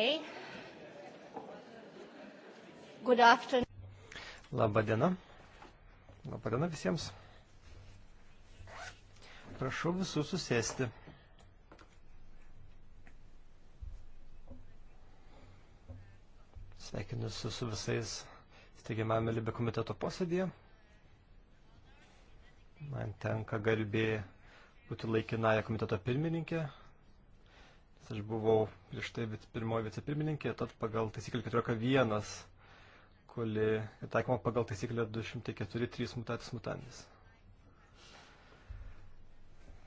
Okay. Good afternoon. Labą dieną. Labą dieną visiems. Prašau visus susėsti. Sveikinu su, su visais steigiamame Libė komiteto posėdėje. Man tenka garbė būti laikinąją komiteto pirmininkė Aš buvau prieš tai pirmoji vicepirmininkė, tad pagal taisyklę 14.1, kuri taikoma pagal taisyklę 204.3 mutatis mutanis.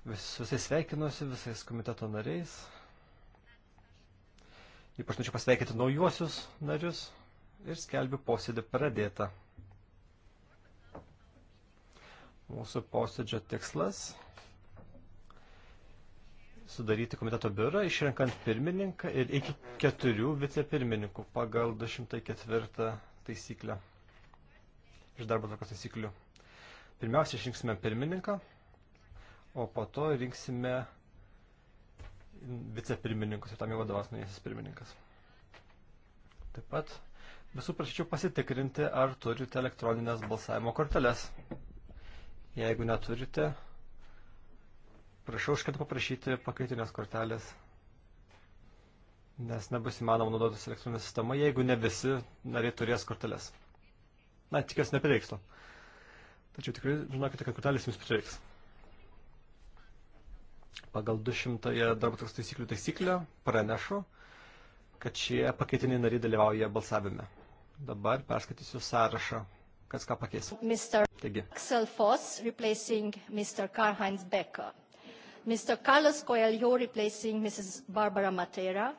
Vis, visai sveikinuosi, visais komiteto nariais. Ypač norėčiau pasveikinti naujuosius narius ir skelbiu posėdį pradėtą. Mūsų posėdžio tikslas sudaryti komiteto biurą, išrenkant pirmininką ir iki keturių vicepirmininkų pagal 204 taisyklę iš darbo tvarkos taisyklių. Pirmiausia, išrinksime pirmininką, o po to rinksime vicepirmininkus ir tam jau vadovas naujasis pirmininkas. Taip pat visų prašyčiau pasitikrinti, ar turite elektroninės balsavimo korteles. Jeigu neturite, Prašau iškart paprašyti pakaitinės kortelės, nes nebus įmanoma naudotis elektroninė sistema, jeigu ne visi nariai turės korteles. Na, tikiuosi neprireiks to. Tačiau tikrai žinokite, kad kortelės jums prireiks. Pagal 200 darbo toks taisyklių taisyklę pranešu, kad šie pakaitiniai nariai dalyvauja balsavime. Dabar perskaitysiu sąrašą, kas ką pakeis. Mr. Taigi. Axel Foss replacing Mr. Karheinz Becker. Mr. Carlos Coelho replacing Mrs. Barbara Matera,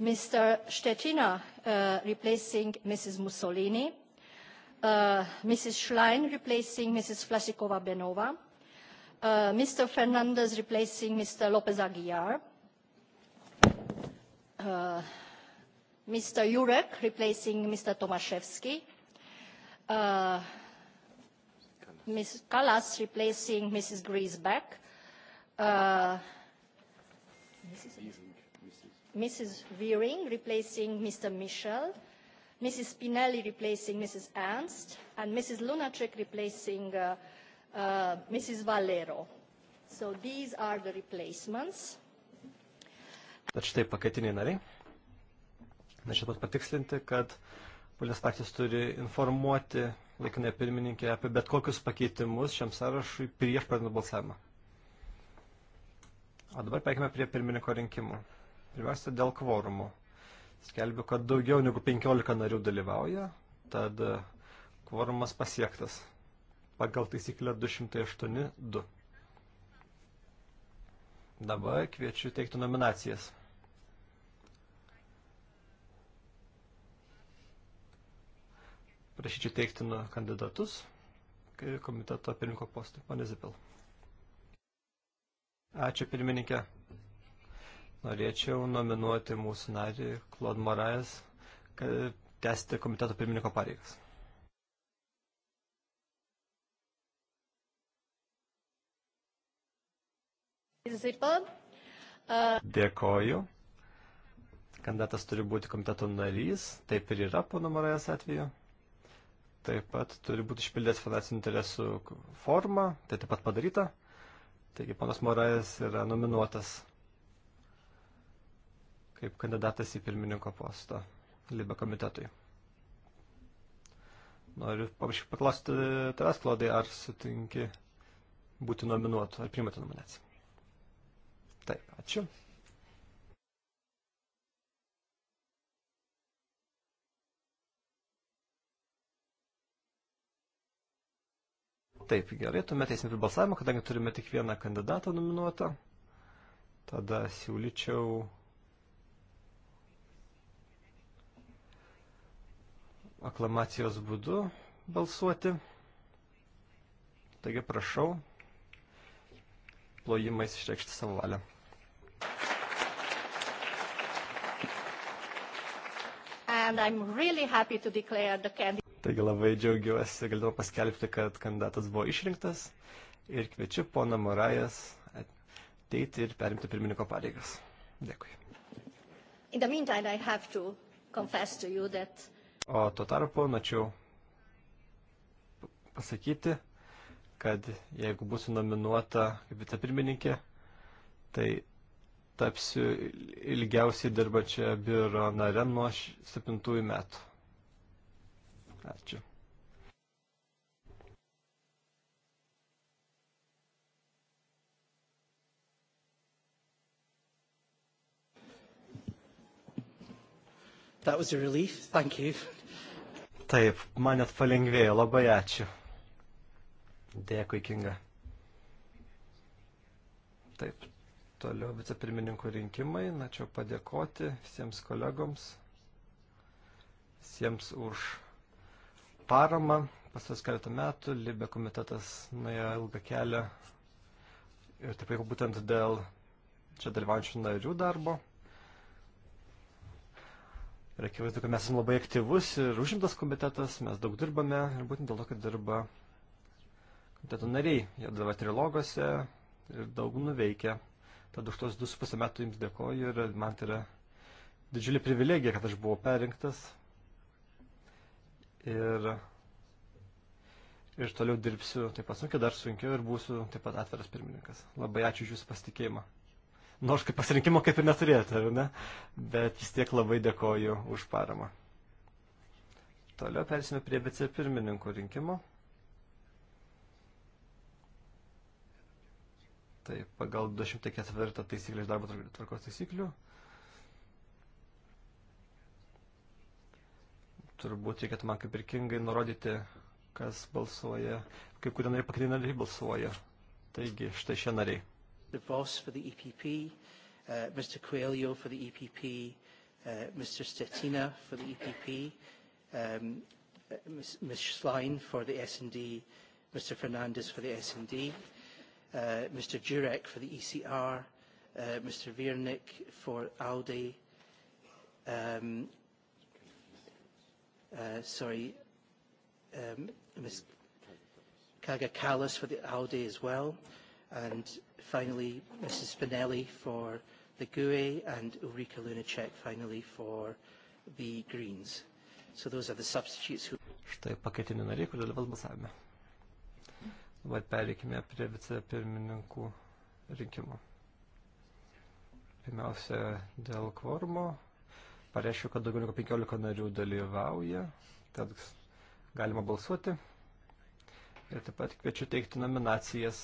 Mr. Stetina uh, replacing Mrs. Mussolini, uh, Mrs. Schlein replacing Mrs. Flasikova Benova, uh, Mr. Fernandez replacing Mr. Lopez Aguiar, uh, Mr. Jurek replacing Mr. Tomaszewski, uh, Ms. Callas replacing Mrs. Griesbeck, uh, Mrs. Veering replacing Mr. Michel, Mrs. Spinelli replacing Mrs. Ernst, and Mrs. Lunacek replacing uh, uh, Mrs. Valero. So these are the replacements. Tad štai pakaitiniai nariai. Norėčiau pat patikslinti, kad politinės partijos turi informuoti laikinąją pirmininkę apie bet kokius pakeitimus šiam sąrašui prieš pradedant balsavimą. O dabar peikime prie pirmininko rinkimų. Pirmiausia, dėl kvorumo. Skelbiu, kad daugiau negu 15 narių dalyvauja, tad e, kvorumas pasiektas pagal taisyklę 208.2. Dabar kviečiu teikti nominacijas. Prašyčiau teikti kandidatus komiteto pirmininko postui. Pane Zipil. Ačiū pirmininkė. Norėčiau nominuoti mūsų narį Klod Morais, kad tęsti komiteto pirmininko pareigas. Dėkoju. Kandidatas turi būti komiteto narys, taip ir yra pono Morais atveju. Taip pat turi būti išpildęs finansinių interesų formą, tai taip pat padaryta. Taigi panas Morais yra nominuotas kaip kandidatas į pirmininko postą Libe komitetui. Noriu paprašyti paklausti tavęs, Klaudai, ar sutinki būti nominuotu, ar primati nominaciją. Taip, ačiū. Taip, gerai, tuomet eisime prie balsavimo, kadangi turime tik vieną kandidatą nominuotą. Tada siūlyčiau... aklamacijos būdu balsuoti. Taigi prašau plojimais išreikšti savo valią. And I'm really happy to declare the candidate. Taigi labai džiaugiuosi, galėdama paskelbti, kad kandidatas buvo išrinktas ir kviečiu poną Morajas ateiti ir perimti pirmininko pareigas. Dėkui. Meantime, to to that... O tuo tarpu načiau pasakyti, kad jeigu būsiu nominuota kaip vicepirmininkė, tai tapsiu ilgiausiai dirbančia biuro nare nuo 7 metų. Ačiū. That was a relief. Thank you. Taip, man net palengvėjo, labai ačiū. Dėkui, Kinga. Taip, toliau vicepirmininkų rinkimai. Načiau padėkoti visiems kolegoms, visiems už paramą. Pasas keletą metų Libė komitetas nuėjo ilgą kelią ir taip jau būtent dėl čia dalyvaujančių narių darbo. Ir akivaizdu, kad mes esame labai aktyvus ir užimtas komitetas, mes daug dirbame ir būtent dėl to, kad dirba komiteto nariai. Jie dalyvauja trilogose ir daug nuveikia. Tad už tos du su pusę metų jums dėkoju ir man tai yra didžiulė privilegija, kad aš buvau perinktas ir, ir toliau dirbsiu taip pat sunkiai, dar sunkiau ir būsiu taip pat atviras pirmininkas. Labai ačiū už jūsų pasitikėjimą. Nors kaip pasirinkimo kaip ir neturėjote, ar ne? Bet vis tiek labai dėkoju už paramą. Toliau persime prie vicepirmininkų rinkimo. Tai pagal 204 taisyklę iš darbo tvarkos taisyklių turbūt reikėtų man kaip ir kingai nurodyti, kas balsuoja, kaip kurie nariai pagrindiniai nariai balsuoja. Taigi, štai šie nariai. The boss for the EPP, uh, Mr. Coelho for the EPP, uh, Mr. Stetina for the EPP, um, uh, Ms. Ms. Schlein for the S&D, Mr. Fernandez for the S&D, uh, Mr. Jurek for the ECR, uh, Mr. Viernik for ALDE, um, Uh, sorry, um, Ms. Kaga Callas for the ALDE as well. And finally, Mrs. Spinelli for the GUE and Ulrika Lunacek finally for the Greens. So those are the substitutes who... Štai paketiniai nariai, kurie dalyvaus balsavime. Dabar pereikime prie vicepirmininkų rinkimų. Pirmiausia, dėl kvormo Pareiškiu, kad daugiau negu 15 narių dalyvauja, tad galima balsuoti. Ir taip pat kviečiu teikti nominacijas.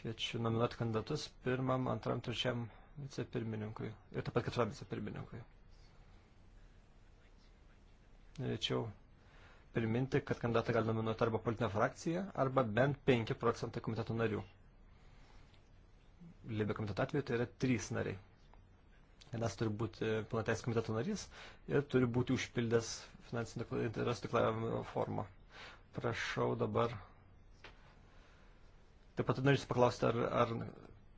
Kviečiu nominuoti kandidatus pirmam, antram, trečiam vicepirmininkui. Ir taip pat ketvirtam vicepirmininkui. Norėčiau priminti, kad kandidatą gali nominuoti arba politinę frakciją, arba bent 5 procentai komiteto narių. Libė komiteto atveju tai yra 3 nariai nes turi būti pilnateis komiteto narys ir turi būti užpildęs finansinio interesų deklaravimo formą. Prašau dabar. Taip pat norėčiau paklausti, ar, ar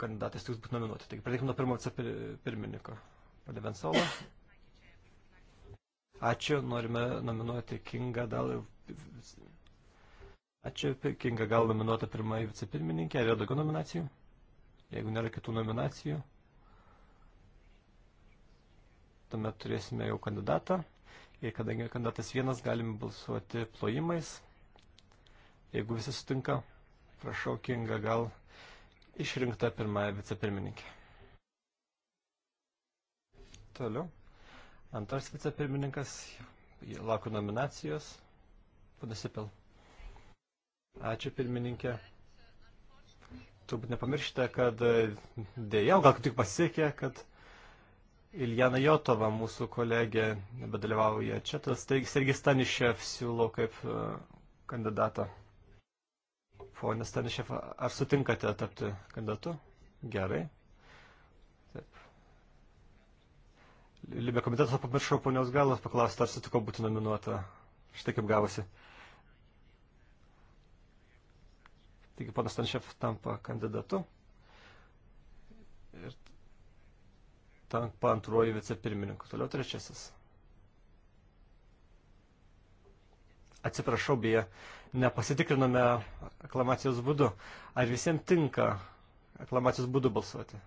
kandidatas tiks būti nominuoti. Taigi pradėkime nuo pirmo vicepirmininko. Pane Vensola. Ačiū, norime nominuoti Kinga Dal. Ačiū, Kinga gal nominuota pirmąjį vicepirmininkę. Ar yra daugiau nominacijų? Jeigu nėra kitų nominacijų tuomet turėsime jau kandidatą. Ir kadangi kandidatas vienas, galime balsuoti plojimais. Jeigu visi sutinka, prašau Kinga gal išrinkta pirmąją vicepirmininkę. Toliau. Antras vicepirmininkas, laukiu nominacijos. Padasipil. Ačiū pirmininkė. Turbūt nepamiršite, kad e, dėja, gal tik pasiekė, kad Iljana Jotova, mūsų kolegė, nebedalyvauja čia, tas taigi Sergis Stanišev siūlo kaip e, kandidatą. Pone Stanišev, ar sutinkate tapti kandidatu? Gerai. Taip. Libė komitetas pamiršau ponios galas paklausti, ar sutiko būti nominuota. Štai kaip gavosi. Taigi, ponas Stanišev tampa kandidatu. tampa antruoju vicepirmininku. Toliau trečiasis. Atsiprašau, beje, nepasitikrinome aklamacijos būdu. Ar visiems tinka aklamacijos būdu balsuoti?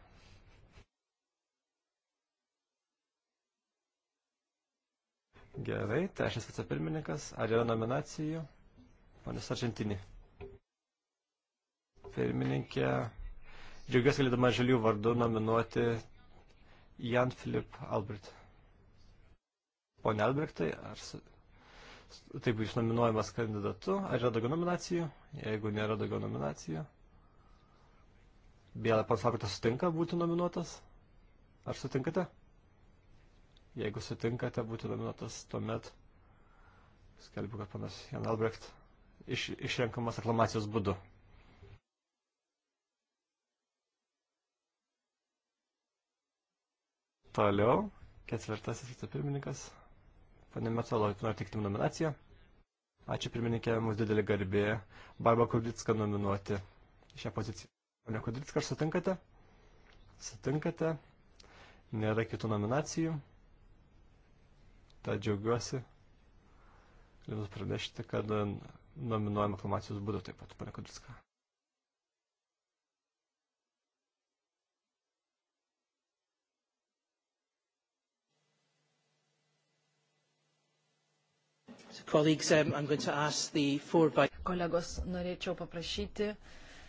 Gerai, trečias vicepirmininkas. Ar yra nominacijų? Pane Sarčentinį. Pirmininkė, džiaugiuosi galėdama žalių vardu nominuoti Jan Filip Albert. Pone Albertai, ar taip jūs nominuojamas kandidatu, ar yra daugiau nominacijų? Jeigu nėra daugiau nominacijų, Bėlė Pansakotas sutinka būti nominuotas? Ar sutinkate? Jeigu sutinkate būti nominuotas, tuomet skelbiu, kad panas Jan Albrecht iš, išrenkamas aklamacijos būdu. Toliau, ketvirtasis vicepirmininkas. Pane Metolo, noriu teikti nominaciją. Ačiū pirmininkė, mums didelė garbė Barba Kudlicką nominuoti šią poziciją. Pane Kudlicką, ar sutinkate? Sutinkate. Nėra kitų nominacijų. Tad džiaugiuosi. Galiu pranešti, kad nominuojama aklamacijos būdu taip pat, pane Kudlicką. Um, Kolegos, norėčiau paprašyti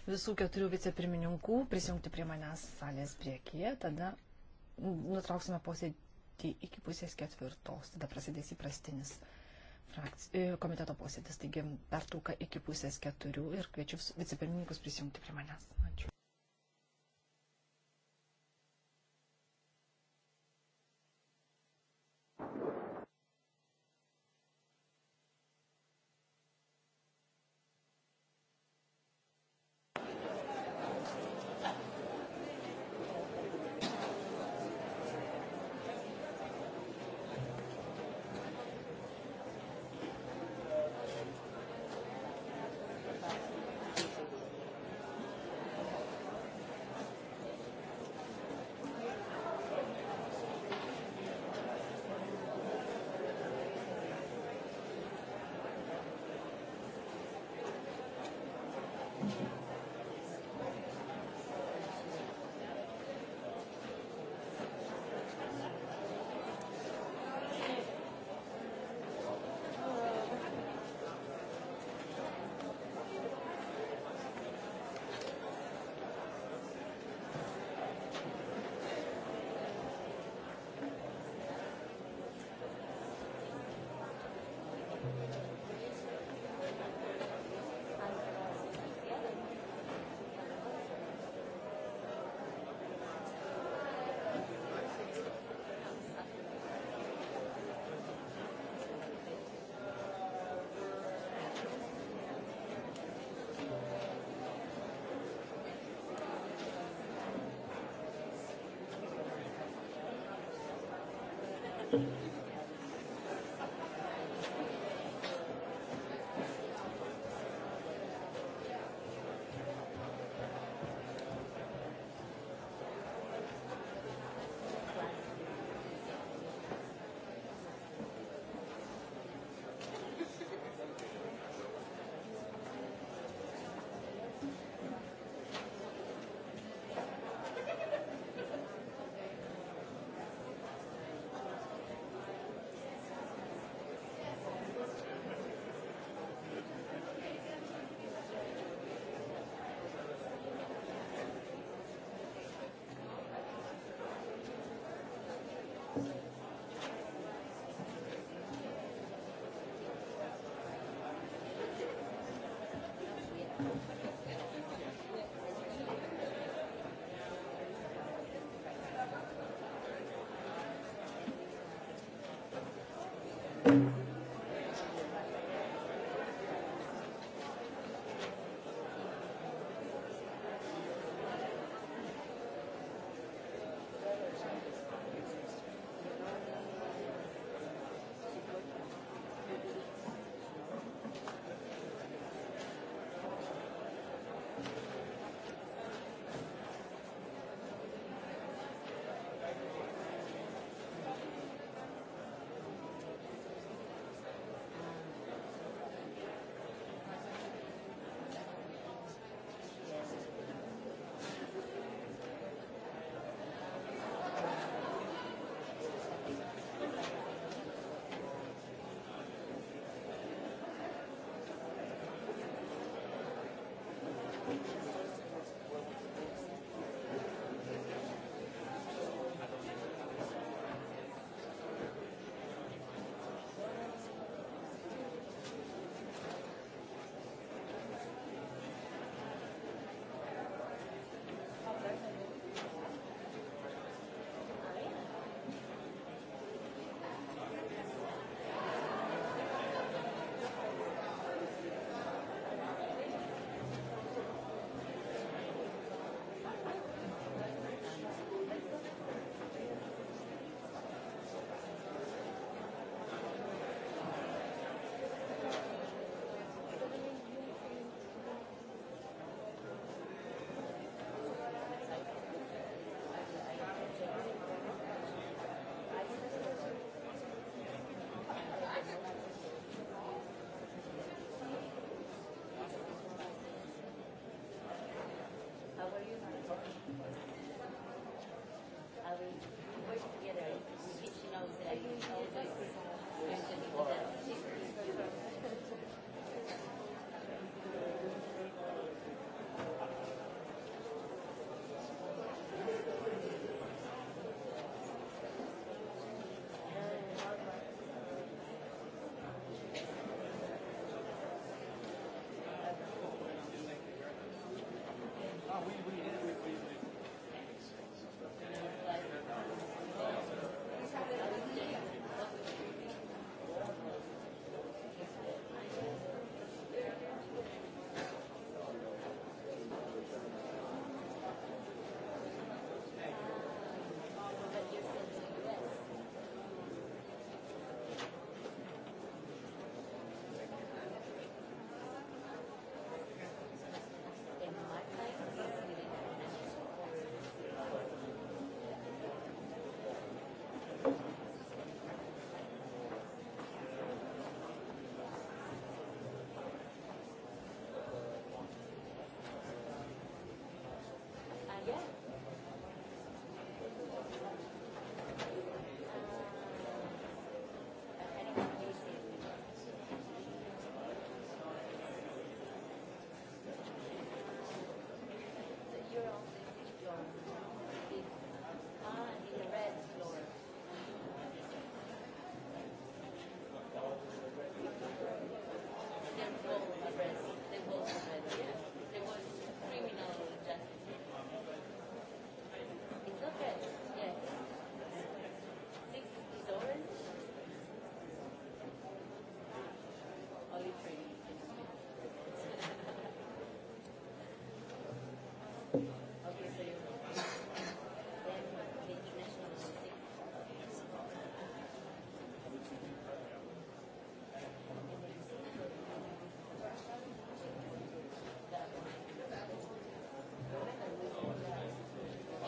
visų keturių vicepirmininkų prisijungti prie manęs salės priekyje, tada nutrauksime posėdį iki pusės ketvirtos, tada prasidės įprastinis frakci... E, komiteto posėdis, taigi pertrauka iki pusės keturių ir kviečiu vicepirmininkus prisijungti prie manęs. Ačiū.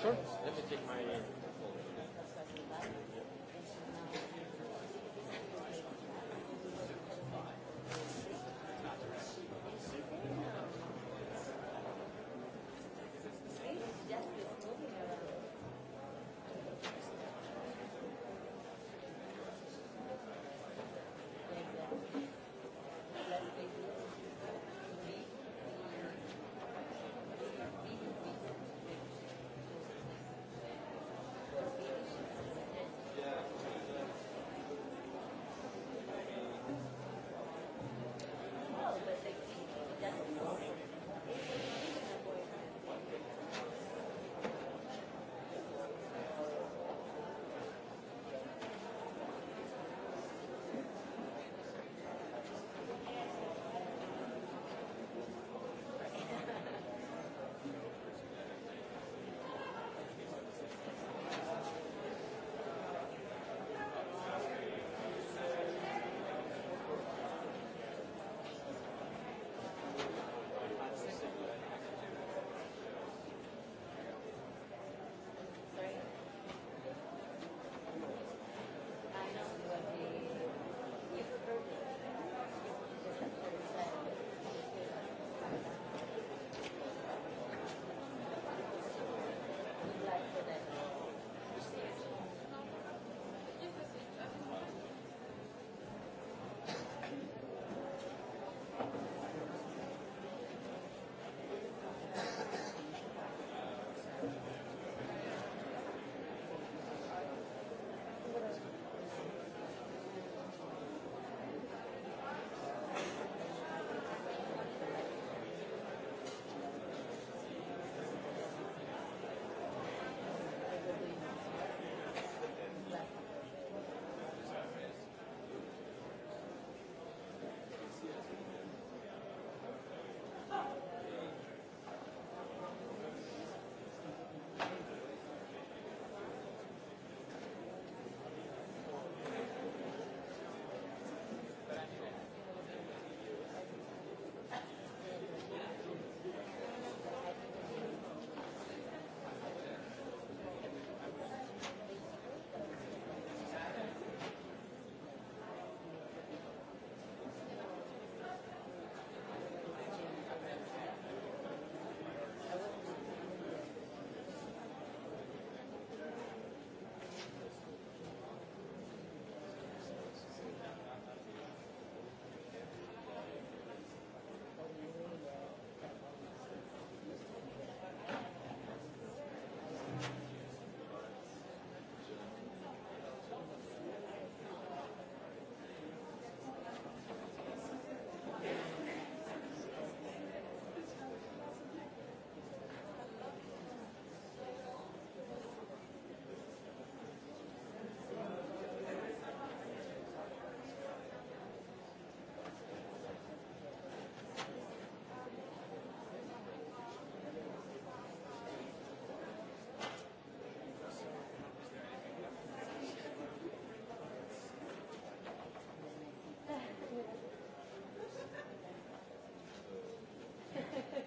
Sure. Let me take my.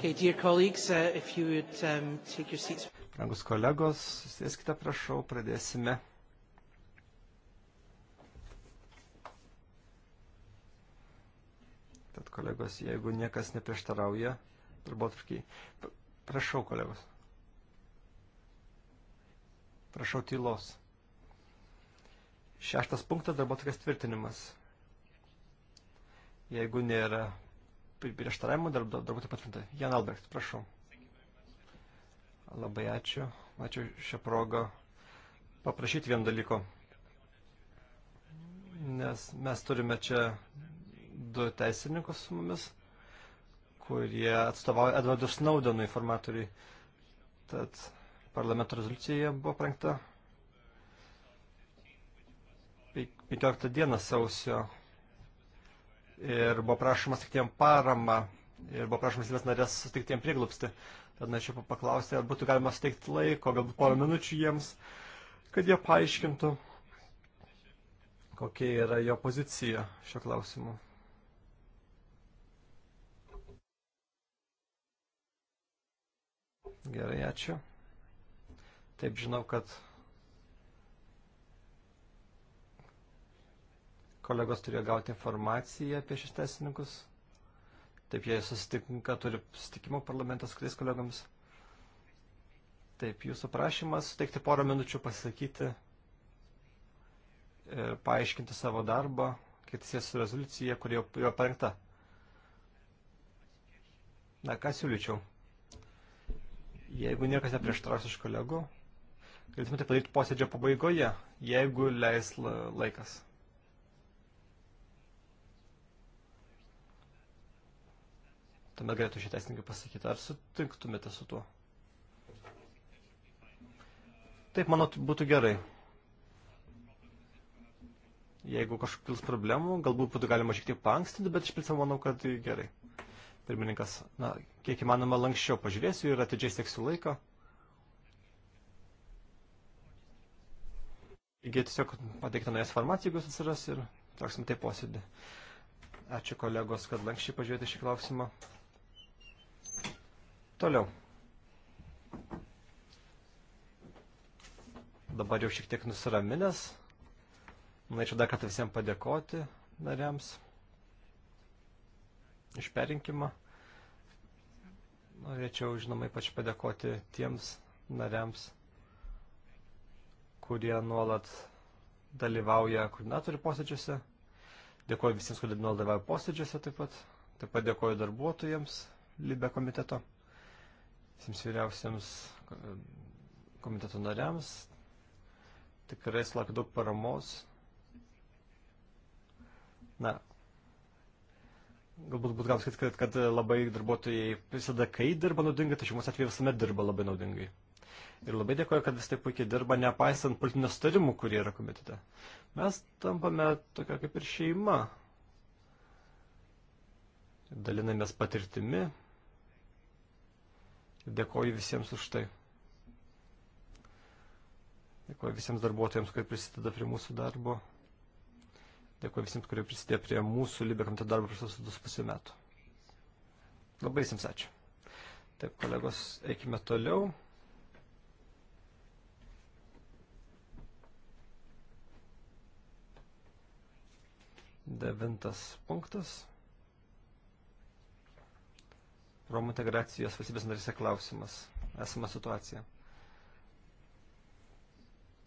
Okay, dear colleagues, uh, if you would um, take your seats. Rangus kolegos, sėskite prašau, pradėsime. Tad kolegos, jeigu niekas neprieštarauja, turbūt atvirkiai. Prašau, kolegos. Prašau tylos. Šeštas punktas darbo tvirtinimas. Jeigu nėra prieštaravimų darbų taip patvirtinta. Jan Albrecht, prašau. Labai ačiū. Ačiū šią progą paprašyti vien dalyko. Nes mes turime čia du teisininkus su mumis, kurie atstovauja Edvardu Snowdenui informatoriui. Tad parlamento rezoliucija buvo parengta 15 dieną sausio ir buvo prašoma sutikti jam paramą ir buvo prašoma valstybės narės sutikti jam prieglupsti. Tad norėčiau paklausti, ar būtų galima suteikti laiko, galbūt porą minučių jiems, kad jie paaiškintų, kokia yra jo pozicija šio klausimu. Gerai, ačiū. Taip žinau, kad kolegos turėjo gauti informaciją apie šis teisininkus. Taip, jie susitinka, turi susitikimų parlamentas kitais kolegomis. Taip, jūsų prašymas suteikti porą minučių pasakyti ir paaiškinti savo darbą, kaip sės su rezoliucija, kuri jau, jau parengta. Na, ką siūlyčiau? Jeigu niekas neprieštraus iš kolegų, galėtumėte padaryti posėdžio pabaigoje, jeigu leis laikas. Tuomet galėtų šį teisininką pasakyti, ar sutinktumėte su tuo? Taip, manau, būtų gerai. Jeigu kažkokių problemų, galbūt būtų galima šiek tiek paankstinti, bet iš principo manau, kad gerai. Pirmininkas, na, kiek įmanoma lankščiau pažiūrėsiu ir atidžiai seksiu laiką. Taigi tiesiog pateikta naujas formacija, jeigu jis atsiras ir traksim tai posėdį. Ačiū kolegos, kad lankščiai pažiūrėjote šį klausimą. Toliau. Dabar jau šiek tiek nusiraminęs. Norėčiau dar kartą visiems padėkoti nariams iš perinkimą. Norėčiau, žinoma, ypač padėkoti tiems nariams, kurie nuolat dalyvauja koordinatorių posėdžiuose. Dėkuoju visiems, kurie nuolat dalyvauja posėdžiuose taip pat. Taip pat dėkuoju darbuotojams Libe komiteto visiems vyriausiams e, komiteto nariams. Tikrai sulaukė daug paramos. Na, galbūt būtų galima sakyti, kad, kad labai darbuotojai visada, kai dirba naudingai, tačiau mūsų atveju visuomet dirba labai naudingai. Ir labai dėkoju, kad vis taip puikiai dirba, nepaisant politinių starimų, kurie yra komitete. Mes tampame tokia kaip ir šeima. Dalinamės patirtimi, Dėkoju visiems už tai. Dėkoju visiems darbuotojams, kurie prisideda prie mūsų darbo. Dėkoju visiems, kurie prisidėjo prie mūsų Libekamto darbo prieš 2,5 metų. Labai visiems ačiū. Taip, kolegos, eikime toliau. Devintas punktas. Romų integracijos valstybės narėse klausimas, esama situacija.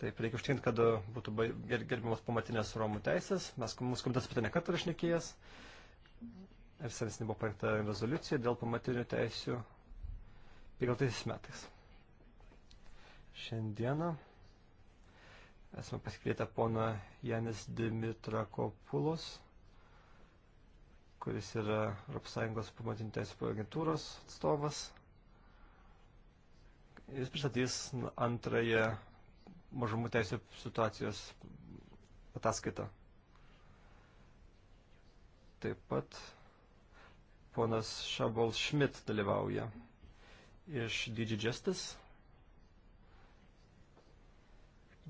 Taip, reikia užtikrinti, kad būtų gerbiamos pamatinės Romų teisės. Mes, mūsų komitetas apie tai nekartą išnekėjęs. Ir senesnė buvo parengta rezoliucija dėl pamatinių teisių 15 metais. Šiandieną esame pasikvietę poną Janis Dimitrakopulos. Kopulos kuris yra ES pamatinių teisų agentūros atstovas. Jis pristatys antrąją mažumų teisų situacijos ataskaitą. Taip pat ponas Šabol Schmidt dalyvauja iš DG Justice.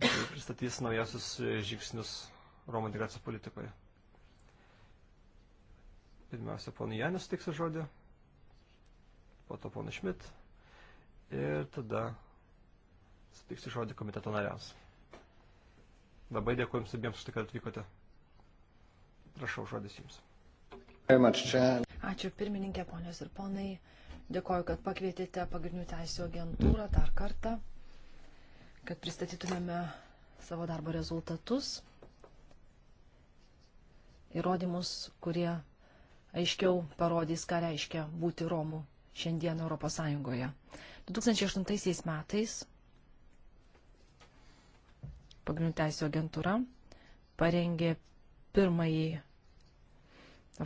Jis pristatys naujasius žingsnius Romų integracijos politikoje. Pirmiausia, ponui Janis suteiksiu žodį, po to ponui Šmit ir tada suteiksiu žodį komiteto nariams. Labai dėkuoju jums abiems už tai, kad atvykote. Prašau, žodis jums. Ačiū pirmininkė, ponios ir ponai. Dėkoju, kad pakvietėte pagrindinių teisų agentūrą dar kartą, kad pristatytumėme savo darbo rezultatus, įrodymus, kurie aiškiau parodys, ką reiškia būti Romų šiandien Europos Sąjungoje. 2008 metais pagrindinių teisų agentūra parengė pirmąjį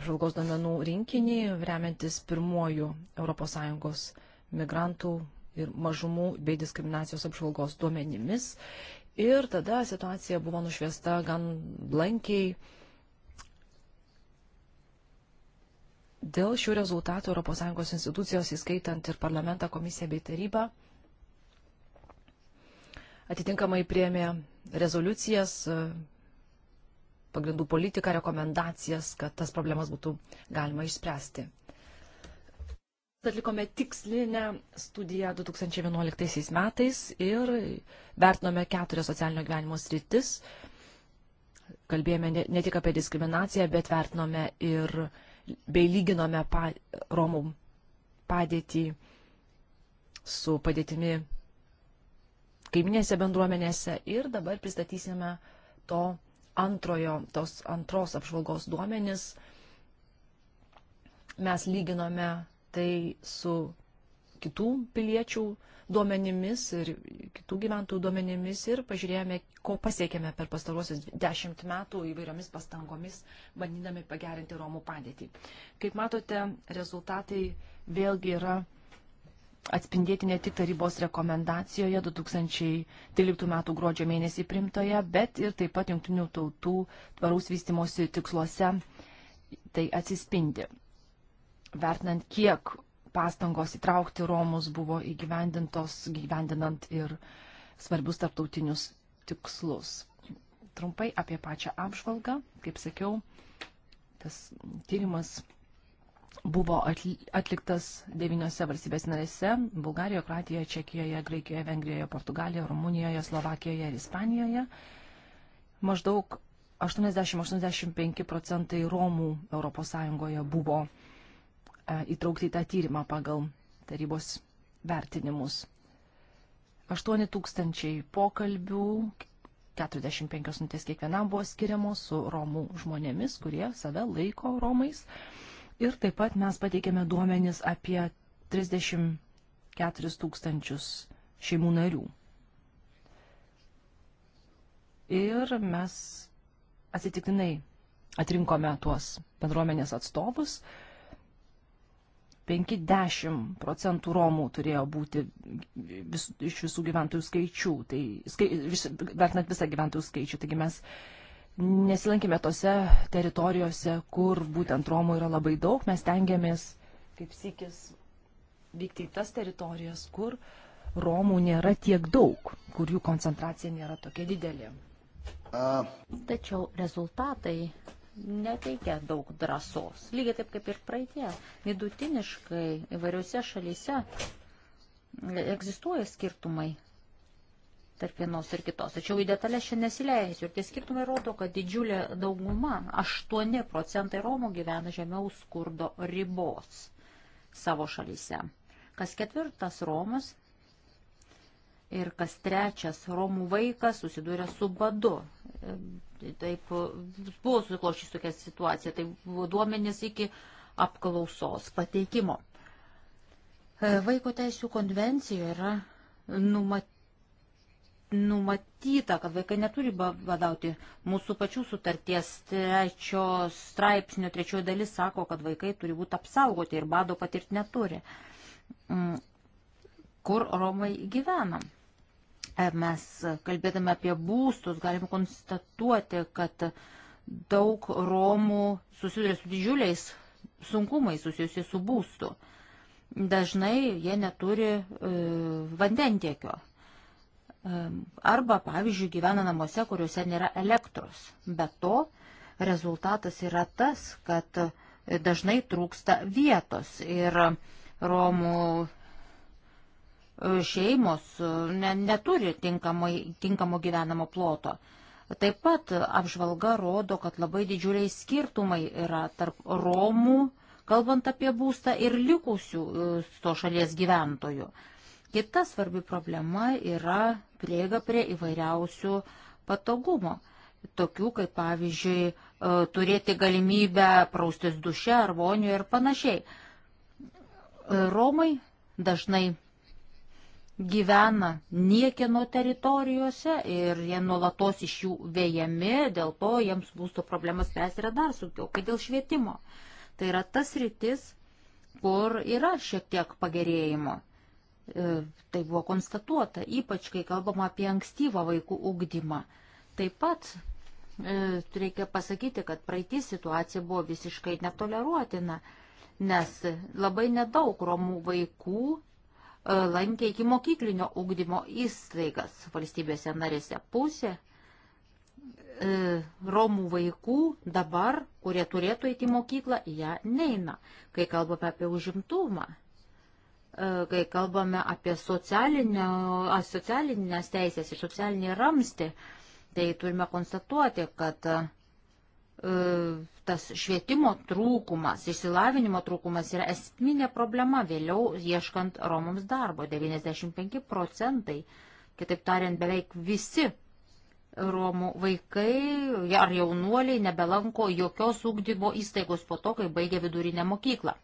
apžvalgos duomenų rinkinį, remiantis pirmojų ES migrantų ir mažumų bei diskriminacijos apžvalgos duomenimis. Ir tada situacija buvo nušviesta gan blankiai, Dėl šių rezultatų ES institucijos, įskaitant ir parlamentą, komisiją bei tarybą, atitinkamai priemė rezoliucijas, pagrindų politiką, rekomendacijas, kad tas problemas būtų galima išspręsti. Atlikome tikslinę studiją 2011 metais ir vertinome keturias socialinio gyvenimo sritis. Kalbėjome ne, ne tik apie diskriminaciją, bet vertinome ir uh, bei lyginome pa, Romų padėtį su padėtimi kaiminėse bendruomenėse ir dabar pristatysime to antrojo, tos antros apžvalgos duomenis. Mes lyginome tai su kitų piliečių duomenimis ir kitų gyventojų duomenimis ir pažiūrėjome, ko pasiekėme per pastarosius dešimt metų įvairiomis pastangomis, bandydami pagerinti Romų padėtį. Kaip matote, rezultatai vėlgi yra atspindėti ne tik tarybos rekomendacijoje 2013 m. gruodžio mėnesį primtoje, bet ir taip pat jungtinių tautų tvaraus vystimosi tiksluose tai atsispindi. Vertinant, kiek pastangos įtraukti Romus buvo įgyvendintos, gyvendinant ir svarbius tarptautinius tikslus. Trumpai apie pačią apžvalgą, kaip sakiau, tas tyrimas buvo atliktas devyniose valstybės narėse - Bulgarijoje, Kroatijoje, Čekijoje, Graikijoje, Vengrijoje, Portugalijoje, Rumunijoje, Slovakijoje ir Ispanijoje. Maždaug 80-85 procentai Romų ES buvo E, įtraukti į tą tyrimą pagal tarybos vertinimus. 8 tūkstančiai pokalbių, 45 minutės kiekvienam buvo skiriamos su Romų žmonėmis, kurie save laiko Romais. Ir taip pat mes pateikėme duomenis apie 34 tūkstančius šeimų narių. Ir mes atsitiktinai atrinkome tuos bendruomenės atstovus, 5-10 procentų Romų turėjo būti vis, iš visų gyventojų skaičių, tai skai, vis, vertinant visą gyventojų skaičių. Taigi mes nesilankime tose teritorijose, kur būtent Romų yra labai daug, mes tengiamės kaip sykis vykti į tas teritorijas, kur Romų nėra tiek daug, kur jų koncentracija nėra tokia didelė. Tačiau rezultatai neteikia daug drąsos. Lygiai taip kaip ir praeitie. Vidutiniškai įvairiose šalyse egzistuoja skirtumai tarp vienos ir kitos. Tačiau į detalę šiandien nesileisiu. Ir tie skirtumai rodo, kad didžiulė dauguma, 8 procentai Romų gyvena žemiau skurdo ribos savo šalyse. Kas ketvirtas Romas ir kas trečias Romų vaikas susidūrė su badu. E, taip buvo suklošys tokia situacija, tai buvo duomenis iki apklausos pateikimo. E, vaiko teisų konvencijoje yra numatyta, kad vaikai neturi badauti. Mūsų pačių sutarties trečios straipsnio trečioji dalis sako, kad vaikai turi būti apsaugoti ir bado patirti neturi. Mm, Kur Romai gyvenam? E, mes kalbėdami apie būstus galim konstatuoti, kad daug Romų susiduria su didžiuliais sunkumais susijusi su būstu. Dažnai jie neturi e, vandentiekio. E, arba, pavyzdžiui, gyvena namuose, kuriuose nėra elektros. Be to, rezultatas yra tas, kad dažnai trūksta vietos ir Romų šeimos ne, neturi tinkamo, tinkamo gyvenamo ploto. Taip pat apžvalga rodo, kad labai didžiuliai skirtumai yra tarp Romų, kalbant apie būstą, ir likusių e, to šalies gyventojų. Kita svarbi problema yra prieiga prie įvairiausių patogumo. Tokių kaip pavyzdžiui e, turėti galimybę praustis duše ar vonioje ir panašiai. E, Romai dažnai gyvena niekieno teritorijose ir jie nuolatos iš jų vėjami, dėl to jiems būsto problemas spręsti yra dar sunkiau, kai dėl švietimo. Tai yra tas rytis, kur yra šiek tiek pagerėjimo. E, tai buvo konstatuota, ypač kai kalbama apie ankstyvą vaikų ugdymą. Taip pat e, reikia pasakyti, kad praeitį situacija buvo visiškai netoleruotina, nes labai nedaug romų vaikų lankė iki mokyklinio ugdymo įstaigas valstybėse narėse. Pusė e, Romų vaikų dabar, kurie turėtų eiti į mokyklą, ją neina. Kai kalbame apie užimtumą, e, kai kalbame apie socialinės teisės ir socialinį ramstį, tai turime konstatuoti, kad E, tas švietimo trūkumas, išsilavinimo trūkumas yra esminė problema vėliau ieškant Romams darbo. 95 procentai, kitaip tariant, beveik visi Romų vaikai ar jaunuoliai nebelanko jokios ūkdymo įstaigos po to, kai baigia vidurinę mokyklą.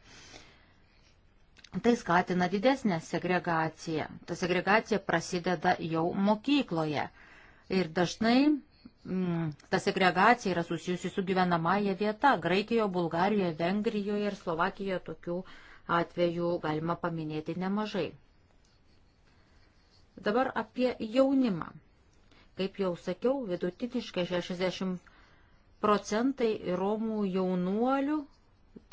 Tai skatina didesnę segregaciją. Ta segregacija prasideda jau mokykloje. Ir dažnai mm, ta segregacija yra susijusi su gyvenamąją vietą. Graikijoje, Bulgarijoje, Vengrijoje ir Slovakijoje tokių atvejų galima paminėti nemažai. Dabar apie jaunimą. Kaip jau sakiau, vidutiniškai 60 procentai Romų jaunuolių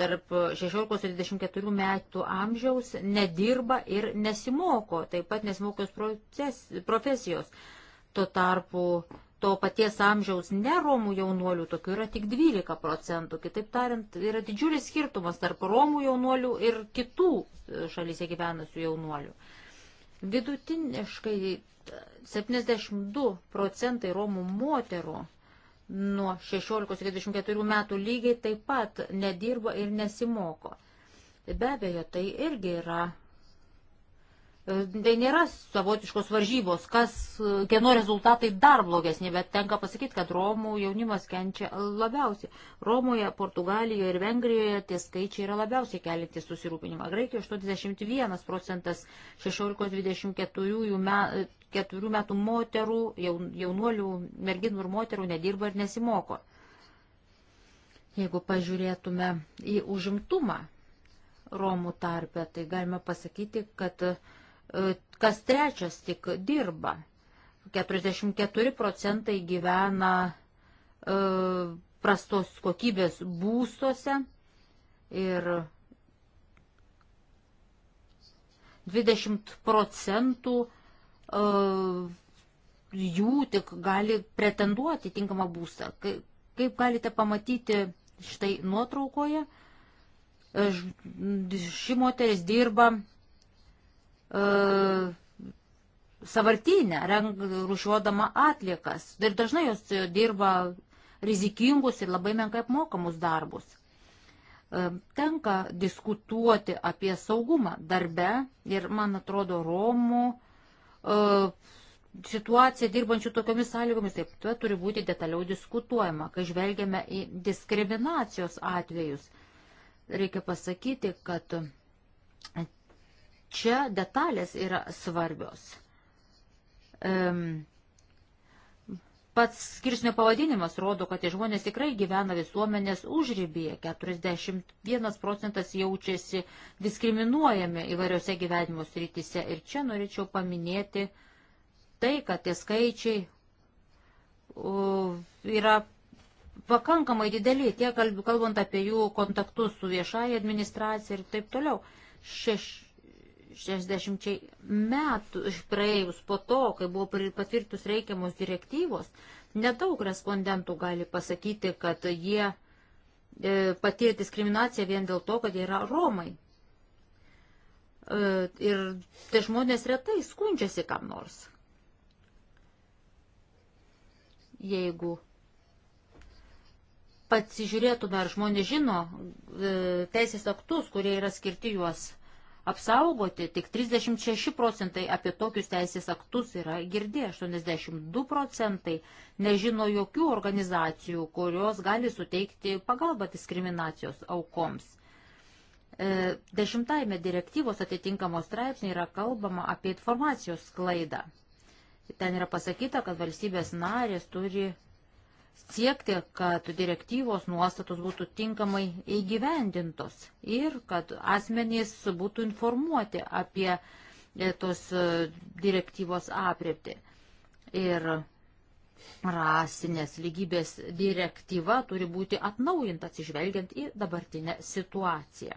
tarp 16 ir 24 metų amžiaus nedirba ir nesimoko, taip pat nesimokos profesijos. Tuo tarpu to paties amžiaus neromų jaunuolių, tokių yra tik 12 procentų. Kitaip tariant, yra didžiulis skirtumas tarp romų jaunuolių ir kitų e, šalyse gyvenusių jaunuolių. Vidutiniškai 72 e, procentai romų moterų nuo 16-24 metų lygiai taip pat nedirba ir nesimoko. Be abejo, tai irgi yra Tai nėra savotiškos varžybos, kas, kieno rezultatai dar blogesni, bet tenka pasakyti, kad Romų jaunimas kenčia labiausiai. Romoje, Portugalijoje ir Vengrijoje tie skaičiai yra labiausiai kelintis susirūpinimą. Graikijoje 81 procentas 16-24 metų, metų moterų, jaunuolių, merginų ir moterų nedirba ir nesimoko. Jeigu pažiūrėtume į užimtumą Romų tarpę, tai galime pasakyti, kad uh, kas trečias tik dirba. 44 procentai gyvena e, prastos kokybės būstuose ir 20 procentų e, jų tik gali pretenduoti tinkamą būstą. Kaip, kaip galite pamatyti štai nuotraukoje, e, ši moteris dirba uh, e, savartinę, rušiuodama atliekas. Ir dažnai jos dirba rizikingus ir labai menkai apmokamus darbus. E, tenka diskutuoti apie saugumą darbe ir, man atrodo, Romų e, situacija dirbančių tokiomis sąlygomis taip pat turi būti detaliau diskutuojama. Kai žvelgiame į diskriminacijos atvejus, reikia pasakyti, kad čia detalės yra svarbios. Um, Pats skirsnio pavadinimas rodo, kad tie žmonės tikrai gyvena visuomenės užrybėje. 41 procentas jaučiasi diskriminuojami įvairiose gyvenimo srityse. Ir čia norėčiau paminėti tai, kad tie skaičiai yra pakankamai dideli, tiek kalbant apie jų kontaktus su viešai administracija ir taip toliau. Šeš, 60 metų praėjus po to, kai buvo patvirtus reikiamos direktyvos, nedaug respondentų gali pasakyti, kad jie e, patyrė diskriminaciją vien dėl to, kad jie yra Romai. E, ir tie žmonės retai skundžiasi kam nors. Jeigu pasižiūrėtume, ar žmonės žino e, teisės aktus, kurie yra skirti juos apsaugoti, tik 36 procentai apie tokius teisės aktus yra girdė, 82 procentai nežino jokių organizacijų, kurios gali suteikti pagalbą diskriminacijos aukoms. E, dešimtajame direktyvos atitinkamos straipsnė yra kalbama apie informacijos sklaidą. Ten yra pasakyta, kad valstybės narės turi siekti, kad direktyvos nuostatos būtų tinkamai įgyvendintos ir kad asmenys būtų informuoti apie e, tos e, direktyvos apriepti. Ir rasinės lygybės direktyva turi būti atnaujinta atsižvelgiant į dabartinę situaciją.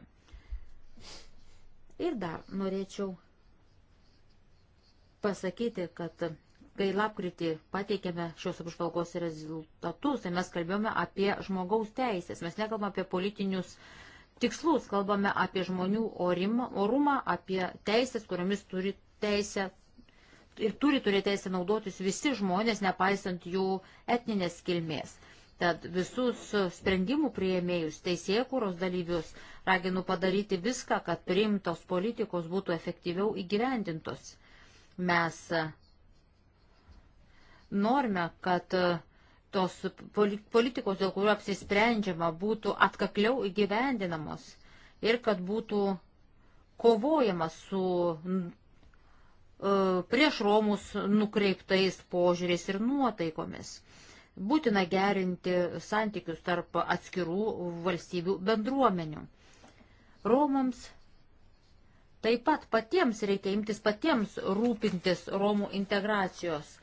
Ir dar norėčiau pasakyti, kad Kai lapkritį pateikėme šios apžvalgos rezultatus, tai mes kalbėjome apie žmogaus teisės, mes nekalbame apie politinius tikslus, kalbame apie žmonių orimą, orumą, apie teisės, kuriomis turi teisę ir turi turėti teisę naudotis visi žmonės, nepaisant jų etninės kilmės. Tad visus sprendimų prieėmėjus, teisėkūros dalyvius raginu padaryti viską, kad priimtos politikos būtų efektyviau įgyvendintos. Mes Norime, kad e, tos politikos, dėl kurių apsisprendžiama, būtų atkakliau įgyvendinamos ir kad būtų kovojama su e, prieš Romus nukreiptais požiūrės ir nuotaikomis. Būtina gerinti santykius tarp atskirų valstybių bendruomenių. Romams taip pat patiems reikia imtis patiems rūpintis Romų integracijos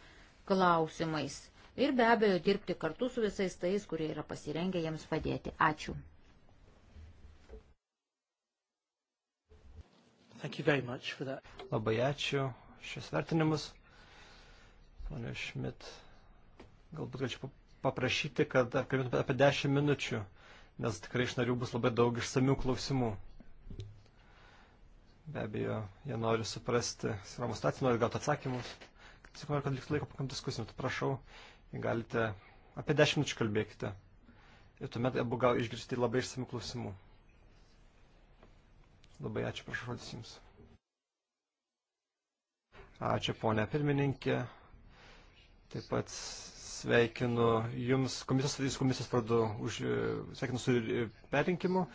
klausimais ir be abejo dirbti kartu su visais tais, kurie yra pasirengę jiems padėti. Ačiū. Labai ačiū šis vertinimus. Pane Šmit, galbūt galėčiau paprašyti, kad kalbėtume apie 10 minučių, nes tikrai iš narių bus labai daug išsamių klausimų. Be abejo, jie nori suprasti, savo staciją nori gauti atsakymus. Sakau, kad liks laiko pakam diskusijom, tai prašau, galite apie 10 minučių kalbėkite. Ir tuomet abu gal išgirsti labai išsamių klausimų. Labai ačiū, prašau, žodis jums. Ačiū, ponė pirmininkė. Taip pat sveikinu Jums komisijos, komisijos, komisijos vardu už, e, sveikinu su e, perinkimu.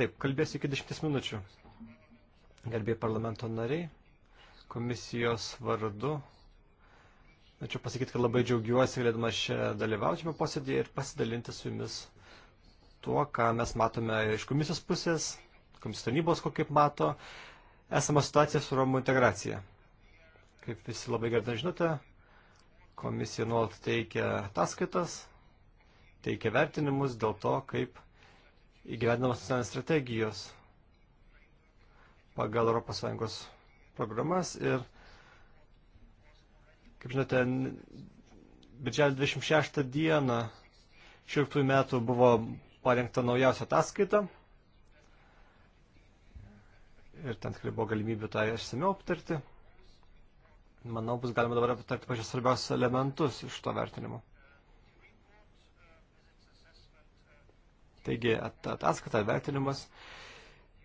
Taip, kalbėsiu iki 10 minučių. Gerbėjai parlamento nariai, komisijos vardu Norėčiau pasakyti, kad labai džiaugiuosi, galėdamas čia dalyvauti šiame posėdėje ir pasidalinti su jumis tuo, ką mes matome iš komisijos pusės, komisijos tarnybos, kaip mato, esama situacija su Romų integracija. Kaip visi labai gerai žinote, komisija nuolat teikia ataskaitas, teikia vertinimus dėl to, kaip įgyvendinamas nacionalinės strategijos pagal ES programas ir Kaip žinote, birželio 26 dieną šiurtųjų metų buvo parengta naujausia ataskaita. Ir ten tikrai buvo galimybė tą išsamiau aptarti. Manau, bus galima dabar aptarti pačias svarbiausius elementus iš to vertinimo. Taigi, ataskaita vertinimas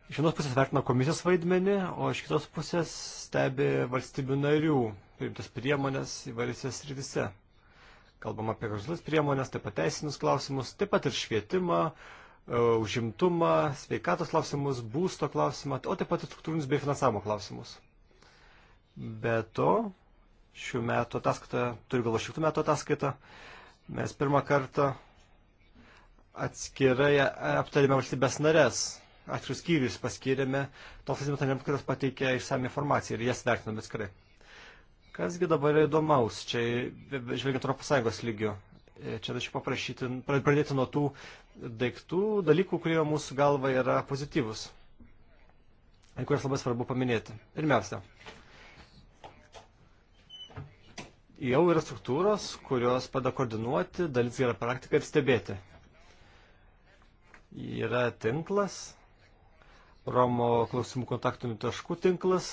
iš vienos pusės vertina komisijos vaidmenį, o iš kitos pusės stebi valstybių narių priimtas priemonės įvairiose srityse. Kalbam apie kažkokias priemonės, taip pat teisinius klausimus, taip pat ir švietimą, e, užimtumą, sveikatos klausimus, būsto klausimą, o taip pat ir struktūrinius bei finansavimo klausimus. Be to, šių metų ataskaita, turiu galvo šių metų ataskaita, mes pirmą kartą atskirai aptarėme valstybės narės atskirius skyrius paskyrėme toms asmenams, kurios pateikė išsame informaciją ir jas vertinome atskirai. Kasgi dabar įdomaus, čia žvelgiant Europos Sąjungos lygių, e, čia aš paprašyti, pradėti nuo tų daiktų, dalykų, kurie mūsų galva yra pozityvus, kurias labai svarbu paminėti. Pirmiausia, jau yra struktūros, kurios pada koordinuoti, dalis gerą praktiką ir stebėti. Yra tinklas, Romo klausimų kontaktinių taškų tinklas.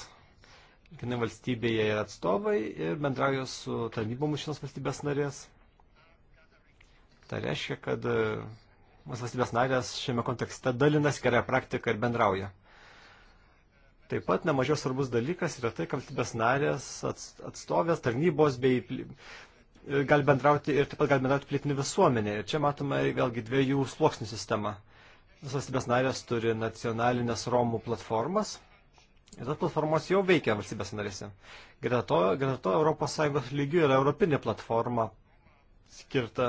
Kiekvienai valstybėje yra atstovai ir bendrauja su tarnybomis šios valstybės narės. Tai reiškia, kad mūsų e, valstybės narės šiame kontekste dalinas gerąją praktiką ir bendrauja. Taip pat nemažiau svarbus dalykas yra tai, kad valstybės narės atstovės tarnybos bei gali bendrauti ir taip pat gali bendrauti plėtinį visuomenę. Ir čia matome vėlgi dviejų sluoksnių sistemą. Visos valstybės narės turi nacionalinės Romų platformas. Ir tos platformos jau veikia valstybės narėse. Greta to, greta to ES lygių yra europinė platforma skirta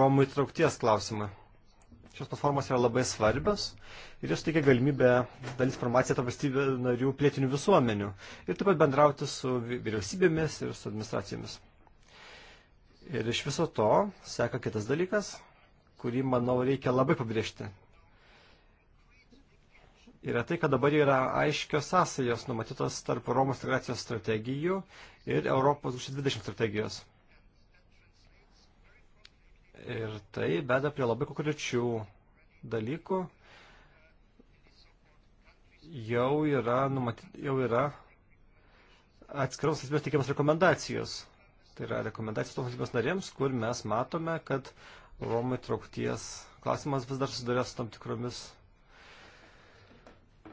Romų įtraukties klausimui. Šios platformos yra labai svarbios ir jos teikia galimybę dalis informaciją tarp valstybių narių plėtinių visuomenių ir taip pat bendrauti su vyriausybėmis ir su administracijomis. Ir iš viso to seka kitas dalykas, kurį, manau, reikia labai pabrėžti yra tai, kad dabar yra aiškios sąsajos numatytos tarp Romos integracijos strategijų ir Europos 2020 strategijos. Ir tai beda prie labai konkrečių dalykų. Jau yra, numaty, jau yra atskiroms valstybės teikiamas rekomendacijos. Tai yra rekomendacijos toms valstybės narėms, kur mes matome, kad Romų įtraukties klausimas vis dar susidarė su tam tikromis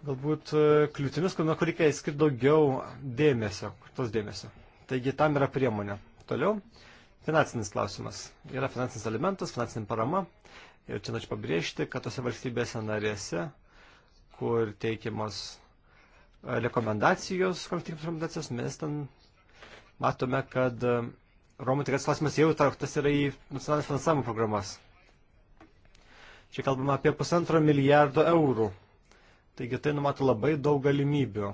galbūt e, kliūtimis, nuo kur reikia skirti daugiau dėmesio, tos dėmesio. Taigi tam yra priemonė. Toliau, finansinis klausimas. Yra finansinis elementas, finansinė parama. Ir čia norėčiau pabrėžti, kad tose valstybėse narėse, kur teikiamas e, rekomendacijos, komitetikams rekomendacijos, mes ten matome, kad e, Romų tikras klausimas jau įtrauktas yra į nacionalinės finansavimo programas. Čia kalbama apie pusantro milijardo eurų Taigi tai numato labai daug galimybių.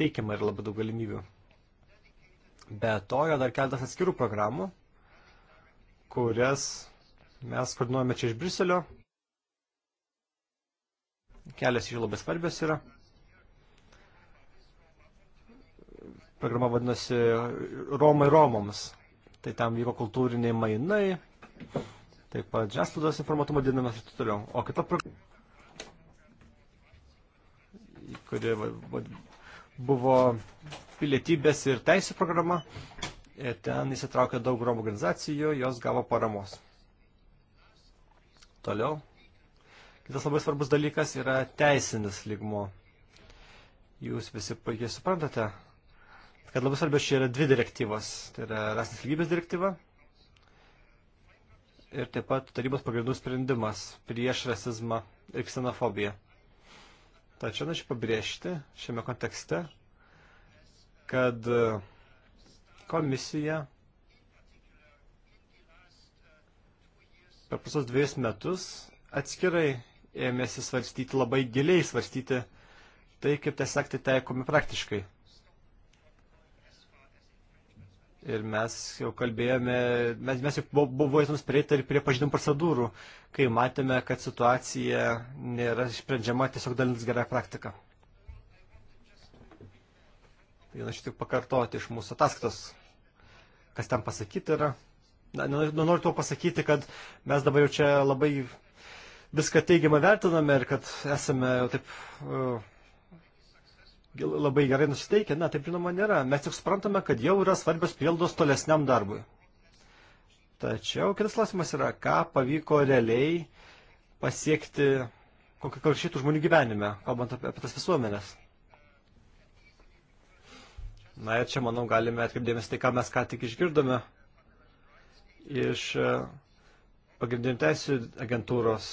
Teikiama ir labai daug galimybių. Be to yra dar keletas atskirų programų, kurias mes koordinuojame čia iš Briuselio. Kelias iš jų labai svarbios yra. Programa vadinasi Romai Romoms. Tai tam vyko kultūriniai mainai, taip pat žiniasklaidos informatumo didinimas ir taip toliau. O kita programa kuri buvo pilietybės ir teisų programa. Ir ten įsitraukė daug romų organizacijų, jos gavo paramos. Toliau. Kitas labai svarbus dalykas yra teisinis lygmo. Jūs visi puikiai suprantate, kad labai svarbios čia yra dvi direktyvos. Tai yra rasnės lygybės direktyva ir taip pat tarybos pagrindų sprendimas prieš rasizmą ir ksenofobiją. Tačiau norėčiau pabrėžti šiame kontekste, kad e, komisija per pasos dviejus metus atskirai ėmėsi svarstyti, labai giliai svarstyti tai, kaip tie sakti taikomi praktiškai. Ir mes jau kalbėjome, mes, mes jau buvome prieita ir prie pažydimų procedūrų, kai matėme, kad situacija nėra išsprendžiama tiesiog dalintis gerą praktiką. Tai aš tik pakartoti iš mūsų ataskaitos, kas ten pasakyti yra. Na, nenoriu nu, nu, to pasakyti, kad mes dabar jau čia labai viską teigiamą vertiname ir kad esame jau taip uh, labai gerai nusiteikę. Na, taip žinoma nėra. Mes tik suprantame, kad jau yra svarbios prieldos tolesniam darbui. Tačiau kitas klausimas yra, ką pavyko realiai pasiekti kokių konkrečių žmonių gyvenime, kalbant apie, apie tas visuomenės. Na ir čia, manau, galime atkreipdėmės tai, ką mes ką tik išgirdome iš e, pagrindinių teisų agentūros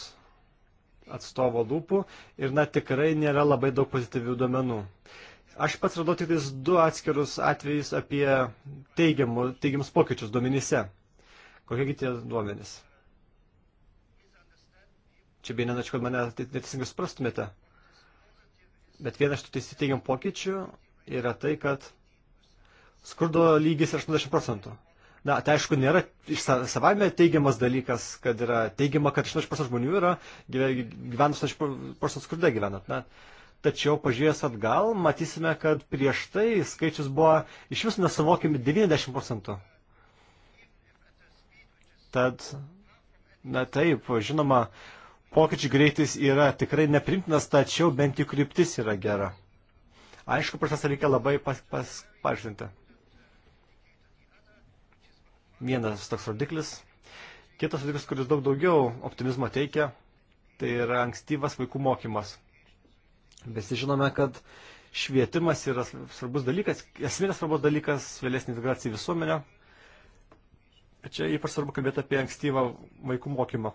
atstovo lūpų ir na tikrai nėra labai daug pozityvių duomenų. Aš pats radau tik du atskirus atvejus apie teigiamų, teigiamus pokyčius duomenyse. Kokiegi tie duomenys? Čia bei nenačiau, kad mane neteisingai suprastumėte. Bet viena iš tų teisų teigiamų pokyčių yra tai, kad skurdo lygis yra 80 procentų. Na, tai aišku, nėra iš savame teigiamas dalykas, kad yra teigiama, kad 80 žmonių yra gyvena 80 procentų skurde gyvenat. Na, tačiau pažiūrėjus atgal, matysime, kad prieš tai skaičius buvo iš vis nesuvokimi 90 procentų. Tad, na taip, žinoma, pokyčių greitis yra tikrai neprimtinas, tačiau bent jų kryptis yra gera. Aišku, procesą reikia labai pas, pas, pažinti vienas toks rodiklis. Kitas rodiklis, kuris daug daugiau optimizmo teikia, tai yra ankstyvas vaikų mokymas. Visi žinome, kad švietimas yra svarbus dalykas, esminės svarbus dalykas vėlesnė integracija į visuomenę. Čia ypač svarbu kalbėti apie ankstyvą vaikų mokymą.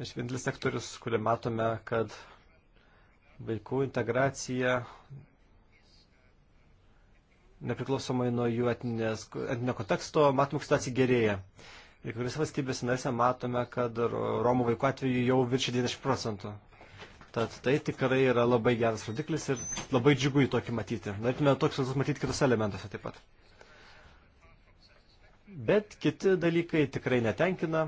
Nes vienintelis sektorius, kurį matome, kad vaikų integracija nepriklausomai nuo jų etinio konteksto, matome, kad situacija gerėja. Ir kuriuose valstybės narėse matome, kad Romų vaikų atveju jau virš 20 procentų. Tad tai tikrai yra labai geras rodiklis ir labai džiugu į tokį matyti. Norėtume tokius rodiklius matyti kitose elementuose taip pat. Bet kiti dalykai tikrai netenkina.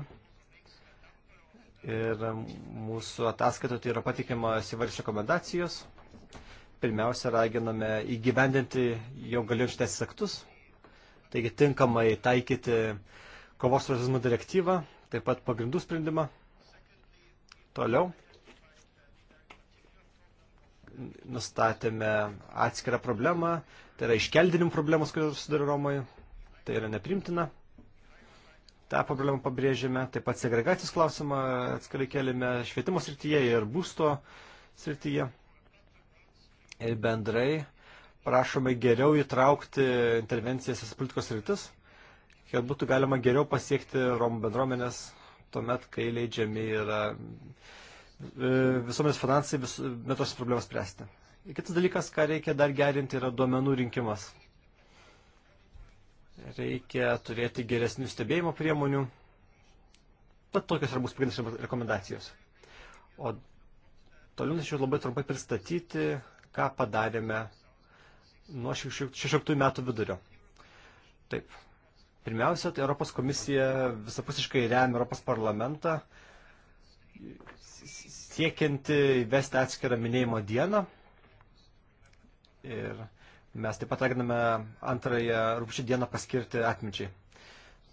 Ir mūsų ataskaitoje tai yra patikimas įvairios rekomendacijos, pirmiausia raginame įgyvendinti jau galiojančius teisės aktus, taigi tinkamai taikyti kovos su rasizmu direktyvą, taip pat pagrindų sprendimą. Toliau nustatėme atskirą problemą, tai yra iškeldinimų problemos, kurios susidarė Romai, tai yra neprimtina. Ta problemą pabrėžėme, taip pat segregacijos klausimą atskirai kėlėme švietimo srityje ir būsto srityje ir bendrai prašome geriau įtraukti intervencijas į politikos rytis, kad būtų galima geriau pasiekti Romų bendruomenės tuomet, kai leidžiami yra e, visuomenės finansai vis, metos problemas spręsti. Ir kitas dalykas, ką reikia dar gerinti, yra duomenų rinkimas. Reikia turėti geresnių stebėjimo priemonių. Tad tokios yra bus pagrindinės rekomendacijos. O toliau norėčiau labai trumpai pristatyti, ką padarėme nuo 16 metų vidurio. Taip. Pirmiausia, tai Europos komisija visapusiškai remia Europos parlamentą, siekianti įvesti atskirą minėjimo dieną. Ir mes taip pat raginame antrąją rūpščio dieną paskirti atminčiai.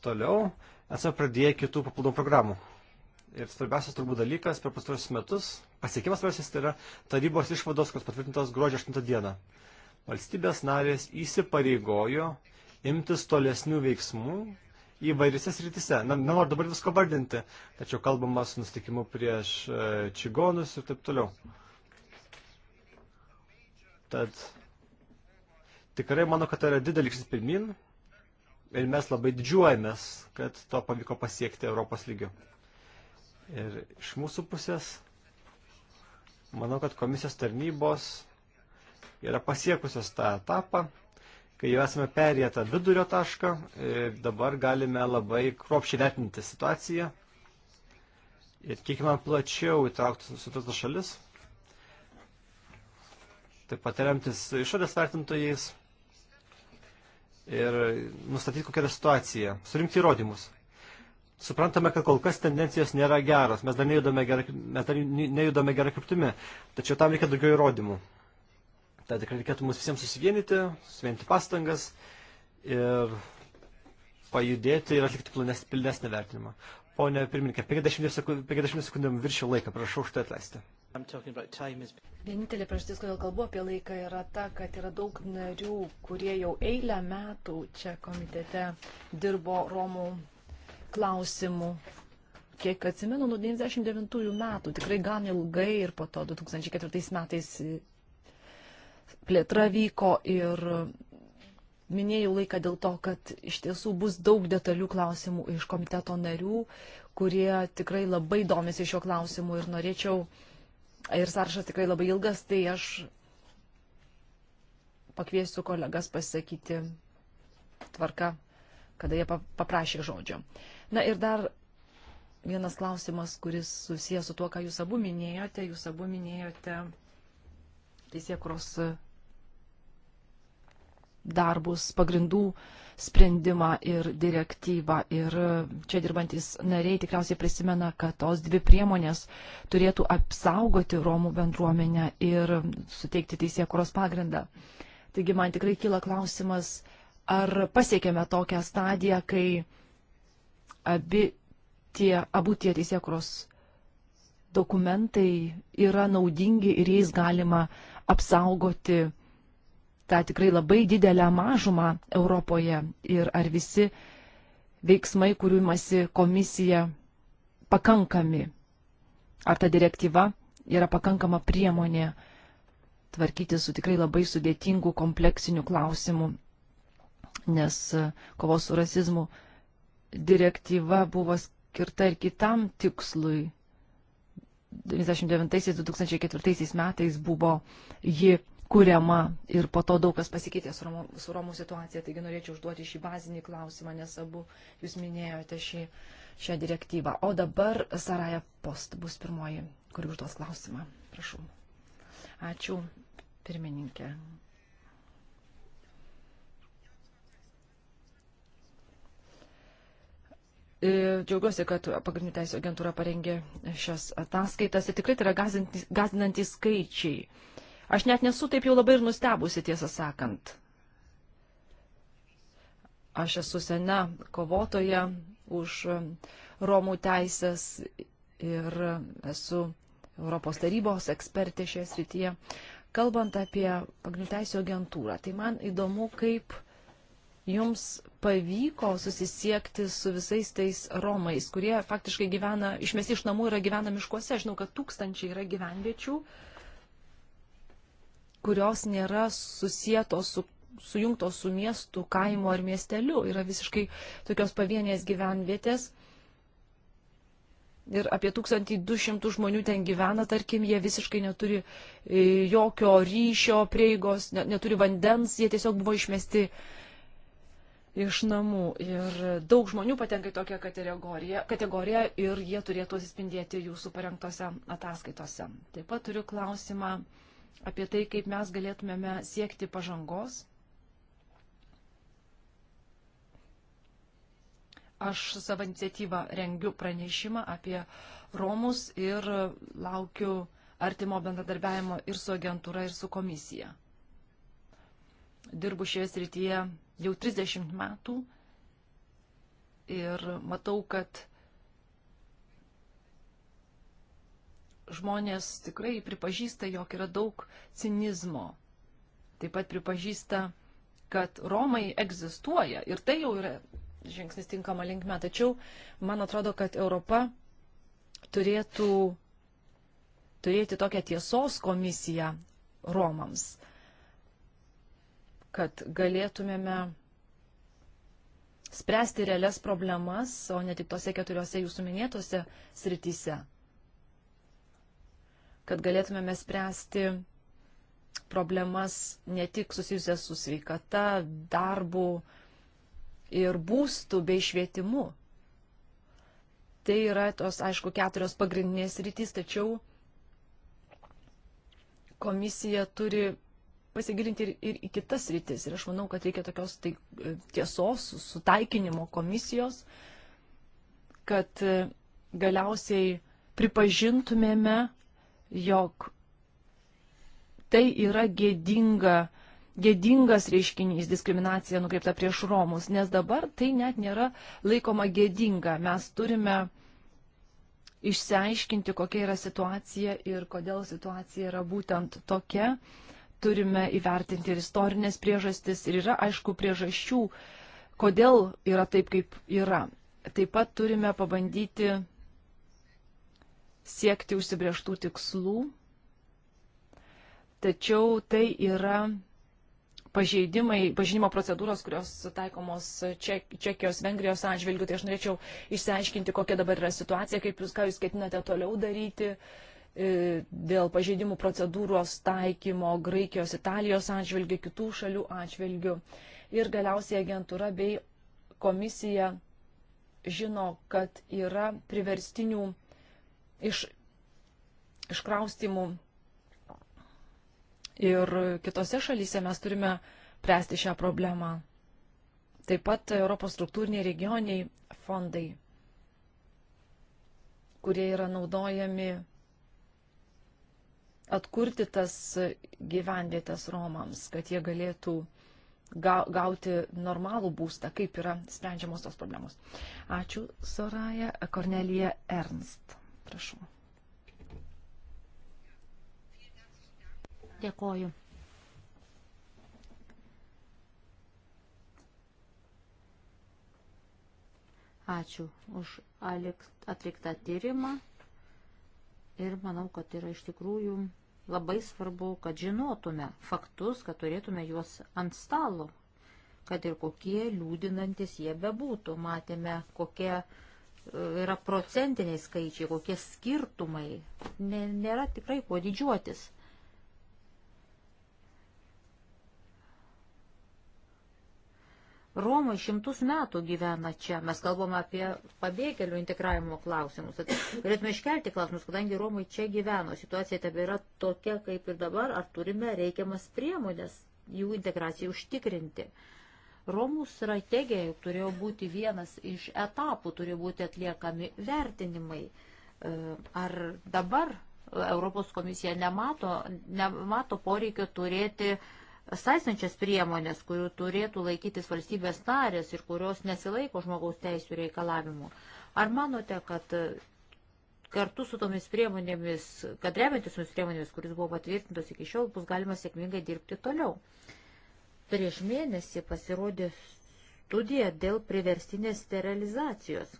Toliau esame pradėję kitų papildomų programų ir svarbiausias turbūt dalykas per pastarosius metus, pasiekimas svarbiausias tai yra tarybos išvados, kurios patvirtintos gruodžio 8 dieną. Valstybės narės įsipareigojo imtis tolesnių veiksmų įvairiose srityse. Na, nenoriu dabar visko vardinti, tačiau kalbama su nustikimu prieš e, čigonus ir taip toliau. Tad tikrai manau, kad tai yra didelis pirmin ir mes labai didžiuojamės, kad to pavyko pasiekti Europos lygiu. Ir iš mūsų pusės, manau, kad komisijos tarnybos yra pasiekusios tą etapą, kai jau esame perėję tą vidurio tašką ir dabar galime labai kruopšiai vertinti situaciją ir kiek man plačiau įtraukti su tas šalis, taip pat remtis išorės vertintojais ir nustatyti, kokia yra situacija, surinkti įrodymus. Suprantame, kad kol kas tendencijos nėra geros, mes dar nejudame gerą, mes dar nejudame gerą kryptimį, tačiau tam reikia daugiau įrodymų. Tai tikrai reikėtų mums visiems susivienyti, susivienyti pastangas ir pajudėti ir atlikti planes, pilnesnį vertinimą. Pone pirmininkė, 50 sekundėm, 50 sekundėm viršio laiką, prašau už tai atleisti. Is... Vienintelė priežastis, kodėl kalbu apie laiką, yra ta, kad yra daug narių, kurie jau eilę metų čia komitete dirbo Romų klausimų. Kiek atsimenu, nuo 99 metų, tikrai gan ilgai ir po to 2004 metais plėtra vyko ir minėjau laiką dėl to, kad iš tiesų bus daug detalių klausimų iš komiteto narių, kurie tikrai labai domisi šiuo klausimu ir norėčiau, ir sąrašas tikrai labai ilgas, tai aš pakviesiu kolegas pasakyti tvarka kada jie paprašė žodžio. Na ir dar vienas klausimas, kuris susijęs su tuo, ką jūs abu minėjote. Jūs abu minėjote teisėkros darbus, pagrindų sprendimą ir direktyvą. Ir čia dirbantis nariai tikriausiai prisimena, kad tos dvi priemonės turėtų apsaugoti Romų bendruomenę ir suteikti teisėkuros pagrindą. Taigi man tikrai kyla klausimas, Ar pasiekėme tokią stadiją, kai abi tie, abu tie teisėkros dokumentai yra naudingi ir jais galima apsaugoti tą tikrai labai didelę mažumą Europoje ir ar visi veiksmai, kurių imasi komisija, pakankami. Ar ta direktyva yra pakankama priemonė tvarkyti su tikrai labai sudėtingu kompleksiniu klausimu nes e, kovos su rasizmu direktyva buvo skirta ir kitam tikslui. 1999-2004 metais buvo ji kuriama ir po to daug kas pasikeitė su Romų, su Romų situacija. Taigi norėčiau užduoti šį bazinį klausimą, nes abu jūs minėjote šį, šią direktyvą. O dabar Saraja Post bus pirmoji, kuri užduos klausimą. Prašau. Ačiū, pirmininkė. E, džiaugiuosi, kad pagrindinė teisų agentūra parengė šias ataskaitas ir tikrai tai yra gazdinantys skaičiai. Aš net nesu taip jau labai ir nustebusi, tiesą sakant. Aš esu sena kovotoja už Romų teisės ir esu Europos tarybos ekspertė šioje srityje. Kalbant apie pagrindinę teisų agentūrą, tai man įdomu, kaip jums pavyko susisiekti su visais tais Romais, kurie faktiškai gyvena, išmesti iš namų yra gyvena miškuose. Aš žinau, kad tūkstančiai yra gyvenviečių, kurios nėra susijėtos su sujungtos su miestu, kaimo ar miesteliu. Yra visiškai tokios pavienės gyvenvietės. Ir apie 1200 žmonių ten gyvena, tarkim, jie visiškai neturi e, jokio ryšio, prieigos, neturi vandens, jie tiesiog buvo išmesti uh, iš namų. Ir daug žmonių patenka į tokią kategoriją, kategoriją ir jie turėtų atsispindėti jūsų parengtose ataskaitose. Taip pat turiu klausimą apie tai, kaip mes galėtumėme siekti pažangos. Aš savo iniciatyvą rengiu pranešimą apie Romus ir laukiu artimo bendradarbiavimo ir su agentūra, ir su komisija. Dirbu šioje srityje jau 30 metų ir matau, kad žmonės tikrai pripažįsta, jog yra daug cinizmo. Taip pat pripažįsta, kad Romai egzistuoja ir tai jau yra žingsnis tinkama linkme. Tačiau man atrodo, kad Europa turėtų turėti tokią tiesos komisiją Romams kad galėtumėme spręsti realias problemas, o ne tik tose keturiose jūsų minėtose srityse. Kad galėtumėme spręsti problemas ne tik susijusias su sveikata, darbu ir būstu bei švietimu. Tai yra tos, aišku, keturios pagrindinės rytis, tačiau komisija turi pasigilinti ir, ir į kitas rytis. Ir aš manau, kad reikia tokios tai, e, tiesos, sutaikinimo komisijos, kad e, galiausiai pripažintumėme, jog tai yra gėdinga, gėdingas reiškinys diskriminacija nukreipta prieš Romus, nes dabar tai net nėra laikoma gėdinga. Mes turime išsiaiškinti, kokia yra situacija ir kodėl situacija yra būtent tokia turime įvertinti ir istorinės priežastis, ir yra aišku priežasčių, kodėl yra taip, kaip yra. Taip pat turime pabandyti siekti užsibrieštų tikslų, tačiau tai yra pažeidimai, pažinimo procedūros, kurios taikomos Ček, Čekijos, Vengrijos atžvilgių, tai aš norėčiau išsiaiškinti, kokia dabar yra situacija, kaip jūs, ką jūs ketinate toliau daryti. Uh, E, dėl pažeidimų procedūros taikymo Graikijos, Italijos atžvilgių, kitų šalių atžvilgių. Ir galiausiai agentūra bei komisija žino, kad yra priverstinių iš, iškraustimų. Ir kitose šalyse mes turime pręsti šią problemą. Taip pat Europos struktūriniai regioniai fondai, kurie yra naudojami atkurti tas gyvenvietės Romams, kad jie galėtų gauti normalų būstą, kaip yra sprendžiamos tos problemos. Ačiū, Soraja. Kornelija Ernst, prašau. Dėkoju. Ačiū už atliktą tyrimą. Ir manau, kad yra iš tikrųjų labai svarbu, kad žinotume faktus, kad turėtume juos ant stalo, kad ir kokie liūdinantis jie bebūtų. Matėme, kokie e, yra procentiniai skaičiai, kokie skirtumai. Nėra tikrai kuo didžiuotis. Romai šimtus metų gyvena čia. Mes kalbame apie pabėgėlių integravimo klausimus. Galėtume iškelti klausimus, kadangi Romai čia gyveno. Situacija tebėra tokia kaip ir dabar. Ar turime reikiamas priemonės jų integracijai užtikrinti? Romų strategija juk turėjo būti vienas iš etapų, turėjo būti atliekami vertinimai. E, ar dabar Europos komisija nemato, nemato poreikio turėti uh, saistančias priemonės, kurių turėtų laikytis valstybės narės ir kurios nesilaiko žmogaus teisų reikalavimų. Ar manote, kad e, kartu su tomis priemonėmis, kad remiantis tomis priemonėmis, kuris buvo patvirtintos iki šiol, bus galima sėkmingai dirbti toliau? Prieš mėnesį pasirodė studija dėl priverstinės sterilizacijos.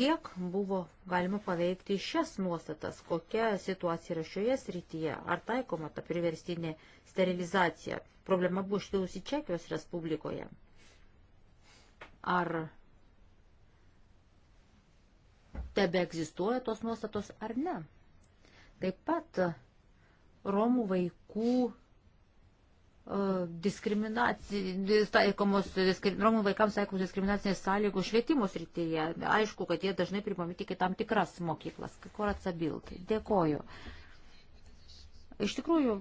Kiek buvo galima paveikti šias nuostatas, kokia situacija yra šioje srityje, ar taikoma ta priverstinė sterilizacija? Problema buvo iškilusi Čekijos Respublikoje. Ar tebe egzistuoja tos nuostatos ar ne? Taip pat Romų vaikų taikomos, romų vaikams taikomos diskriminacinės sąlygos švietimo srityje. Aišku, kad jie dažnai primami tik į tam tikras mokyklas. Kur atsabiltai? Dėkoju. Iš tikrųjų,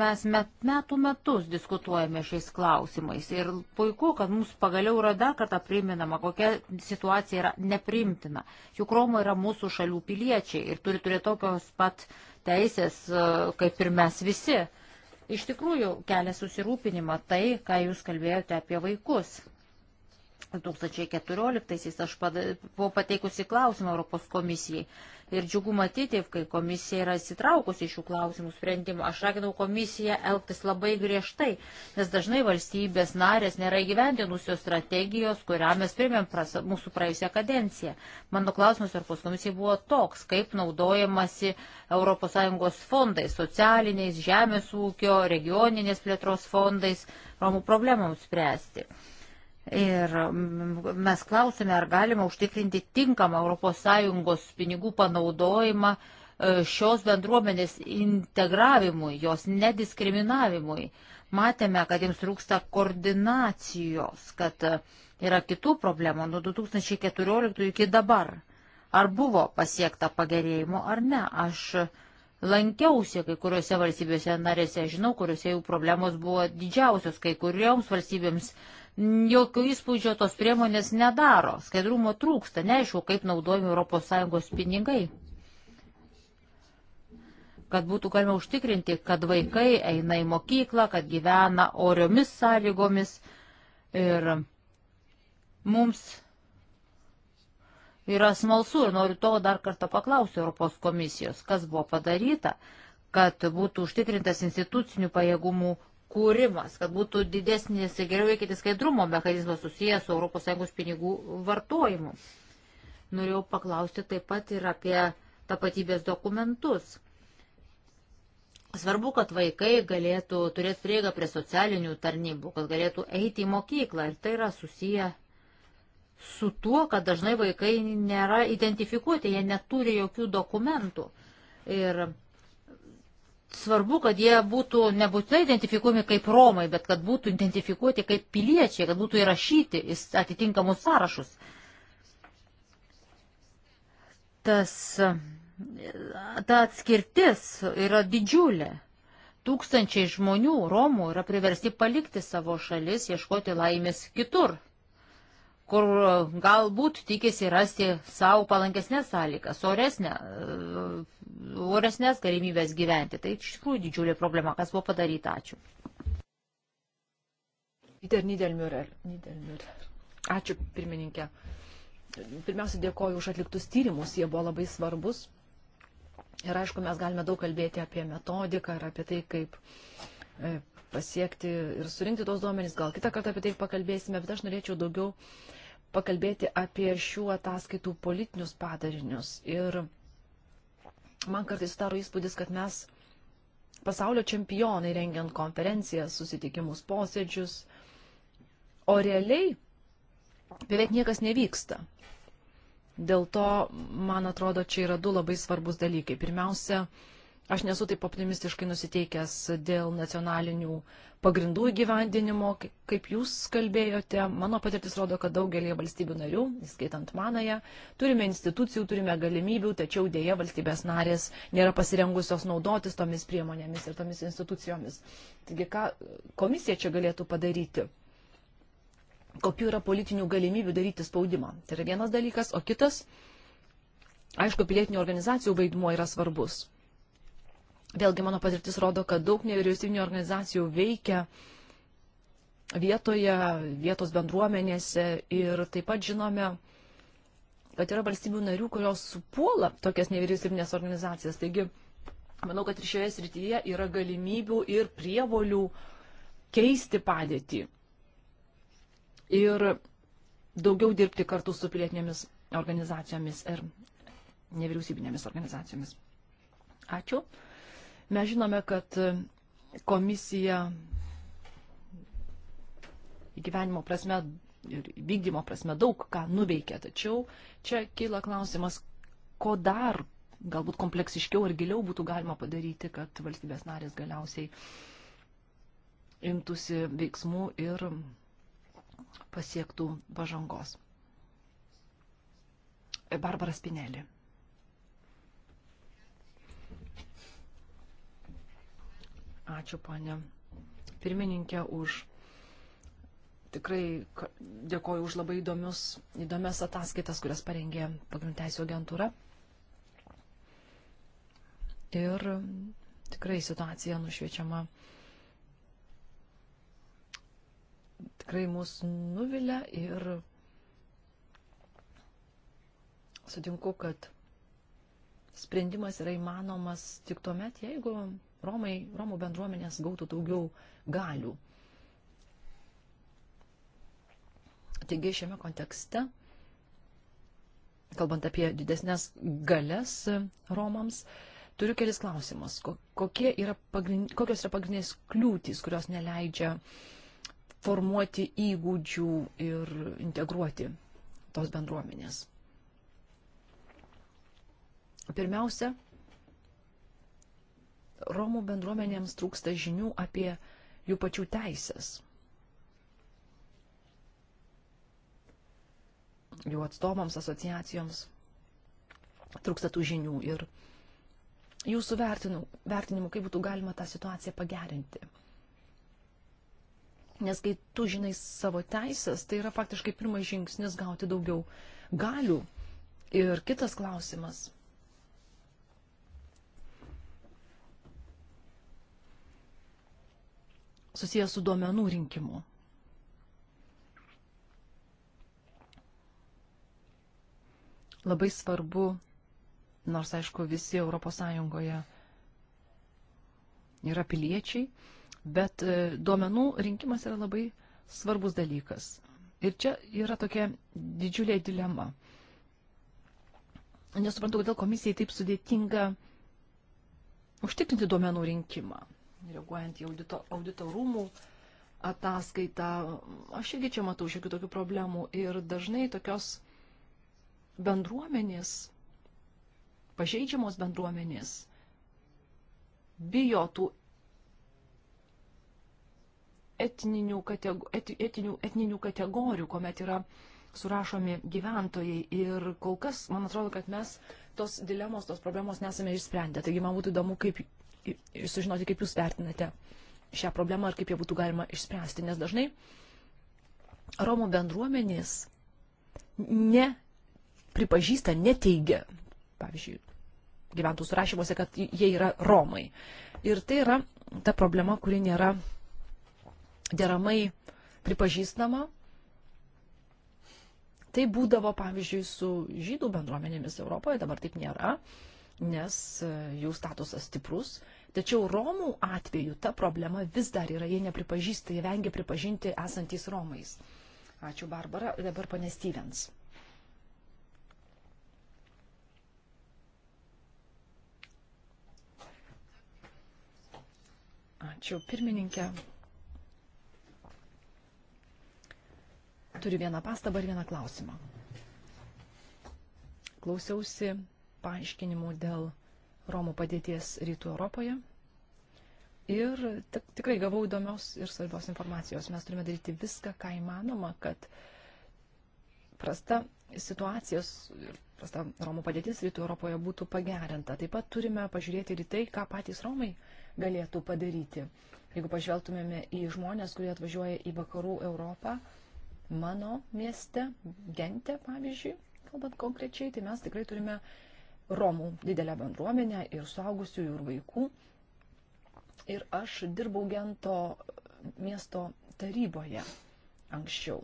mes met, metų metus diskutuojame šiais klausimais ir puiku, kad mums pagaliau yra dar kartą priminama, kokia situacija yra neprimtina. Juk Roma yra mūsų šalių piliečiai ir turi turėti tokios pat teisės e, kaip ir mes visi. Iš tikrųjų, kelia susirūpinimą tai, ką jūs kalbėjote apie vaikus. 2014-aisiais aš buvau pateikusi klausimą Europos komisijai Ir džiugu matyti, kai komisija yra įsitraukusi šių klausimų sprendimą. Aš raginau komisiją elgtis labai griežtai, nes dažnai valstybės narės nėra įgyvendinusios strategijos, kurią mes primėm pras, mūsų praėjusią kadenciją. Mano klausimas Europos komisijai buvo toks, kaip naudojamasi ES fondais, socialiniais, žemės ūkio, regioninės plėtros fondais, romų problemams spręsti. Ir mes klausime, ar galima užtikrinti tinkamą ES pinigų panaudojimą e, šios bendruomenės integravimui, jos nediskriminavimui. Matėme, kad jiems trūksta koordinacijos, kad e, yra kitų problemų nuo 2014 iki dabar. Ar buvo pasiekta pagerėjimo ar ne? Aš lankiausi kai kuriuose valstybėse narėse, žinau, kuriuose jų problemos buvo didžiausios, kai kurioms valstybėms uh, jokio įspūdžio tos priemonės nedaro. Skaidrumo trūksta, neaišku, kaip naudojami ES pinigai. Kad būtų galima užtikrinti, kad vaikai eina į mokyklą, kad gyvena oriomis sąlygomis. Ir mums yra smalsu ir noriu to dar kartą paklausti Europos komisijos, kas buvo padaryta, kad būtų užtikrintas institucinių pajėgumų kūrimas, kad būtų didesnis ir geriau veikiantis skaidrumo mechanizmas susijęs su ES pinigų vartojimu. Norėjau paklausti taip pat ir apie tapatybės dokumentus. Svarbu, kad vaikai galėtų turėti prieigą prie socialinių tarnybų, kad galėtų eiti į mokyklą ir tai yra susiję su tuo, kad dažnai vaikai nėra identifikuoti, jie neturi jokių dokumentų. Ir svarbu, kad jie būtų nebūtinai identifikuojami kaip Romai, bet kad būtų identifikuoti kaip piliečiai, kad būtų įrašyti į atitinkamus sąrašus. Tas, ta atskirtis yra didžiulė. Tūkstančiai žmonių, Romų, yra priversti palikti savo šalis, ieškoti laimės kitur kur e, galbūt tikisi rasti savo palankesnės sąlygas, oresnė, e, oresnės galimybės gyventi. Tai iš tikrųjų didžiulė problema, kas buvo padaryta. Ačiū. Ačiū, pirmininkė. Pirmiausia, dėkoju už atliktus tyrimus, jie buvo labai svarbus. Ir aišku, mes galime daug kalbėti apie metodiką ir apie tai, kaip e, pasiekti ir surinkti tos duomenys. Gal kitą kartą apie tai pakalbėsime, bet aš norėčiau daugiau pakalbėti apie šių ataskaitų politinius padarinius. Ir man kartais sudaro įspūdis, kad mes pasaulio čempionai rengiant konferencijas, susitikimus, posėdžius, o realiai beveik niekas nevyksta. Dėl to, man atrodo, čia yra du labai svarbus dalykai. Pirmiausia, Aš nesu taip optimistiškai nusiteikęs dėl nacionalinių pagrindų įgyvendinimo, kaip jūs kalbėjote. Mano patirtis rodo, kad daugelie valstybių narių, įskaitant manąją, turime institucijų, turime galimybių, tačiau dėja valstybės narės nėra pasirengusios naudotis tomis priemonėmis ir tomis institucijomis. Taigi, ką komisija čia galėtų padaryti? Kokių yra politinių galimybių daryti spaudimą? Tai yra vienas dalykas, o kitas, aišku, pilietinių organizacijų vaidmuo yra svarbus Vėlgi mano patirtis rodo, kad daug nevyriausybinio organizacijų veikia vietoje, vietos bendruomenėse ir taip pat žinome, kad yra valstybių narių, kurios supuola tokias nevyriausybinės organizacijas. Taigi, manau, kad ir šioje srityje yra galimybių ir prievolių keisti padėtį ir daugiau dirbti kartu su pilietinėmis organizacijomis ir nevyriausybinėmis organizacijomis. Ačiū. Mes žinome, kad komisija įgyvenimo prasme ir vykdymo prasme daug ką nuveikia, tačiau čia kyla klausimas, ko dar galbūt kompleksiškiau ir giliau būtų galima padaryti, kad valstybės narės galiausiai imtųsi veiksmų ir pasiektų pažangos. Barbara Spinelli. Ačiū, ponė. Pirmininkė, už tikrai dėkoju už labai įdomius, įdomias ataskaitas, kurias parengė pagrindteisio agentūra. Ir tikrai situacija nušviečiama. Tikrai mus nuvilia ir sutinku, kad sprendimas yra įmanomas tik tuomet, jeigu Romai, Romų bendruomenės gautų daugiau galių. Taigi šiame kontekste, kalbant apie didesnės galės Romams, turiu kelis klausimus. Kokie yra pagrind, kokios yra pagrindinės kliūtys, kurios neleidžia formuoti įgūdžių ir integruoti tos bendruomenės? Pirmiausia, Romų bendruomenėms trūksta žinių apie jų pačių teisės. Jų atstovams, asociacijoms trūksta tų žinių ir jūsų vertinu, vertinimu, kaip būtų galima tą situaciją pagerinti. Nes kai tu žinai savo teisės, tai yra faktiškai pirmas žingsnis gauti daugiau galių. Ir kitas klausimas – susijęs su duomenų rinkimu. Labai svarbu, nors aišku visi ES yra piliečiai, bet e, duomenų rinkimas yra labai svarbus dalykas. Ir čia yra tokia didžiulė dilema. Nesuprantu, kodėl komisijai taip sudėtinga užtikrinti duomenų rinkimą reaguojant į audito, audito rūmų ataskaitą, aš irgi čia matau šiokių tokių problemų ir dažnai tokios bendruomenės, pažeidžiamos bendruomenės, bijo tų etninių, kategor, et, etinių, etninių kategorijų, kuomet yra surašomi gyventojai. Ir kol kas, man atrodo, kad mes tos dilemos, tos problemos nesame išsprendę. Taigi man būtų įdomu, kaip ir sužinoti, kaip jūs vertinate šią problemą ir kaip ją būtų galima išspręsti, nes dažnai Romų bendruomenės nepripažįsta, neteigia, pavyzdžiui, gyventų surašymuose, kad jie yra Romai. Ir tai yra ta problema, kuri nėra deramai pripažįstama. Tai būdavo, pavyzdžiui, su žydų bendruomenėmis Europoje, dabar taip nėra. Uh, nes e, jų statusas stiprus. Tačiau Romų atveju ta problema vis dar yra, jie nepripažįsta, jie vengia pripažinti esantys Romais. Ačiū, Barbara. Dabar pane Stevens. Ačiū, pirmininkė. Turiu vieną pastabą ir vieną klausimą. Klausiausi paaiškinimų dėl Romų padėties rytų Europoje. Ir tikrai gavau įdomios ir svarbios informacijos. Mes turime daryti viską, ką įmanoma, kad prasta situacijos ir prasta Romų padėtis rytų Europoje būtų pagerinta. Taip pat turime pažiūrėti ir tai, ką patys Romai galėtų padaryti. Jeigu pažvelgtumėme į žmonės, kurie atvažiuoja į vakarų Europą, mano mieste, Gente, pavyzdžiui, kalbant konkrečiai, tai mes tikrai turime uh, Romų didelę bendruomenę ir suaugusiųjų ir vaikų. Ir aš dirbau Gento miesto taryboje anksčiau.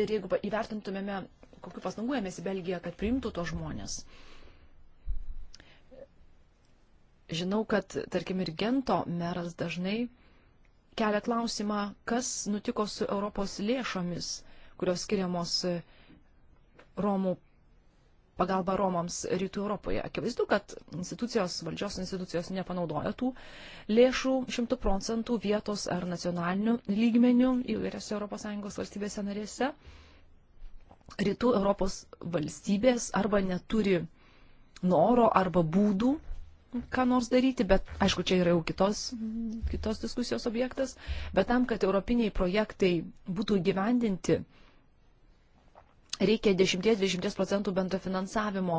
Ir jeigu įvertintumėme, kokiu pastangu ėmėsi Belgija, kad priimtų tos žmonės. Žinau, kad, tarkim, ir Gento meras dažnai kelia klausimą, kas nutiko su Europos lėšomis, kurios skiriamos uh, Romų pagalba Romams rytų Europoje. Akivaizdu, kad institucijos, valdžios institucijos nepanaudoja tų lėšų šimtų procentų vietos ar nacionalinių lygmenių įvairiose ES valstybėse narėse. Rytų Europos valstybės arba neturi noro arba būdų ką nors daryti, bet aišku, čia yra jau kitos, kitos diskusijos objektas, bet tam, kad europiniai projektai būtų gyvendinti, reikia 10-20 procentų bendro finansavimo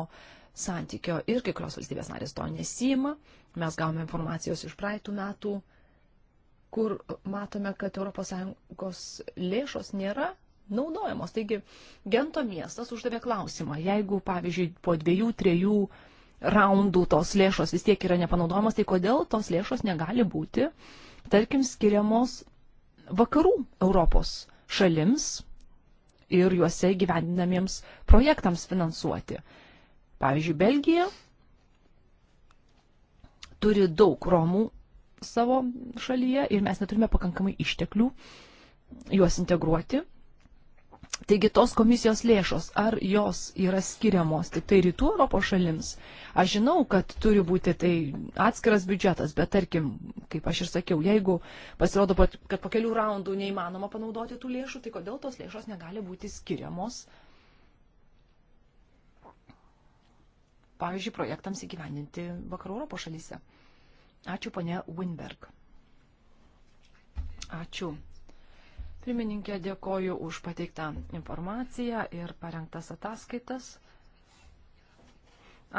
santykio ir kai kurios valstybės narės to nesima. Mes gavome informacijos iš praeitų metų, kur matome, kad ES lėšos nėra naudojamos. Taigi, Gento miestas uždavė klausimą, jeigu, pavyzdžiui, po dviejų, trejų raundų tos lėšos vis tiek yra nepanaudojamos, tai kodėl tos lėšos negali būti, tarkim, skiriamos vakarų Europos šalims, ir juose gyvendinamiems projektams finansuoti. Pavyzdžiui, Belgija turi daug romų savo šalyje ir mes neturime pakankamai išteklių juos integruoti. Taigi tos komisijos lėšos, ar jos yra skiriamos tik tai rytų Europos šalims? Aš žinau, kad turi būti tai atskiras biudžetas, bet tarkim, kaip aš ir sakiau, jeigu pasirodo, kad po kelių raundų neįmanoma panaudoti tų lėšų, tai kodėl tos lėšos negali būti skiriamos, pavyzdžiui, projektams įgyvendinti vakarų Europos šalyse? Ačiū, ponė Winberg. Ačiū. Pirmininkė, dėkoju už pateiktą informaciją ir parengtas ataskaitas.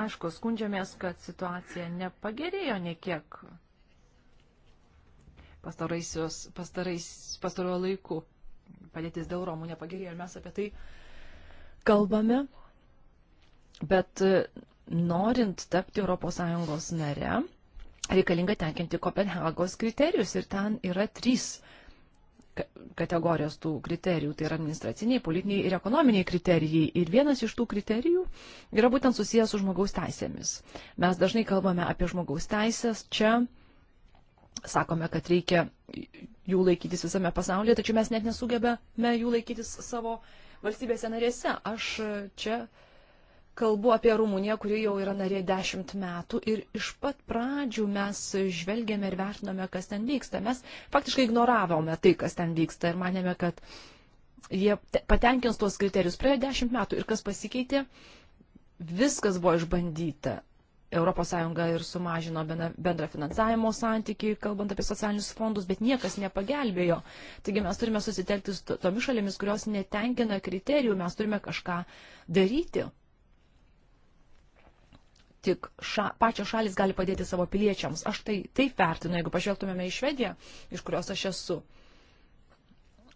Aišku, skundžiamės, kad situacija nepagerėjo niekiek pastarojo laiku. Padėtis dėl Romų nepagerėjo ir mes apie tai kalbame. Bet e, norint tapti ES nare, reikalinga tenkinti Kopenhagos kriterijus ir ten yra trys kriterijus kategorijos tų kriterijų, tai yra administraciniai, politiniai ir ekonominiai kriterijai. Ir vienas iš tų kriterijų yra būtent susijęs su žmogaus teisėmis. Mes dažnai kalbame apie žmogaus teisės čia. Sakome, kad reikia jų laikytis visame pasaulyje, tačiau mes net nesugebame jų laikytis savo valstybėse narėse. Aš čia uh, Kalbu apie Rumuniją, kuri jau yra narė dešimt metų ir iš pat pradžių mes žvelgėme ir vertinome, kas ten vyksta. Mes faktiškai ignoravome tai, kas ten vyksta ir manėme, kad jie patenkins tuos kriterijus. Praėjo dešimt metų ir kas pasikeitė, viskas buvo išbandyta. ES ir sumažino bendrą finansavimo santykį, kalbant apie socialinius fondus, bet niekas nepagelbėjo. Taigi mes turime susitelkti su tomis šalėmis, kurios netenkina kriterijų, mes turime kažką daryti tik ša, pačios šalis gali padėti savo piliečiams. Aš tai taip vertinu, jeigu pažvelgtumėme į Švediją, iš kurios aš esu.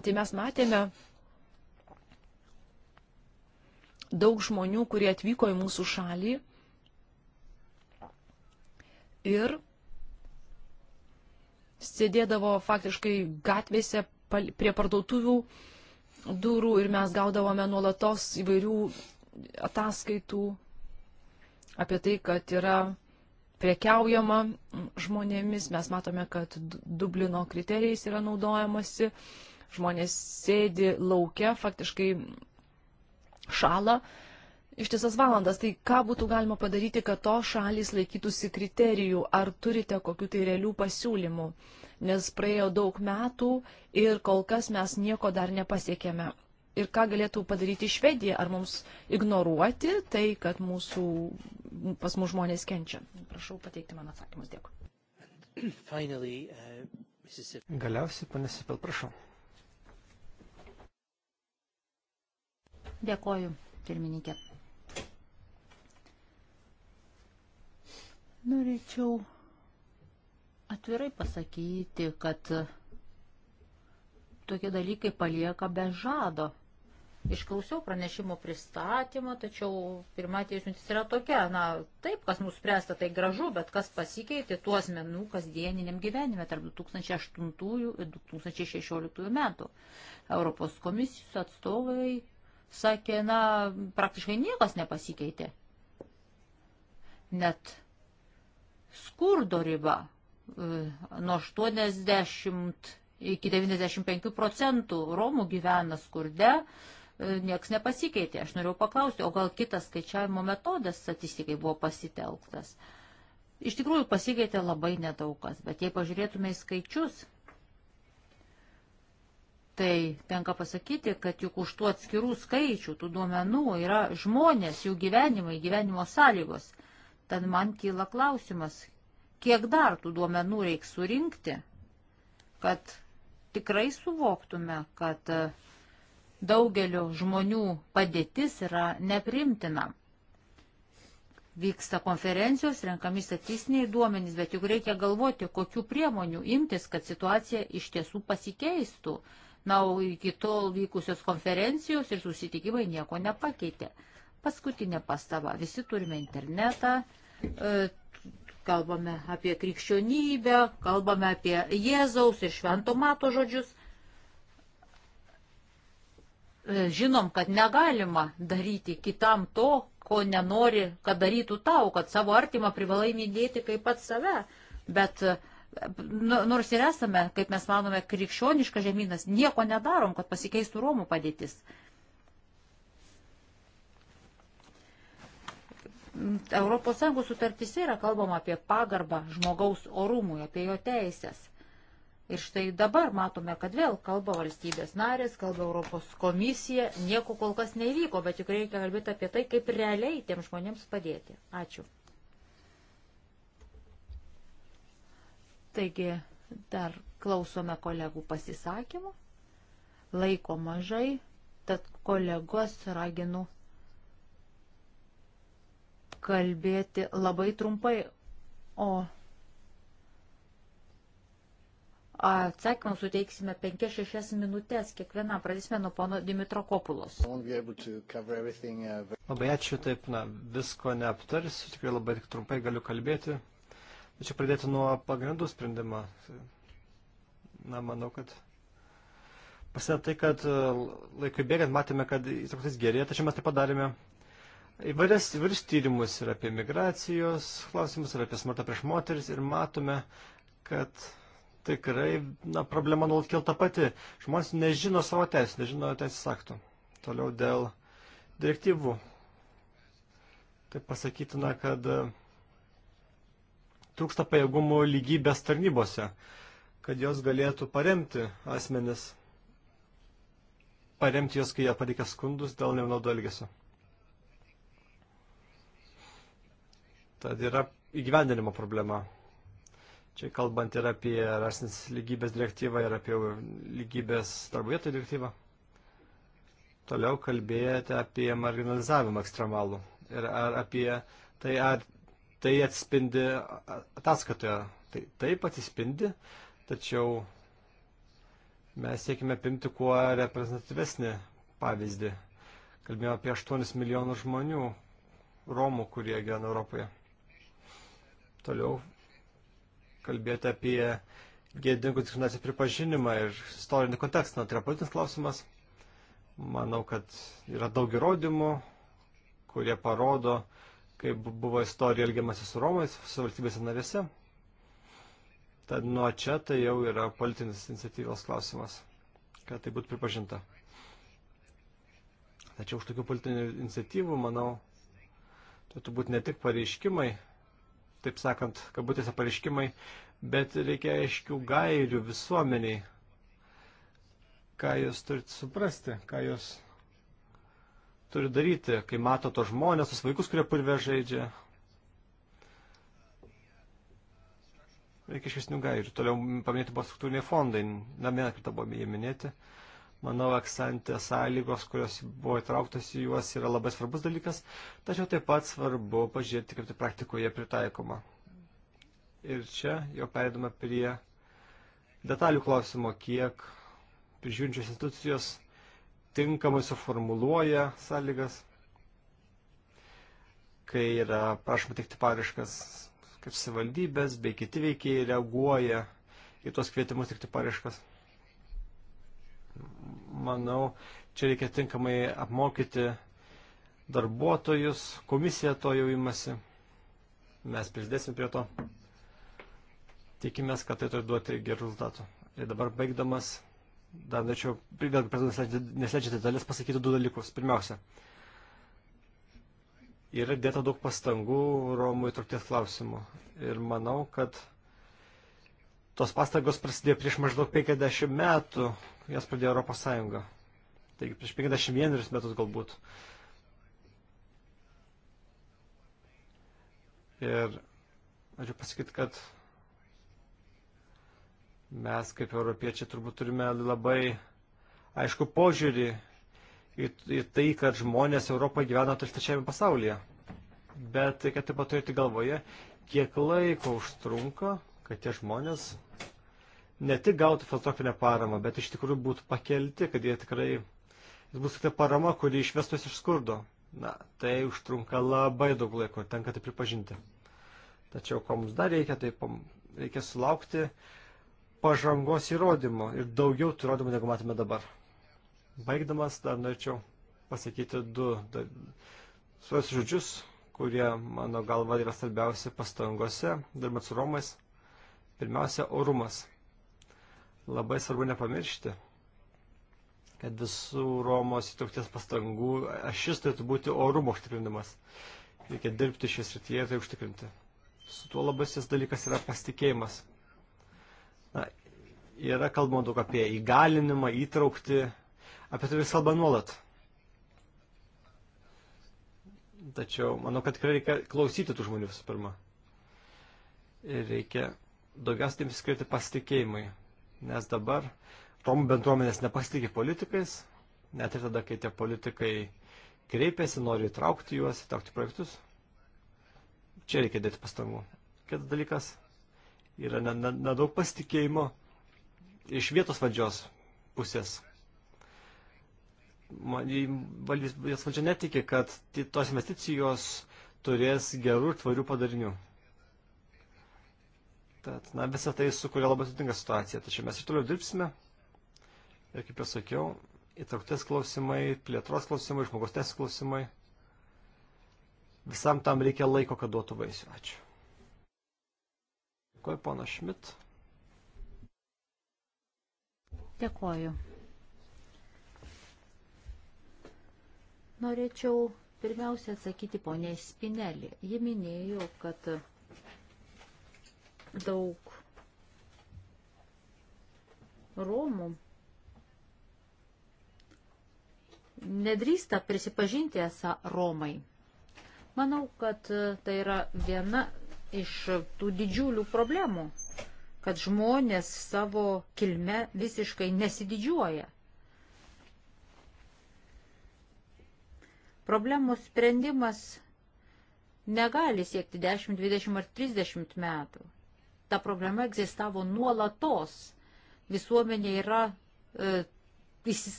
Tai mes matėme daug žmonių, kurie atvyko į mūsų šalį ir sėdėdavo faktiškai gatvėse prie parduotuvių durų ir mes gaudavome nuolatos įvairių ataskaitų apie tai, kad yra prekiaujama žmonėmis. Mes matome, kad Dublino kriterijais yra naudojamasi. Žmonės sėdi laukia, faktiškai šala ištisas valandas. Tai ką būtų galima padaryti, kad to šalis laikytųsi kriterijų? Ar turite kokiu tai realių pasiūlymų? Nes praėjo daug metų ir kol kas mes nieko dar nepasiekėme ir ką galėtų padaryti Švedija? Ar mums ignoruoti tai, kad mūsų, pas mūsų žmonės kenčia? Prašau pateikti man atsakymus. Dėkui. Finally, uh, Galiausiai, pane Sipel, prašau. Dėkoju, pirmininkė. Norėčiau atvirai pasakyti, kad tokie dalykai palieka be žado. Išklausiau pranešimo pristatymą, tačiau pirma teismintis yra tokia, na, taip, kas nuspręsta, tai gražu, bet kas pasikeitė tuo asmenų kasdieniniam gyvenime tarp 2008 ir 2016 metų. Europos komisijos atstovai sakė, na, praktiškai niekas nepasikeitė. Net skurdo riba e, nuo 80 iki 95 procentų Romų gyvena skurde, E, nieks nepasikeitė. Aš noriu paklausti, o gal kitas skaičiavimo metodas statistikai buvo pasitelktas? Iš tikrųjų pasikeitė labai nedaugas, bet jei pažiūrėtume į skaičius, tai tenka pasakyti, kad juk už tų atskirų skaičių, tų duomenų yra žmonės, jų gyvenimai, gyvenimo sąlygos. Tad man kyla klausimas, kiek dar tų duomenų reiks surinkti, kad tikrai suvoktume, kad uh, daugelio žmonių padėtis yra neprimtina. Vyksta konferencijos, renkami statistiniai duomenys, bet juk reikia galvoti, kokiu priemonių imtis, kad situacija iš tiesų pasikeistų. Na, o iki tol vykusios konferencijos ir susitikimai nieko nepakeitė. Paskutinė pastaba. Visi turime internetą, e, kalbame apie krikščionybę, kalbame apie Jėzaus ir Švento Mato žodžius E, žinom, kad negalima daryti kitam to, ko nenori, kad darytų tau, kad savo artimą privalai mylėti kaip pat save. Bet e, nu, nors ir esame, kaip mes manome, krikščioniška žemynas, nieko nedarom, kad pasikeistų Romų padėtis. ES sutartys yra kalbama apie pagarbą žmogaus orumui, apie jo teisės. Ir štai dabar matome, kad vėl kalba valstybės narės, kalba Europos komisija, nieko kol kas nevyko, bet juk reikia kalbėti apie tai, kaip realiai tiem žmonėms padėti. Ačiū. Taigi dar klausome kolegų pasisakymų, laiko mažai, tad kolegos raginu kalbėti labai trumpai, o Atsakymą suteiksime 5-6 minutės kiekvieną. Pradėsime nuo pono Dimitro Kopulos. Labai ačiū, taip, na, visko neaptarsiu, tikrai labai tik trumpai galiu kalbėti. Tačiau pradėti nuo pagrindų sprendimo. Na, manau, kad pasidėt tai, kad e, laikui bėgant matėme, kad įtrauktis gerėja, tačiau mes taip padarėme Įvairias, įvairius tyrimus ir apie migracijos klausimus, ir apie smurtą prieš moteris, ir matome, kad tikrai na, problema nuolat kilta pati. Žmonės nežino savo teisės, nežino teisės aktų. Toliau dėl direktyvų. Tai pasakytina, kad e, trūksta pajėgumų lygybės tarnybose, kad jos galėtų paremti asmenis, paremti jos, kai jie pareikia skundus dėl nevienodo elgesio. Tad yra įgyvendinimo problema. Čia kalbant ir apie rasinės lygybės direktyvą, ir apie lygybės darbo vietų direktyvą. Toliau kalbėjote apie marginalizavimą ekstremalų. Ir ar apie tai, ar tai atspindi ataskatoje. Tai taip atsispindi, tačiau mes siekime pimti kuo reprezentatyvesnį pavyzdį. Kalbėjome apie 8 milijonų žmonių, Romų, kurie gyvena Europoje. Toliau kalbėti apie gėdingų diskriminacijų pripažinimą ir istorinį kontekstą. Tai yra politinis klausimas. Manau, kad yra daug įrodymų, kurie parodo, kaip buvo istorija elgiamasi su Romais, su valstybėse narėse. Tad nuo čia tai jau yra politinis iniciatyvos klausimas, kad tai būtų pripažinta. Tačiau už tokių politinių iniciatyvų, manau, tai turėtų būti ne tik pareiškimai, taip sakant, kabutėse pareiškimai, bet reikia aiškių gairių visuomeniai, ką jūs turite suprasti, ką jūs turi daryti, kai mato to žmonės, tos vaikus, kurie purvė žaidžia. Reikia iškesnių gairių. Toliau paminėti buvo struktūriniai fondai, na, vieną kartą buvo jie minėti. minėti Manau, eksantės sąlygos, kurios buvo įtrauktos į juos, yra labai svarbus dalykas, tačiau taip pat svarbu pažiūrėti, kaip tai praktikoje pritaikoma. Ir čia jau perėdame prie detalių klausimo, kiek prižiūrinčios institucijos tinkamai suformuluoja sąlygas, kai yra prašoma teikti paraiškas, kaip savivaldybės bei kiti veikiai reaguoja į tuos kvietimus teikti paraiškas. Manau, čia reikia tinkamai apmokyti darbuotojus, komisija to jau imasi. Mes prisidėsim prie to. Tikimės, kad tai turi duoti gerų rezultatų. Ir dabar baigdamas, dar norėčiau, vėlgi, prezidentas nesleidžia detalės, pasakyti du dalykus. Pirmiausia, yra dėta daug pastangų Romų įtraukties klausimų. Ir manau, kad Tos pastangos prasidėjo prieš maždaug 50 metų, jas pradėjo Europos Sąjunga. Taigi prieš 51 metus galbūt. Ir noriu pasakyti, kad mes kaip europiečiai turbūt turime labai aišku požiūrį į, į tai, kad žmonės Europoje gyvena tolstačiame pasaulyje. Bet reikia taip pat turėti galvoje, kiek laiko užtrunka kad tie žmonės ne tik gautų filantrofinę paramą, bet iš tikrųjų būtų pakelti, kad jie tikrai bus ta parama, kuri išvestos iš skurdo. Na, tai užtrunka labai daug laiko ir tenka tai pripažinti. Tačiau ko mums dar reikia, tai reikia sulaukti pažangos įrodymų ir daugiau tų įrodymų, negu matome dabar. Baigdamas dar norėčiau pasakyti du svarbius žodžius, kurie mano galva yra svarbiausi pastangose, dirbant su Romais Pirmiausia, orumas. Labai svarbu nepamiršti, kad visų Romos įtraukties pastangų ašis turėtų būti orumo užtikrinimas. Reikia dirbti šią srityje ir tai užtikrinti. Su tuo labai šis dalykas yra pasitikėjimas. Na, yra kalbama daug apie įgalinimą, įtraukti, apie tai vis kalba nuolat. Tačiau manau, kad tikrai reikia klausyti tų žmonių visų pirma. Ir reikia daugiausiai dėmesio skirti pasitikėjimui, nes dabar Romų bendruomenės nepasitikė politikais, net ir tada, kai tie politikai kreipiasi, nori įtraukti juos, įtraukti projektus. Čia reikia dėti pastangų. Kitas dalykas yra nedaug pasitikėjimo iš vietos valdžios pusės. Valdžios valdžia netiki, kad tos investicijos turės gerų ir tvarių padarinių. Tad, na, visą tai sukuria labai sudinga situacija. Tačiau mes ir toliau dirbsime. Ir kaip jau sakiau, įtraukties klausimai, plėtros klausimai, žmogaus teisų klausimai. Visam tam reikia laiko, kad duotų vaisių. Ačiū. Dėkuoju, pana Šmit. Dėkuoju. Norėčiau pirmiausia atsakyti poniai Spinelį. Ji minėjo, kad daug Romų nedrįsta prisipažinti esą Romai. Manau, kad tai yra viena iš tų didžiulių problemų, kad žmonės savo kilme visiškai nesididžiuoja. Problemų sprendimas negali siekti 10, 20 ar 30 metų ta problema egzistavo nuolatos. Visuomenė yra e,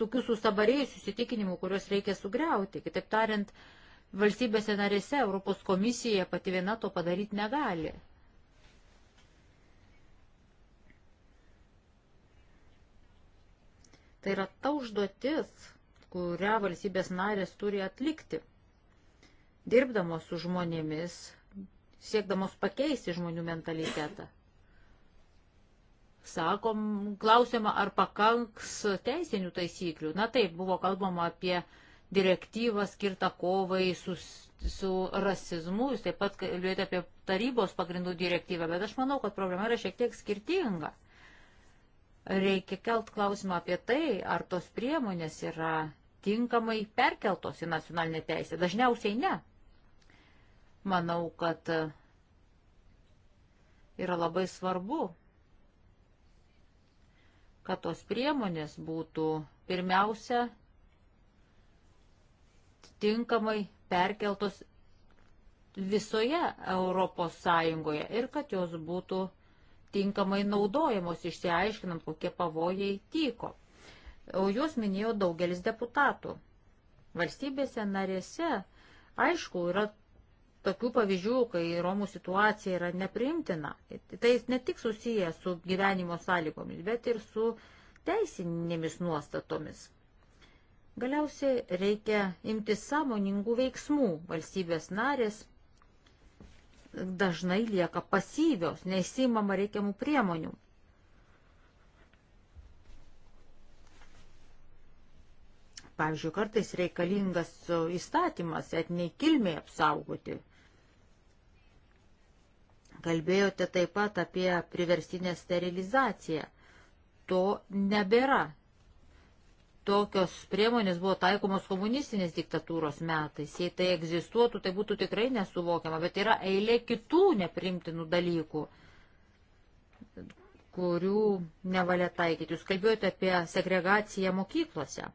tokių sustabarėjusių įsitikinimų, kuriuos reikia sugriauti. Kitaip tariant, valstybėse narėse Europos komisija pati viena to padaryti negali. Tai yra ta užduotis, kurią valstybės narės turi atlikti, dirbdamos su žmonėmis, siekdamos pakeisti žmonių mentalitetą sakom, klausima, ar pakanks teisinių taisyklių. Na taip, buvo kalbama apie direktyvą skirtą kovai su, su rasizmu, jūs taip pat kalbėjote apie tarybos pagrindų direktyvą, bet aš manau, kad problema yra šiek tiek skirtinga. Reikia kelt klausimą apie tai, ar tos priemonės yra tinkamai perkeltos į nacionalinę teisę. Dažniausiai ne. Manau, kad yra labai svarbu kad tos priemonės būtų pirmiausia tinkamai perkeltos visoje Europos Sąjungoje ir kad jos būtų tinkamai naudojamos, išsiaiškinant, kokie pavojai tyko. O juos minėjo daugelis deputatų. Valstybėse narėse, aišku, yra tokių pavyzdžių, kai Romų situacija yra neprimtina. Tai ne tik susiję su gyvenimo sąlygomis, bet ir su teisinėmis nuostatomis. Galiausiai reikia imti sąmoningų veiksmų. Valstybės narės dažnai lieka pasyvios, neįsimama reikiamų priemonių. Pavyzdžiui, kartais reikalingas įstatymas etniai kilmiai apsaugoti. Kalbėjote taip pat apie priverstinę sterilizaciją. To nebėra. Tokios priemonės buvo taikomos komunistinės diktatūros metais. Jei tai egzistuotų, tai būtų tikrai nesuvokiama, bet yra eilė kitų neprimtinų dalykų, kurių nevalia taikyti. Jūs kalbėjote apie segregaciją mokyklose.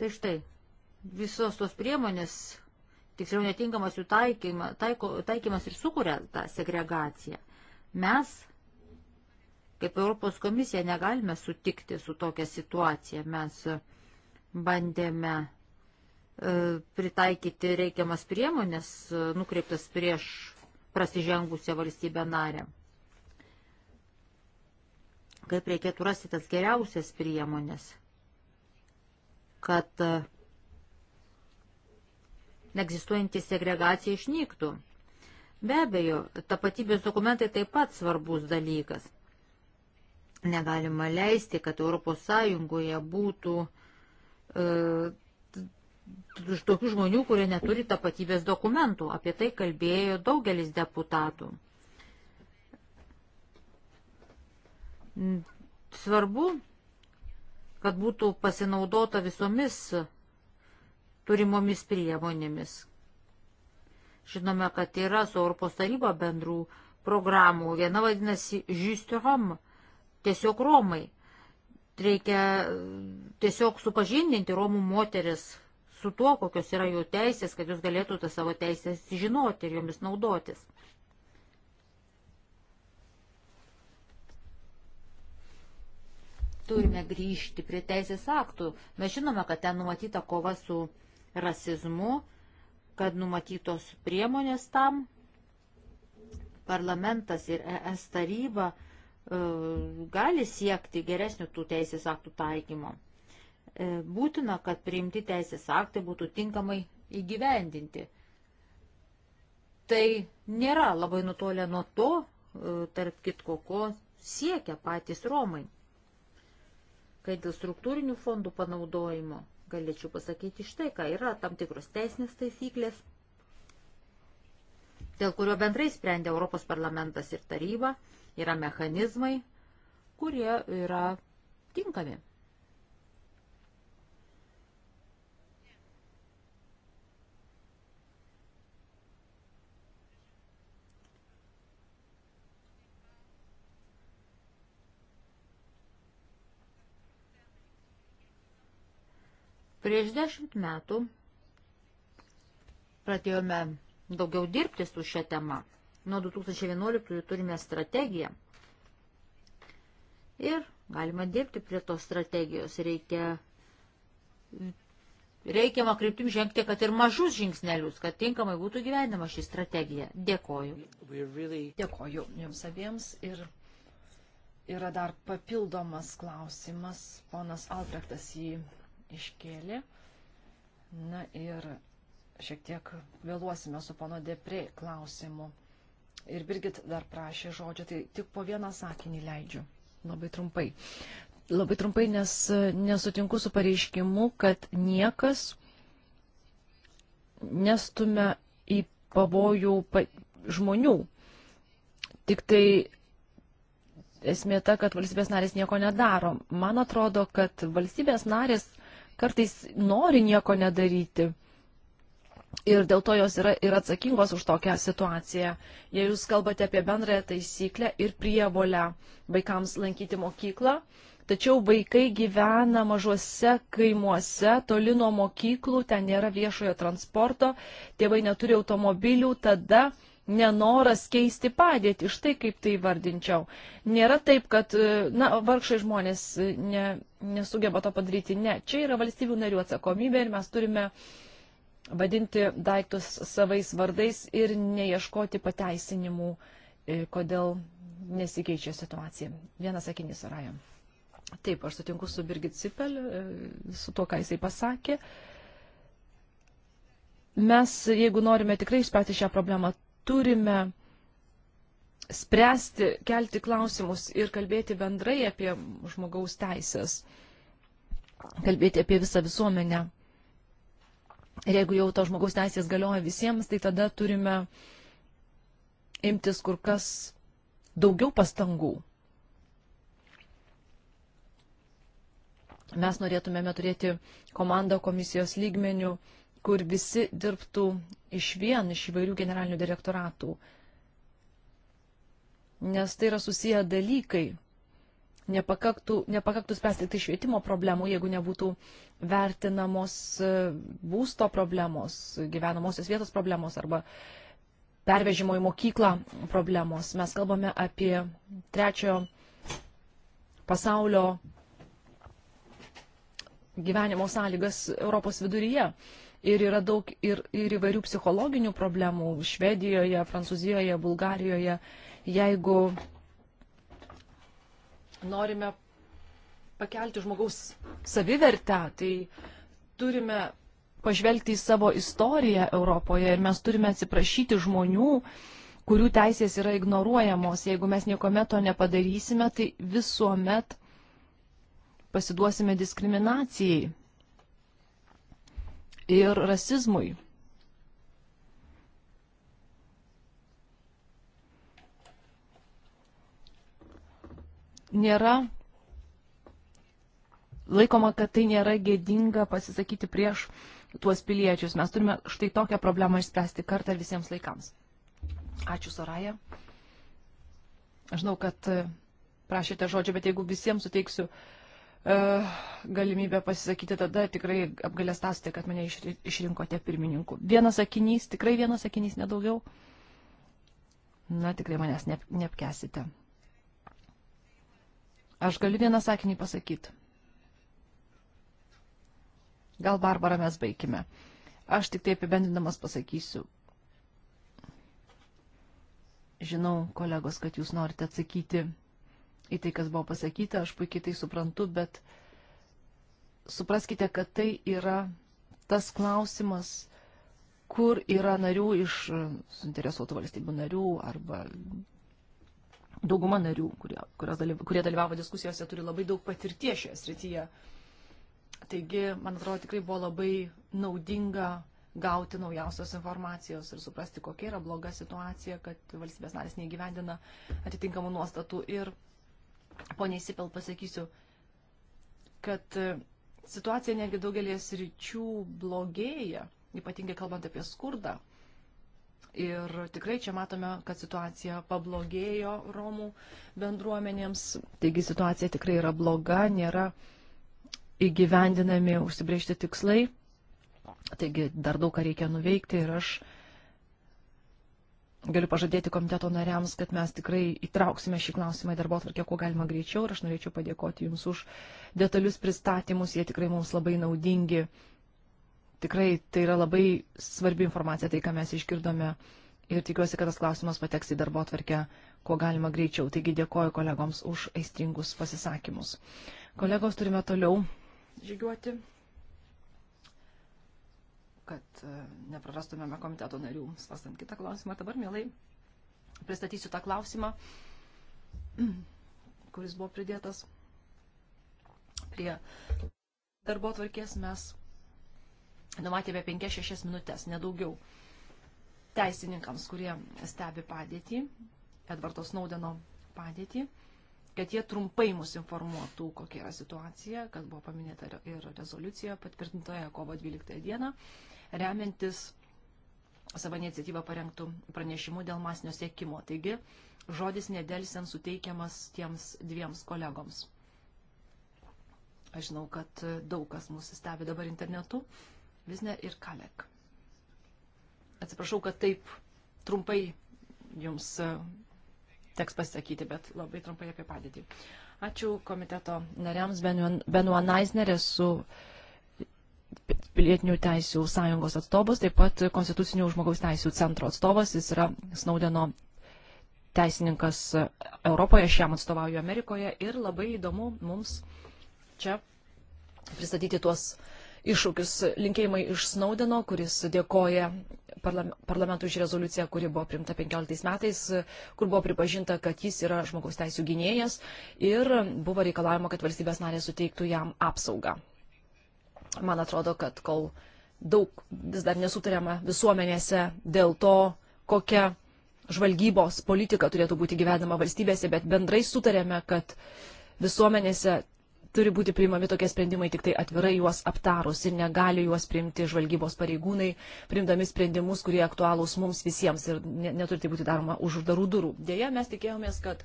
Tai štai, visos tos priemonės, tiksliau netinkamas jų taikymas, taiko, taikymas ir sukuria tą segregaciją. Mes, kaip Europos komisija, negalime sutikti su tokia situacija. Mes bandėme e, pritaikyti reikiamas priemonės e, nukreiptas prieš prasižengusią valstybę narę. Kaip reikėtų rasti tas geriausias priemonės, kad e, egzistuojanti segregacija išnyktų. Be abejo, tapatybės dokumentai taip pat svarbus dalykas. Negalima leisti, kad ES būtų e, tokių žmonių, kurie neturi tapatybės dokumentų. Apie tai kalbėjo daugelis deputatų. Svarbu, kad būtų pasinaudota visomis turimomis priemonėmis. Žinome, kad yra su Europos taryba bendrų programų. Viena vadinasi Žistirom, tiesiog Romai. Reikia e, tiesiog supažindinti Romų moteris su tuo, kokios yra jų teisės, kad jūs galėtų tą savo teisės žinoti ir jomis naudotis. Turime grįžti prie teisės aktų. Mes žinome, kad ten numatyta kova su rasizmu, kad numatytos priemonės tam. Parlamentas ir ES taryba e, gali siekti geresnių tų teisės aktų taikymo. E, būtina, kad priimti teisės aktai būtų tinkamai įgyvendinti. Tai nėra labai nutolę nuo to, e, tarp kitko, ko siekia patys Romai. Kai dėl struktūrinių fondų panaudojimo galėčiau pasakyti štai, ką yra tam tikros teisinės taisyklės, dėl kurio bendrai sprendė Europos parlamentas ir taryba, yra mechanizmai, kurie yra tinkami. Prieš dešimt metų pradėjome daugiau dirbti su šią temą. Nuo 2011 turime strategiją. Ir galima dirbti prie tos strategijos. Reikia reikiamą kryptim žengti, kad ir mažus žingsnelius, kad tinkamai būtų gyvenama ši strategija. Dėkoju. Dėkoju jums abiems. Ir yra dar papildomas klausimas. Ponas Albrechtas jį iškėlė. Na ir šiek tiek vėluosime su pono Depri klausimu. Ir Birgit dar prašė žodžio, tai tik po vieną sakinį leidžiu. Labai trumpai. Labai trumpai, nes e, nesutinku su pareiškimu, kad niekas nestumia į pavojų pa žmonių. Tik tai esmė ta, kad valstybės narės nieko nedaro. Man atrodo, kad valstybės narės kartais nori nieko nedaryti. Ir dėl to jos yra ir atsakingos už tokią situaciją. Jei jūs kalbate apie bendrąją taisyklę ir prievolę vaikams lankyti mokyklą, tačiau vaikai gyvena mažuose kaimuose, toli nuo mokyklų, ten nėra viešojo transporto, tėvai neturi automobilių, tada nenoras keisti padėtį. Štai kaip tai vardinčiau. Nėra taip, kad, e, na, vargšai žmonės e, ne, nesugeba to padaryti. Ne, čia yra valstybių narių atsakomybė ir mes turime vadinti daiktus savais vardais ir neieškoti pateisinimų, e, kodėl nesikeičia situacija. Vienas sakinys Rajam. Taip, aš sutinku su Birgit Cipel, su to, ką jisai pasakė. Mes, jeigu norime tikrai išspręsti šią problemą, turime spręsti, kelti klausimus ir kalbėti bendrai apie žmogaus teisės, kalbėti apie visą visuomenę. Ir jeigu jau to žmogaus teisės galioja visiems, tai tada turime imtis kur kas daugiau pastangų. Mes norėtumėme turėti komandą komisijos lygmenių kur visi dirbtų iš vien, iš įvairių generalinių direktoratų. Nes tai yra susiję dalykai. Nepakaktų, nepakaktų spręsti tik tai švietimo problemų, jeigu nebūtų vertinamos e, būsto problemos, gyvenamosios vietos problemos arba pervežimo į mokyklą problemos. Mes kalbame apie trečiojo pasaulio gyvenimo sąlygas Europos viduryje ir yra daug ir, ir įvairių psichologinių problemų Švedijoje, Prancūzijoje, Bulgarijoje. Jeigu norime pakelti žmogaus savivertę, tai turime pažvelgti į savo istoriją Europoje ir mes turime atsiprašyti žmonių, kurių teisės yra ignoruojamos. Jeigu mes niekuomet to nepadarysime, tai visuomet pasiduosime diskriminacijai ir rasizmui. Nėra laikoma, kad tai nėra gėdinga pasisakyti prieš tuos piliečius. Mes turime štai tokią problemą išspręsti kartą visiems laikams. Ačiū, Soraja. Aš žinau, kad prašėte žodžio, bet jeigu visiems suteiksiu uh, E, galimybę pasisakyti, tada tikrai apgalėstasite, kad mane išrinkote pirmininku. Vienas sakinys, tikrai vienas sakinys, nedaugiau. Na, tikrai manęs neap, neapkesite. Aš galiu vieną sakinį pasakyti. Gal Barbara mes baigime. Aš tik tai apibendinamas pasakysiu. Žinau, kolegos, kad jūs norite atsakyti į tai, kas buvo pasakyta, aš puikiai tai suprantu, bet supraskite, kad tai yra tas klausimas, kur yra narių iš suinteresuotų valstybių narių arba dauguma narių, kurie, dalyv, kurie dalyvavo diskusijose, turi labai daug patirties šioje srityje. Taigi, man atrodo, tikrai buvo labai naudinga gauti naujausios informacijos ir suprasti, kokia yra bloga situacija, kad valstybės narės neįgyvendina atitinkamų nuostatų. Ir Pone Sipel, pasakysiu, kad e, situacija netgi daugelį sričių blogėja, ypatingai kalbant apie skurdą. Ir tikrai čia matome, kad situacija pablogėjo Romų bendruomenėms, taigi situacija tikrai yra bloga, nėra įgyvendinami užsibriežti tikslai, taigi dar daug ką reikia nuveikti ir aš uh, galiu pažadėti komiteto nariams, kad mes tikrai įtrauksime šį klausimą į darbo atvarkę, kuo galima greičiau. Ir aš norėčiau padėkoti Jums už detalius pristatymus, jie tikrai mums labai naudingi. Tikrai tai yra labai svarbi informacija, tai ką mes išgirdome. Ir tikiuosi, kad tas klausimas pateks į darbo atvarkę, kuo galima greičiau. Taigi dėkoju kolegoms už aistringus pasisakymus. Kolegos, turime toliau žygiuoti kad e, neprarastumėme komiteto narių. Svastant kitą klausimą, dabar mielai pristatysiu tą klausimą, kuris buvo pridėtas prie darbo tvarkės. Mes numatėme 5-6 minutės, nedaugiau, teisininkams, kurie stebi padėtį, Edvardo Snaudeno padėtį kad jie trumpai mus informuotų, kokia yra situacija, kas buvo paminėta ir rezoliucija patvirtintoje kovo 12 dieną, remiantis savo iniciatyvą parengtų pranešimų dėl masinio siekimo. Taigi, žodis nedelsiant suteikiamas tiems dviems kolegoms. Aš žinau, kad daug kas mūsų stebi dabar internetu, Visne ir Kalek. Atsiprašau, kad taip trumpai jums teks pasisakyti, bet labai trumpai apie padėtį. Ačiū komiteto nariams Benuan Naisner, esu pilietinių teisų sąjungos atstovas, taip pat konstitucinių žmogaus teisų centro atstovas, jis yra Snaudeno teisininkas Europoje, aš jam atstovauju Amerikoje ir labai įdomu mums čia pristatyti tuos uh, iššūkius. Linkėjimai iš Snaudeno, kuris dėkoja parlamentui už rezoliuciją, kuri buvo primta 15 metais, kur buvo pripažinta, kad jis yra žmogaus teisų gynėjas ir buvo reikalavimo, kad valstybės narė suteiktų jam apsaugą. Man atrodo, kad kol daug vis dar nesutariama visuomenėse dėl to, kokia žvalgybos politika turėtų būti gyvenama valstybėse, bet bendrai sutarėme, kad visuomenėse turi būti priimami tokie sprendimai tik tai atvirai juos aptarus ir negali juos priimti žvalgybos pareigūnai, priimdami sprendimus, kurie aktualūs mums visiems ir neturi tai būti daroma už uždarų durų. Deja, mes tikėjomės, kad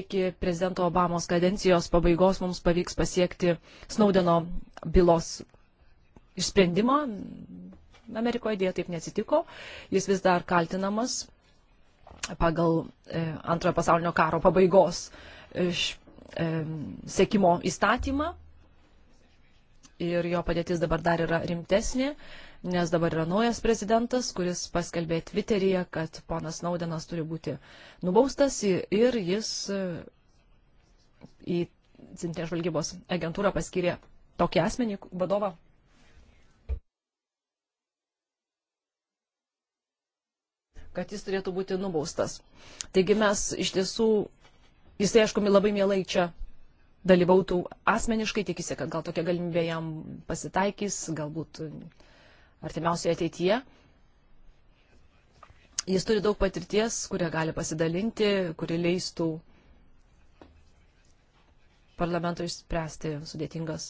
iki prezidento Obamos kadencijos pabaigos mums pavyks pasiekti Snaudeno bylos išsprendimą. Amerikoje dėja taip neatsitiko. Jis vis dar kaltinamas pagal e, antrojo pasaulinio karo pabaigos iš sekimo įstatymą ir jo padėtis dabar dar yra rimtesnė, nes dabar yra naujas prezidentas, kuris paskelbė Twitteryje, kad ponas Naudenas turi būti nubaustas ir jis e, į Centrinės žvalgybos agentūrą paskyrė tokį asmenį vadovą. kad jis turėtų būti nubaustas. Taigi mes iš tiesų Jisai, aišku, labai mielai čia dalyvautų asmeniškai, tikisi, kad gal tokia galimybė jam pasitaikys, galbūt artimiausioje ateityje. Jis turi daug patirties, kurią gali pasidalinti, kuri leistų parlamentui išspręsti sudėtingas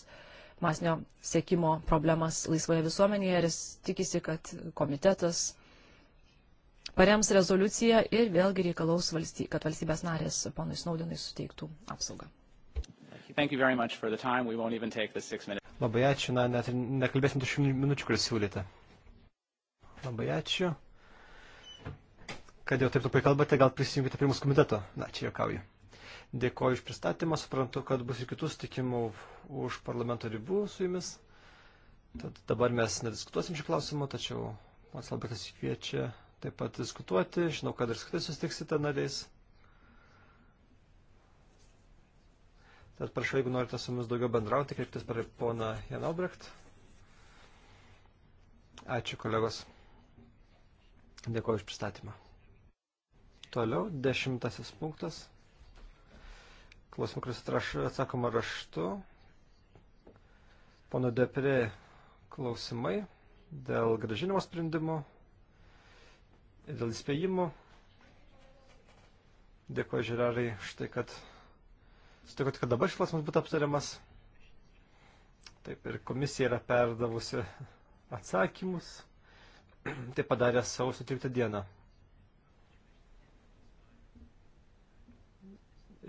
masinio sėkimo problemas laisvoje visuomenėje ir jis tikisi, kad komitetas parems rezoliuciją ir vėlgi reikalaus, valsty, kad valstybės narės ponui Snaudinui suteiktų apsaugą. Labai ačiū, na, net nekalbėsim tų šių minučių, kuris siūlyte. Labai ačiū. Kad jau taip trumpai kalbate, gal prisijungite prie mūsų komiteto. Na, čia jokauju. Dėkoju iš pristatymą, suprantu, kad bus ir kitų sutikimų už parlamento ribų su jumis. Tad dabar mes nediskutuosim šį klausimą, tačiau Pats Albertas kviečia taip pat diskutuoti. Žinau, kad ir skaitai susitiksite nariais. Tad prašau, jeigu norite su mumis daugiau bendrauti, kreiptis per poną Jan Albrecht. Ačiū, kolegos. Dėkuoju už pristatymą. Toliau, dešimtasis punktas. Klausimų, kuris atsakoma raštu. Pono Depre klausimai dėl gražinimo sprendimo dėl įspėjimų. Dėkuoju žiūrarai štai, kad sutikot, kad dabar šis klausimas būtų aptariamas. Taip ir komisija yra perdavusi atsakymus. Tai padarė sausio 13 dieną.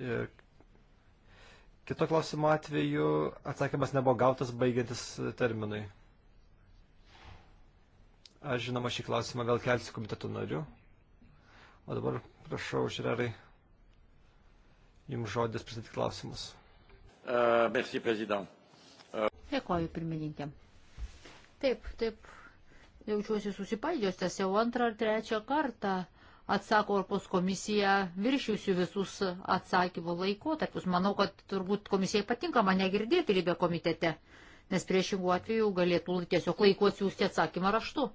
Ir kito klausimo atveju atsakymas nebuvo gautas baigiantis terminui. Aš žinoma šį klausimą vėl kelsiu komiteto nariu. O dabar prašau, žiūrėrai, jums žodis pristatyti klausimus. Uh, merci, prezident. Uh... Dėkoju, pirmininkė. Taip, taip, jaučiuosi susipaidžios, tas jau antrą ar trečią kartą atsako Europos komisija viršiusių visus atsakymų laikotarpius. Manau, kad turbūt komisijai patinka mane girdėti lybė komitete, nes priešingų atveju galėtų tiesiog laiku atsiųsti atsakymą raštu.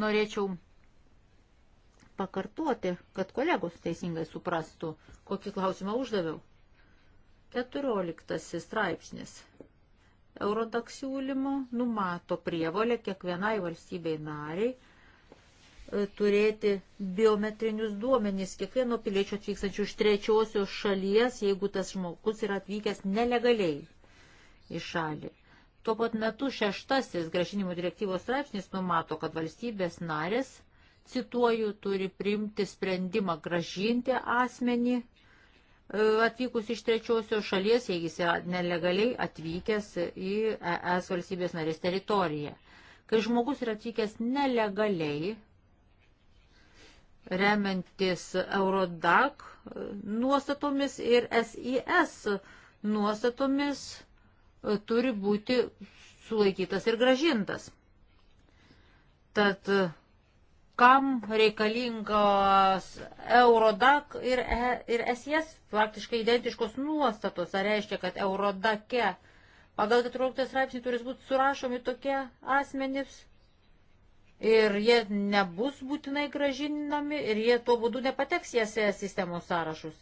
Norėčiau pakartoti, kad kolegos teisingai suprastų, kokį klausimą uždaviau. 14 straipsnis. Eurodak siūlymo numato prievolę kiekvienai valstybei nariai e, turėti biometrinius duomenys kiekvieno piliečio atvykstančių iš trečiosios šalies, jeigu tas žmogus yra atvykęs nelegaliai į šalį. Tuo pat metu šeštasis gražinimų direktyvos straipsnis numato, kad valstybės narės, cituoju, turi priimti sprendimą gražinti asmenį e, atvykus iš trečiosios šalies, jeigu jis yra nelegaliai atvykęs į ES valstybės narės teritoriją. Kai žmogus yra atvykęs nelegaliai, remiantis Eurodac e, nuostatomis ir SIS nuostatomis, E, turi būti sulaikytas ir gražintas. Tad e, kam reikalingos Eurodak ir, e, ir SES praktiškai identiškos nuostatos, ar reiškia, kad Eurodake pagal 14 straipsnį turės būti surašomi tokie asmenys ir jie nebus būtinai gražinami ir jie tuo būdu nepateks į SES sistemos sąrašus.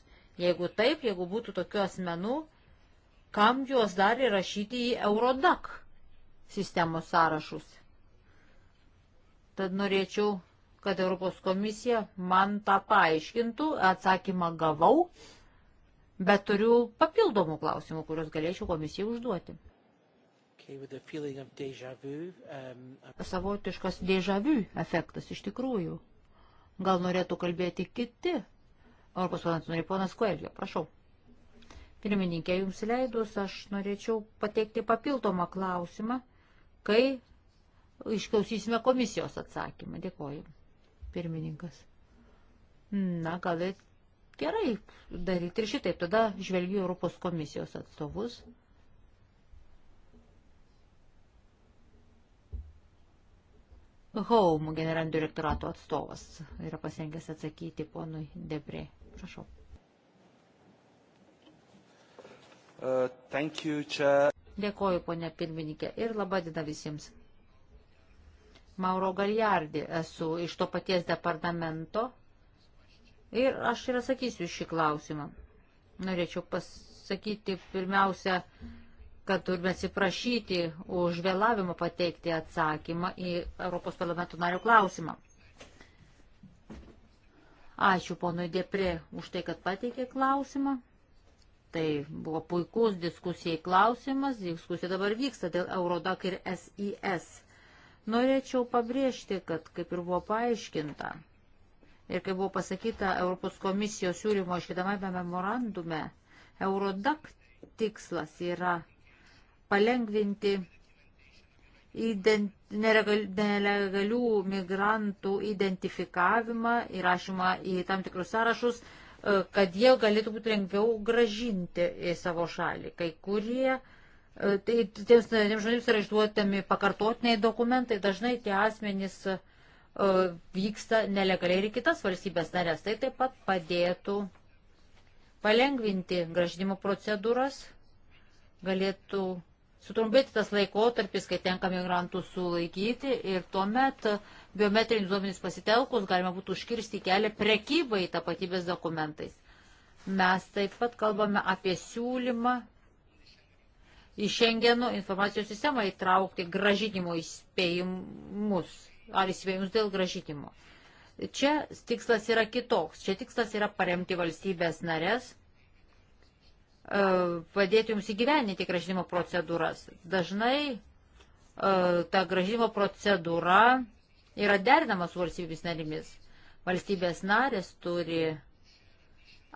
Jeigu taip, jeigu būtų tokių asmenų, kam juos dar įrašyti į Eurodak sistemos sąrašus. Tad norėčiau, kad Europos komisija man tą paaiškintų, atsakymą gavau, bet turiu papildomų klausimų, kuriuos galėčiau komisijai užduoti. Um, uh, Savotiškas dėžavių efektas iš tikrųjų. Gal norėtų kalbėti kiti Europos parlamento nariai, ponas Koelio, prašau. Pirmininkė, jums leidus, aš norėčiau pateikti papildomą klausimą, kai išklausysime komisijos atsakymą. Dėkoju, pirmininkas. Na, gal gerai daryti ir šitaip. Tada žvelgiu Europos komisijos atstovus. Home generalinio direktorato atstovas yra pasirengęs atsakyti ponui Debre. Prašau. Uh, thank you, Chair. Dėkoju, ponė pirmininkė, ir laba diena visiems. Mauro Galiardi esu iš to paties departamento ir aš ir atsakysiu šį klausimą. Norėčiau pasakyti pirmiausia, kad turime atsiprašyti už vėlavimą pateikti atsakymą į Europos parlamento nario klausimą. Ačiū ponui Depre už tai, kad pateikė klausimą. Tai buvo puikus diskusijai klausimas, diskusija dabar vyksta dėl Eurodak ir SIS. Norėčiau pabrėžti, kad kaip ir buvo paaiškinta ir kaip buvo pasakyta Europos komisijos siūlymo iškidamame memorandume, Eurodak tikslas yra palengvinti ident, neregal, nelegalių migrantų identifikavimą, įrašymą į tam tikrus sąrašus, E, kad jie galėtų būti lengviau gražinti į savo šalį. Kai kurie, e, tai tiems, tiems žmonėms yra išduotami pakartotiniai dokumentai, dažnai tie asmenys e, vyksta nelegaliai ir kitas valstybės narės. Tai taip pat padėtų palengvinti gražinimo procedūras, galėtų sutrumpėti tas laikotarpis, kai tenka migrantų sulaikyti ir tuomet uh, biometrinius duomenys pasitelkus galima būtų užkirsti kelią prekybai tapatybės dokumentais. Mes taip pat kalbame apie siūlymą į Šengeno informacijos sistemą įtraukti gražinimo įspėjimus ar įspėjimus dėl gražinimo. Čia tikslas yra kitoks. Čia tikslas yra paremti valstybės narės, e, padėti jums įgyveninti gražinimo procedūras. Dažnai e, ta gražinimo procedūra yra derinamas su valstybės narimis. Valstybės narės turi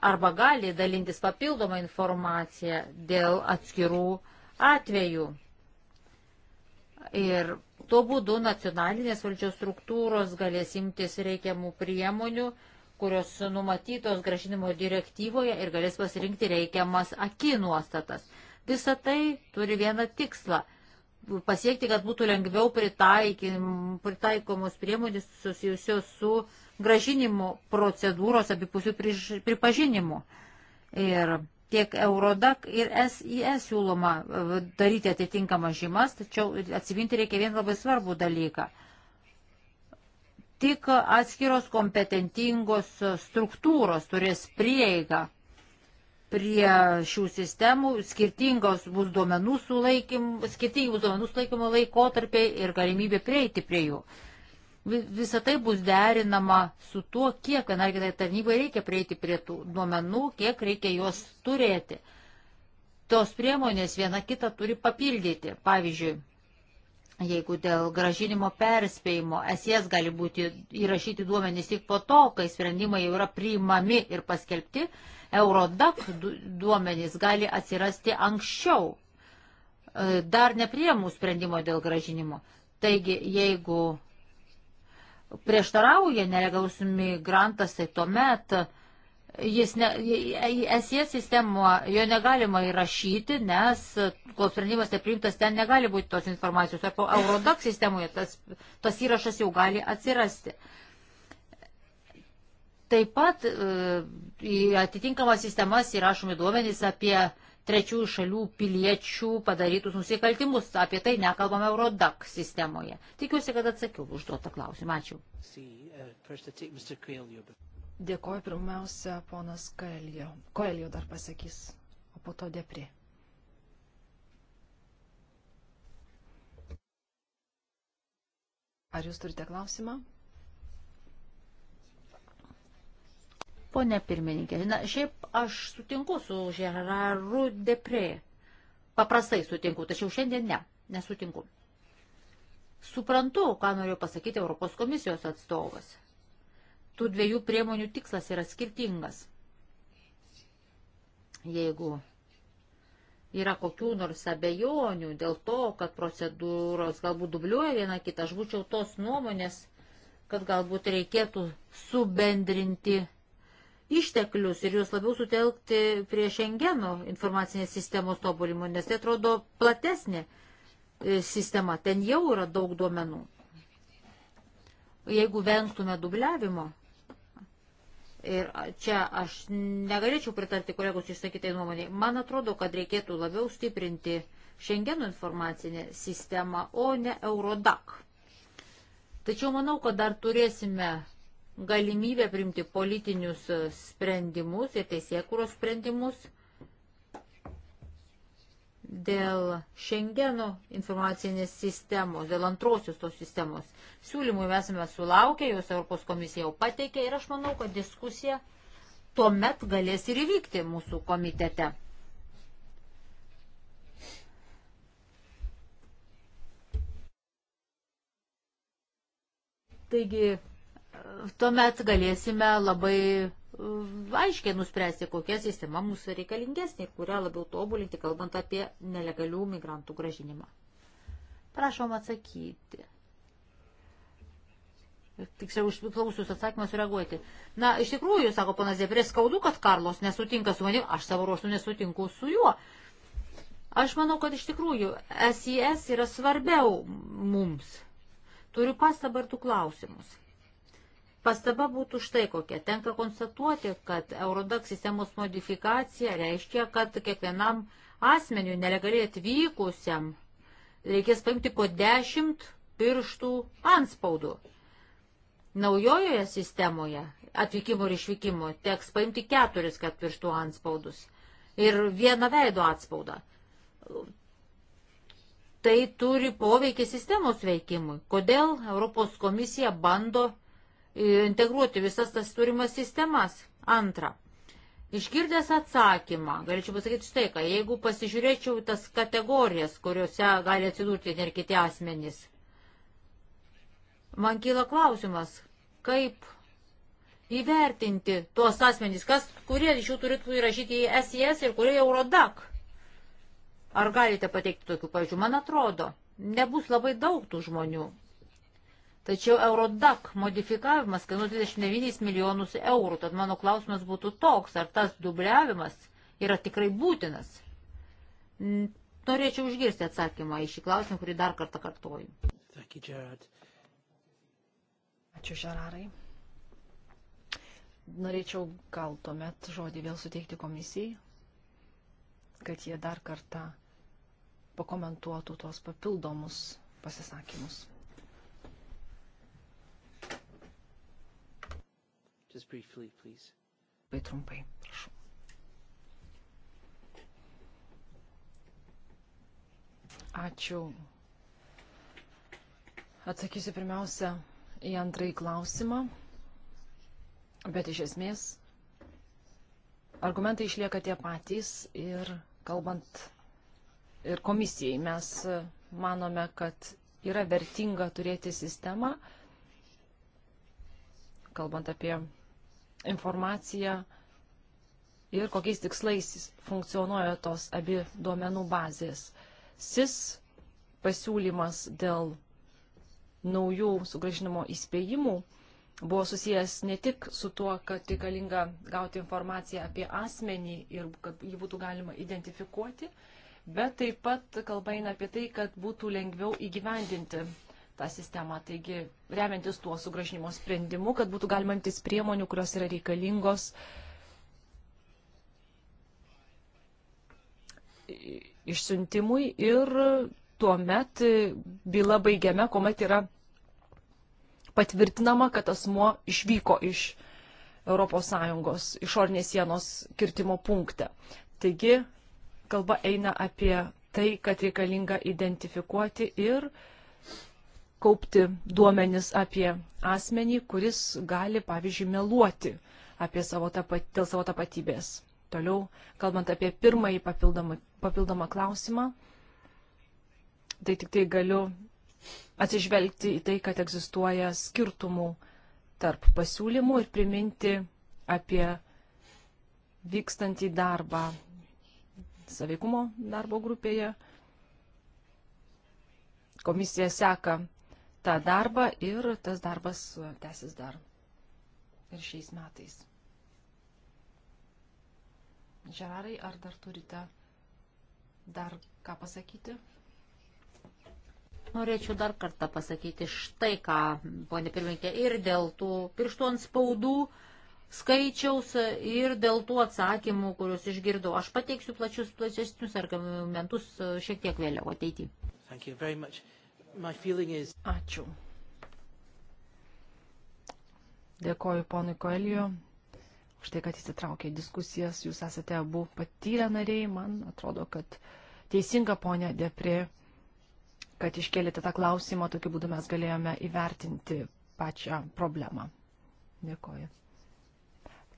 arba gali dalintis papildomą informaciją dėl atskirų atvejų. Ir tuo būdu nacionalinės valdžios struktūros galės imtis reikiamų priemonių, kurios numatytos gražinimo direktyvoje ir galės pasirinkti reikiamas aki nuostatas. Visą tai turi vieną tikslą pasiekti, kad būtų lengviau pritaikomos priemonės susijusios su gražinimo procedūros abipusių pripažinimu. Ir tiek Eurodak ir SIS siūloma e, daryti atitinkamas žymas, tačiau atsiminti reikia vien labai svarbų dalyką. Tik atskiros kompetentingos struktūros turės prieigą prie šių sistemų, skirtingos bus duomenų sulaikymo, skirtingi bus duomenų sulaikymo laikotarpiai ir galimybė prieiti prie jų. Visą tai bus derinama su tuo, kiek vienai kitai tarnybai reikia prieiti prie tų duomenų, kiek reikia juos turėti. Tos priemonės viena kitą turi papildyti. Pavyzdžiui, jeigu dėl gražinimo perspėjimo SES gali būti įrašyti duomenys tik po to, kai sprendimai jau yra priimami ir paskelbti, Eurodak duomenys gali atsirasti anksčiau, e, dar nepriemų sprendimo dėl gražinimo. Taigi, jeigu prieštarauja nelegalus migrantas, tai tuomet jis ne, esie sistemo jo negalima įrašyti, nes kol sprendimas nepriimtas, ten negali būti tos informacijos. Ar po Eurodax sistemoje tas, tas įrašas jau gali atsirasti. Uh, Taip pat e, į atitinkamas sistemas įrašomi duomenys apie trečiųjų šalių piliečių padarytus nusikaltimus. Apie tai nekalbame Eurodac sistemoje. Tikiuosi, kad atsakiau užduotą klausimą. Ačiū. Dėkoju pirmiausia, ponas Koelio. Koelio dar pasakys, o po to depri. Ar jūs turite klausimą? Pone pirmininkė, na, šiaip aš sutinku su Žeraru Deprė. Paprastai sutinku, tačiau šiandien ne, nesutinku. Suprantu, ką noriu pasakyti Europos komisijos atstovas. Tų dviejų priemonių tikslas yra skirtingas. Jeigu yra kokių nors abejonių dėl to, kad procedūros galbūt dubliuoja vieną kitą, aš būčiau tos nuomonės, kad galbūt reikėtų subendrinti išteklius ir juos labiau sutelkti prie Schengeno informacinės sistemos tobulimo, nes tai atrodo platesnė e, sistema, ten jau yra daug duomenų. Jeigu vengtume dubliavimo, ir čia aš negalėčiau pritarti kolegos išsakytai nuomonėje, man atrodo, kad reikėtų labiau stiprinti Schengeno informacinę sistemą, o ne Eurodak. Tačiau manau, kad dar turėsime galimybę primti politinius sprendimus ir teisėkūros sprendimus dėl Šengeno informacinės sistemos, dėl antrosios tos sistemos. Siūlymų mes esame sulaukę, juos Europos komisija jau pateikė ir aš manau, kad diskusija tuo met galės ir įvykti mūsų komitete. Taigi tuomet galėsime labai uh, aiškiai nuspręsti, kokia sistema mums reikalingesnė ir kurią labiau tobulinti, kalbant apie nelegalių migrantų gražinimą. Prašom atsakyti. Tiksliau, išklausius atsakymą sureaguoti. Na, iš tikrųjų, sako panas Deprės, skaudu, kad Karlos nesutinka su manimi, aš savo ruoštų nesutinku su juo. Aš manau, kad iš tikrųjų SIS yra svarbiau mums. Turiu pastabą ir tų klausimus. Pastaba būtų štai kokia. Tenka konstatuoti, kad Eurodax sistemos modifikacija reiškia, kad kiekvienam asmeniu nelegaliai atvykusiam reikės paimti po 10 pirštų anspaudų. Naujojoje sistemoje atvykimo ir išvykimo teks paimti 4 pirštų anspaudus ir vieną veido atspaudą. Tai turi poveikį sistemos veikimui. Kodėl Europos komisija bando integruoti visas tas turimas sistemas. Antra, išgirdęs atsakymą, galėčiau pasakyti štai ką, jeigu pasižiūrėčiau tas kategorijas, kuriuose gali atsidurti ir kiti asmenys, man kyla klausimas, kaip įvertinti tuos asmenys, kas, kurie iš jų turėtų įrašyti į SES ir kurie Eurodac. Ar galite pateikti tokių pavyzdžių? Man atrodo, nebus labai daug tų žmonių. Tačiau Eurodak modifikavimas kainuoja 29 milijonus eurų. Tad mano klausimas būtų toks, ar tas dubliavimas yra tikrai būtinas. Norėčiau išgirsti atsakymą į šį klausimą, kurį dar kartą kartuoju. Ačiū, Žerarai. Norėčiau gal tuomet žodį vėl suteikti komisijai, kad jie dar kartą pakomentuotų tuos papildomus pasisakymus. Just briefly, please. Labai trumpai, prašau. Ačiū. Atsakysiu pirmiausia į antrąjį klausimą, bet iš esmės argumentai išlieka tie patys ir kalbant ir komisijai mes manome, kad yra vertinga turėti sistemą, kalbant apie informacija ir kokiais tikslais funkcionuoja tos abi duomenų bazės. SIS pasiūlymas dėl naujų sugražinimo įspėjimų buvo susijęs ne tik su tuo, kad reikalinga gauti informaciją apie asmenį ir kad jį būtų galima identifikuoti, bet taip pat kalba eina apie tai, kad būtų lengviau įgyvendinti tą sistemą. Taigi, remiantis tuo sugražinimo sprendimu, kad būtų galima imtis priemonių, kurios yra reikalingos išsiuntimui ir tuo met byla baigiame, kuomet yra patvirtinama, kad asmo išvyko iš ES išornės sienos kirtimo punkte. Taigi, kalba eina apie tai, kad reikalinga identifikuoti ir uh, kaupti duomenis apie asmenį, kuris gali, pavyzdžiui, meluoti savo tapat, dėl savo tapatybės. Toliau, kalbant apie pirmąjį papildomą, papildomą klausimą, tai tik tai galiu atsižvelgti į tai, kad egzistuoja skirtumų tarp pasiūlymų ir priminti apie vykstantį darbą saveikumo darbo grupėje. Komisija seka tą darbą ir tas darbas e, tęsis dar ir šiais metais. Žerarai, ar dar turite dar ką pasakyti? Norėčiau dar kartą pasakyti štai ką, ponė pirmininkė, ir dėl tų pirštų ant spaudų skaičiaus e, ir dėl tų atsakymų, kuriuos išgirdau. Aš pateiksiu plačius, plačesnius argumentus e, šiek tiek vėliau ateityje is... Ačiū. Dėkoju ponui Koeliu už tai, kad įsitraukė į diskusijas. Jūs esate abu patyrę nariai. Man atrodo, kad teisinga ponė Depri, kad iškėlėte tą klausimą. Tokiu būdu mes galėjome įvertinti pačią problemą. Dėkoju.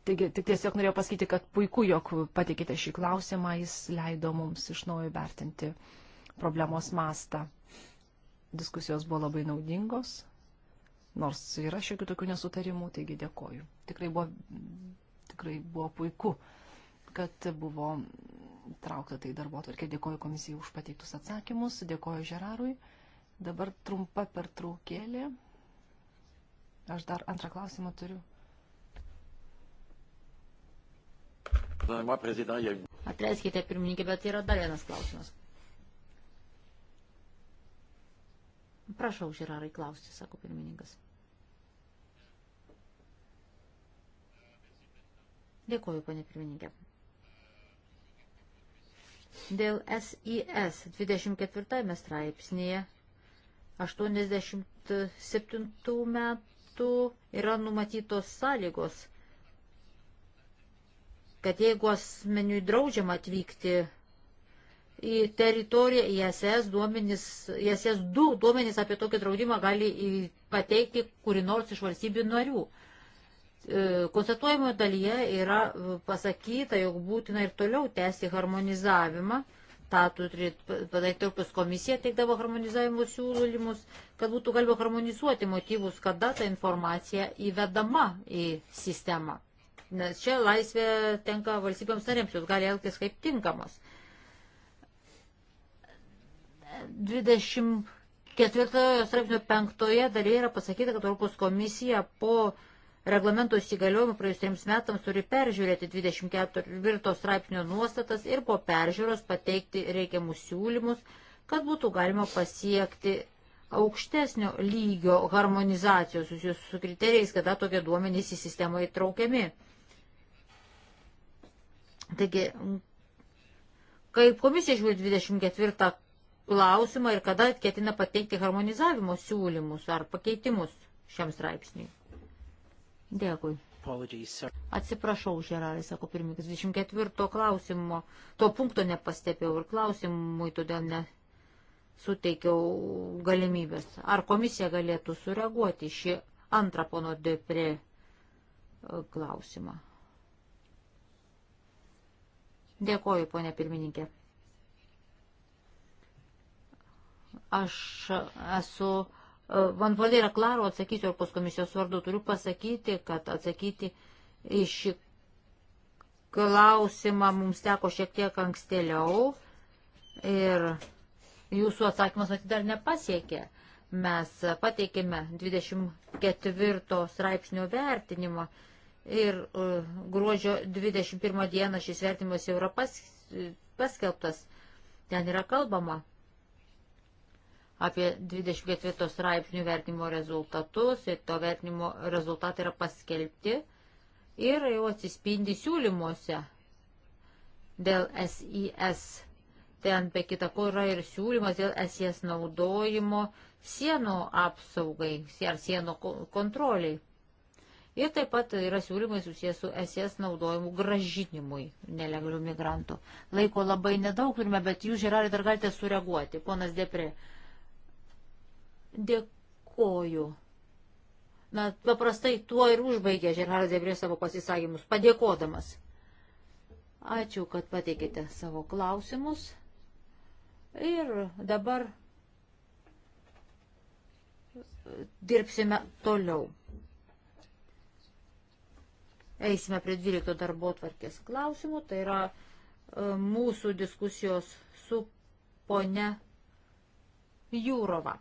Taigi, tik tiesiog norėjau pasakyti, kad puiku, jog patikite šį klausimą. Jis leido mums iš naujo įvertinti problemos mastą diskusijos buvo labai naudingos, nors yra šiokių tokių nesutarimų, taigi dėkoju. Tikrai buvo, tikrai buvo puiku, kad buvo traukta tai darbo atvarkė. Dėkoju komisijai už pateiktus atsakymus, dėkoju Žerarui. Dabar trumpa pertraukėlė. Aš dar antrą klausimą turiu. Atleiskite, pirmininkė, bet yra dar vienas klausimas. Prašau, Žirarai, klausti, sako pirmininkas. Dėkuoju, panė pirmininkė. Dėl SIS 24 straipsnėje 87 metų yra numatytos sąlygos, kad jeigu asmeniui draudžiama atvykti į teritoriją, į SS duomenys, į SS 2 duomenys apie tokį draudimą gali pateikti kuri nors iš valstybių narių. E, Konstatuojamo dalyje yra pasakyta, jog būtina ir toliau tęsti harmonizavimą. Ta turi padaryti Europos komisija, teikdavo harmonizavimo siūlymus, kad būtų galima harmonizuoti motyvus, kada ta informacija įvedama į sistemą. Nes čia laisvė tenka valstybėms narėms, jos gali elgtis kaip tinkamos. Uh, 24 straipsnio 5 dalyje yra pasakyta, kad Europos komisija po reglamento įsigaliojimų praėjus trims metams turi peržiūrėti 24 straipsnio nuostatas ir po peržiūros pateikti reikiamus siūlymus, kad būtų galima pasiekti aukštesnio lygio harmonizacijos susijusių su kriterijais, kada tokie duomenys į sistemą įtraukiami. Taigi, kai komisija žiūri 24 klausimą ir kada ketina pateikti harmonizavimo siūlymus ar pakeitimus šiam straipsniui. Dėkui. Atsiprašau, Žerarai, sako pirmininkas, 24 klausimo, to punkto nepastebėjau ir klausimui todėl nesuteikiau galimybės. Ar komisija galėtų sureaguoti šį antrą pono Depre e, klausimą? Dėkoju, ponė pirmininkė. Aš esu, e, man vardai yra klaro, atsakysiu Europos komisijos vardu, turiu pasakyti, kad atsakyti į šį klausimą mums teko šiek tiek ankstėliau ir jūsų atsakymas matyt dar nepasiekė. Mes pateikėme 24 straipsnio vertinimą ir e, gruodžio 21 dieną šis vertinimas jau yra pas, e, paskelbtas. Ten yra kalbama apie 24 straipsnių vertinimo rezultatus ir to vertinimo rezultatai yra paskelbti ir jau atsispindi siūlymuose dėl SIS. Ten be kita ko yra ir siūlymas dėl SIS naudojimo sienų apsaugai ar sienų kontroliai. Ir taip pat yra siūlymai susijęs su SES naudojimu gražinimui nelegalių migrantų. Laiko labai nedaug turime, bet jūs, Žerarė, dar galite sureaguoti. Ponas Depri, Dėkoju. Na, paprastai tuo ir užbaigė Žeraras Debrė savo pasisakymus, padėkodamas. Ačiū, kad pateikėte savo klausimus. Ir dabar dirbsime toliau. Eisime prie 12 darbo tvarkės klausimų, tai yra e, mūsų diskusijos su ponia Jūrova.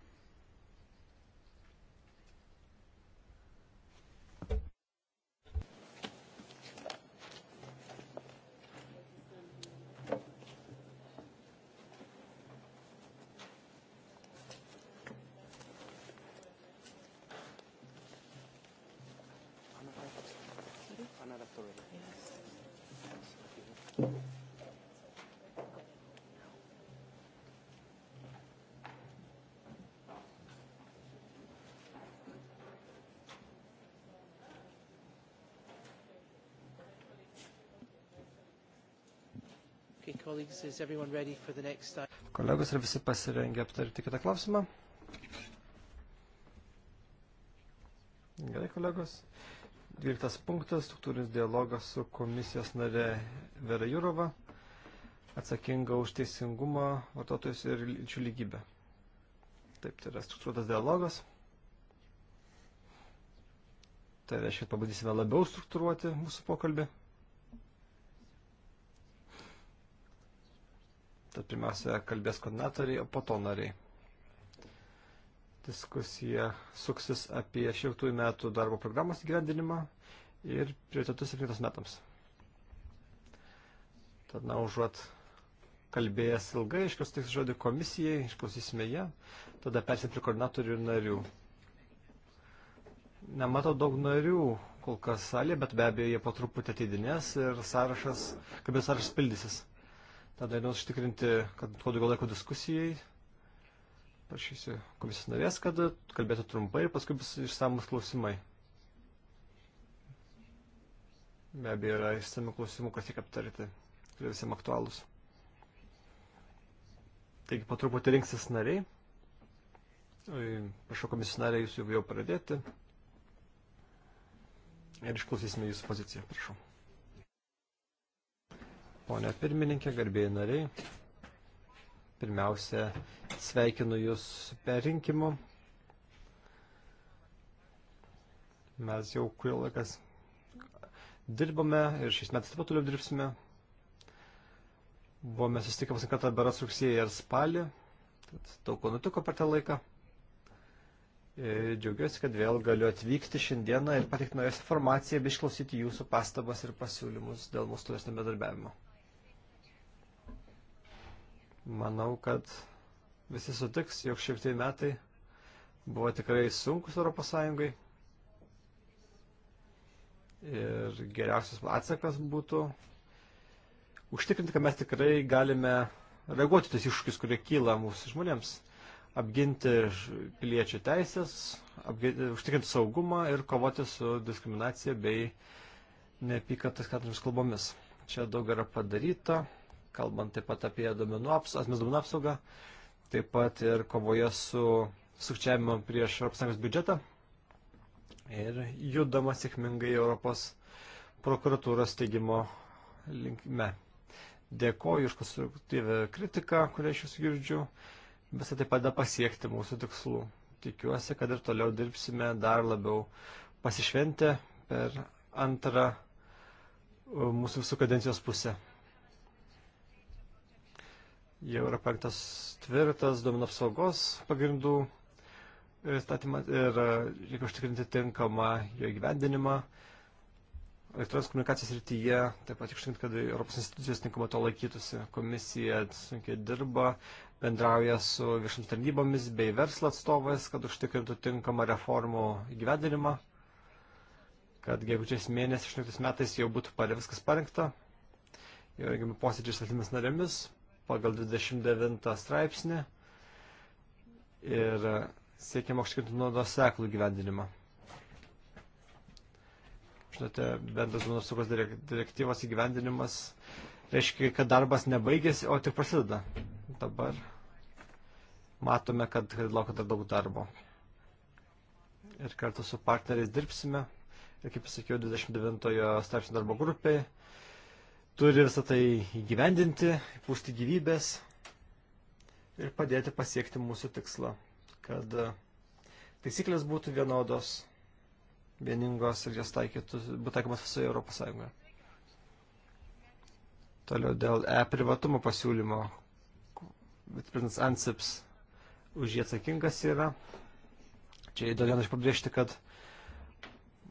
Kolegos, ar visi pasirengę aptarti kitą klausimą? Gerai, kolegos. 12 punktas, struktūrinis dialogas su komisijos nare Vera Jurova, atsakinga už teisingumą, vartotojus ir lyčių lygybę. Taip, tai yra struktūruotas dialogas. Tai reiškia, pabandysime labiau struktūruoti mūsų pokalbį. Tad pirmiausia, kalbės koordinatoriai, o po to nariai. Diskusija suksis apie šiltųjų metų darbo programos įgyvendinimą ir prioritetus 7 metams. Tad, na, užuot kalbėjęs ilgai, išklausyti žodį komisijai, išklausysime ją, tada persim prie koordinatorių ir narių. Nematau daug narių kol kas salė, bet be abejo jie po truputį atidinės ir sąrašas, kaip ir sąrašas pildysis. Tada norėsiu užtikrinti, kad kuo daugiau laiko diskusijai. Prašysiu komisijos narės, kad kalbėtų trumpai ir paskui bus išsamus klausimai. Be abejo, yra išsamių klausimų, kas tik aptarti, kurie visiems aktualūs. Taigi, po truputį rinksis nariai. Prašau komisijos narė, jūs jau pradėti. Ir išklausysime jūsų poziciją, prašau. Pone pirmininkė, garbėjai nariai, pirmiausia, sveikinu Jūs perinkimu. Mes jau kurį laikas dirbame ir šiais metais taip pat toliau dirbsime. Buvome susitikę pasinį kartą beras rugsėjai ir spalį, tad daug ko nutiko per tą laiką. Ir džiaugiuosi, kad vėl galiu atvykti šiandieną ir patikti naujas informaciją, bei išklausyti jūsų pastabas ir pasiūlymus dėl mūsų tolesnio bedarbiavimo. Manau, kad visi sutiks, jog šimtai metai buvo tikrai sunkus Europos Sąjungai. Ir geriausias atsakas būtų užtikrinti, kad mes tikrai galime reaguoti tos iššūkius, kurie kyla mūsų žmonėms, apginti piliečių teisės, apginti, užtikrinti saugumą ir kovoti su diskriminacija bei neapykantas skatinčiamis kalbomis. Čia daug yra padaryta kalbant taip pat apie duomenų apsaugą, asmens duomenų apsaugą, taip pat ir kovoje su sukčiavimu prieš ES biudžetą ir judama sėkmingai Europos prokuratūros teigimo linkme. Dėkoju už konstruktyvę kritiką, kurią iš jūsų girdžiu, visą tai padeda pasiekti mūsų tikslų. Tikiuosi, kad ir toliau dirbsime dar labiau pasišventę per antrą mūsų visų kadencijos pusę jau yra parengtas tvirtas duomenų apsaugos pagrindų įstatymas ir e, reikia užtikrinti tinkamą jo įgyvendinimą. Elektroninės komunikacijos rytyje taip pat išrinkti, kad Europos institucijos tinkamai to laikytųsi. Komisija sunkiai dirba, bendrauja su viešams tarnybomis bei verslo atstovais, kad užtikrintų tinkamą reformų įgyvendinimą, kad gegužės mėnesį 16 metais jau būtų pare, viskas parengta, jau rengiami posėdžiai su atimis narėmis, pagal 29 straipsnį ir siekiama užtikrinti nuodoseklų gyvendinimą. Žinote, bendras duomenų apsaugos direktyvos įgyvendinimas reiškia, kad darbas nebaigėsi, o tik prasideda. Dabar matome, kad laukia dar daug darbo. Ir kartu su partneriais dirbsime. Ir kaip sakiau, 29 straipsnio darbo grupiai turi visą tai įgyvendinti, pūsti gyvybės ir padėti pasiekti mūsų tikslą, kad taisyklės būtų vienodos, vieningos ir jas taikytų, būtų taikomas visoje Europos Sąjungoje. Toliau dėl e-privatumo pasiūlymo. Vitprinas Ansips už jį atsakingas yra. Čia įdomu pabrėžti, kad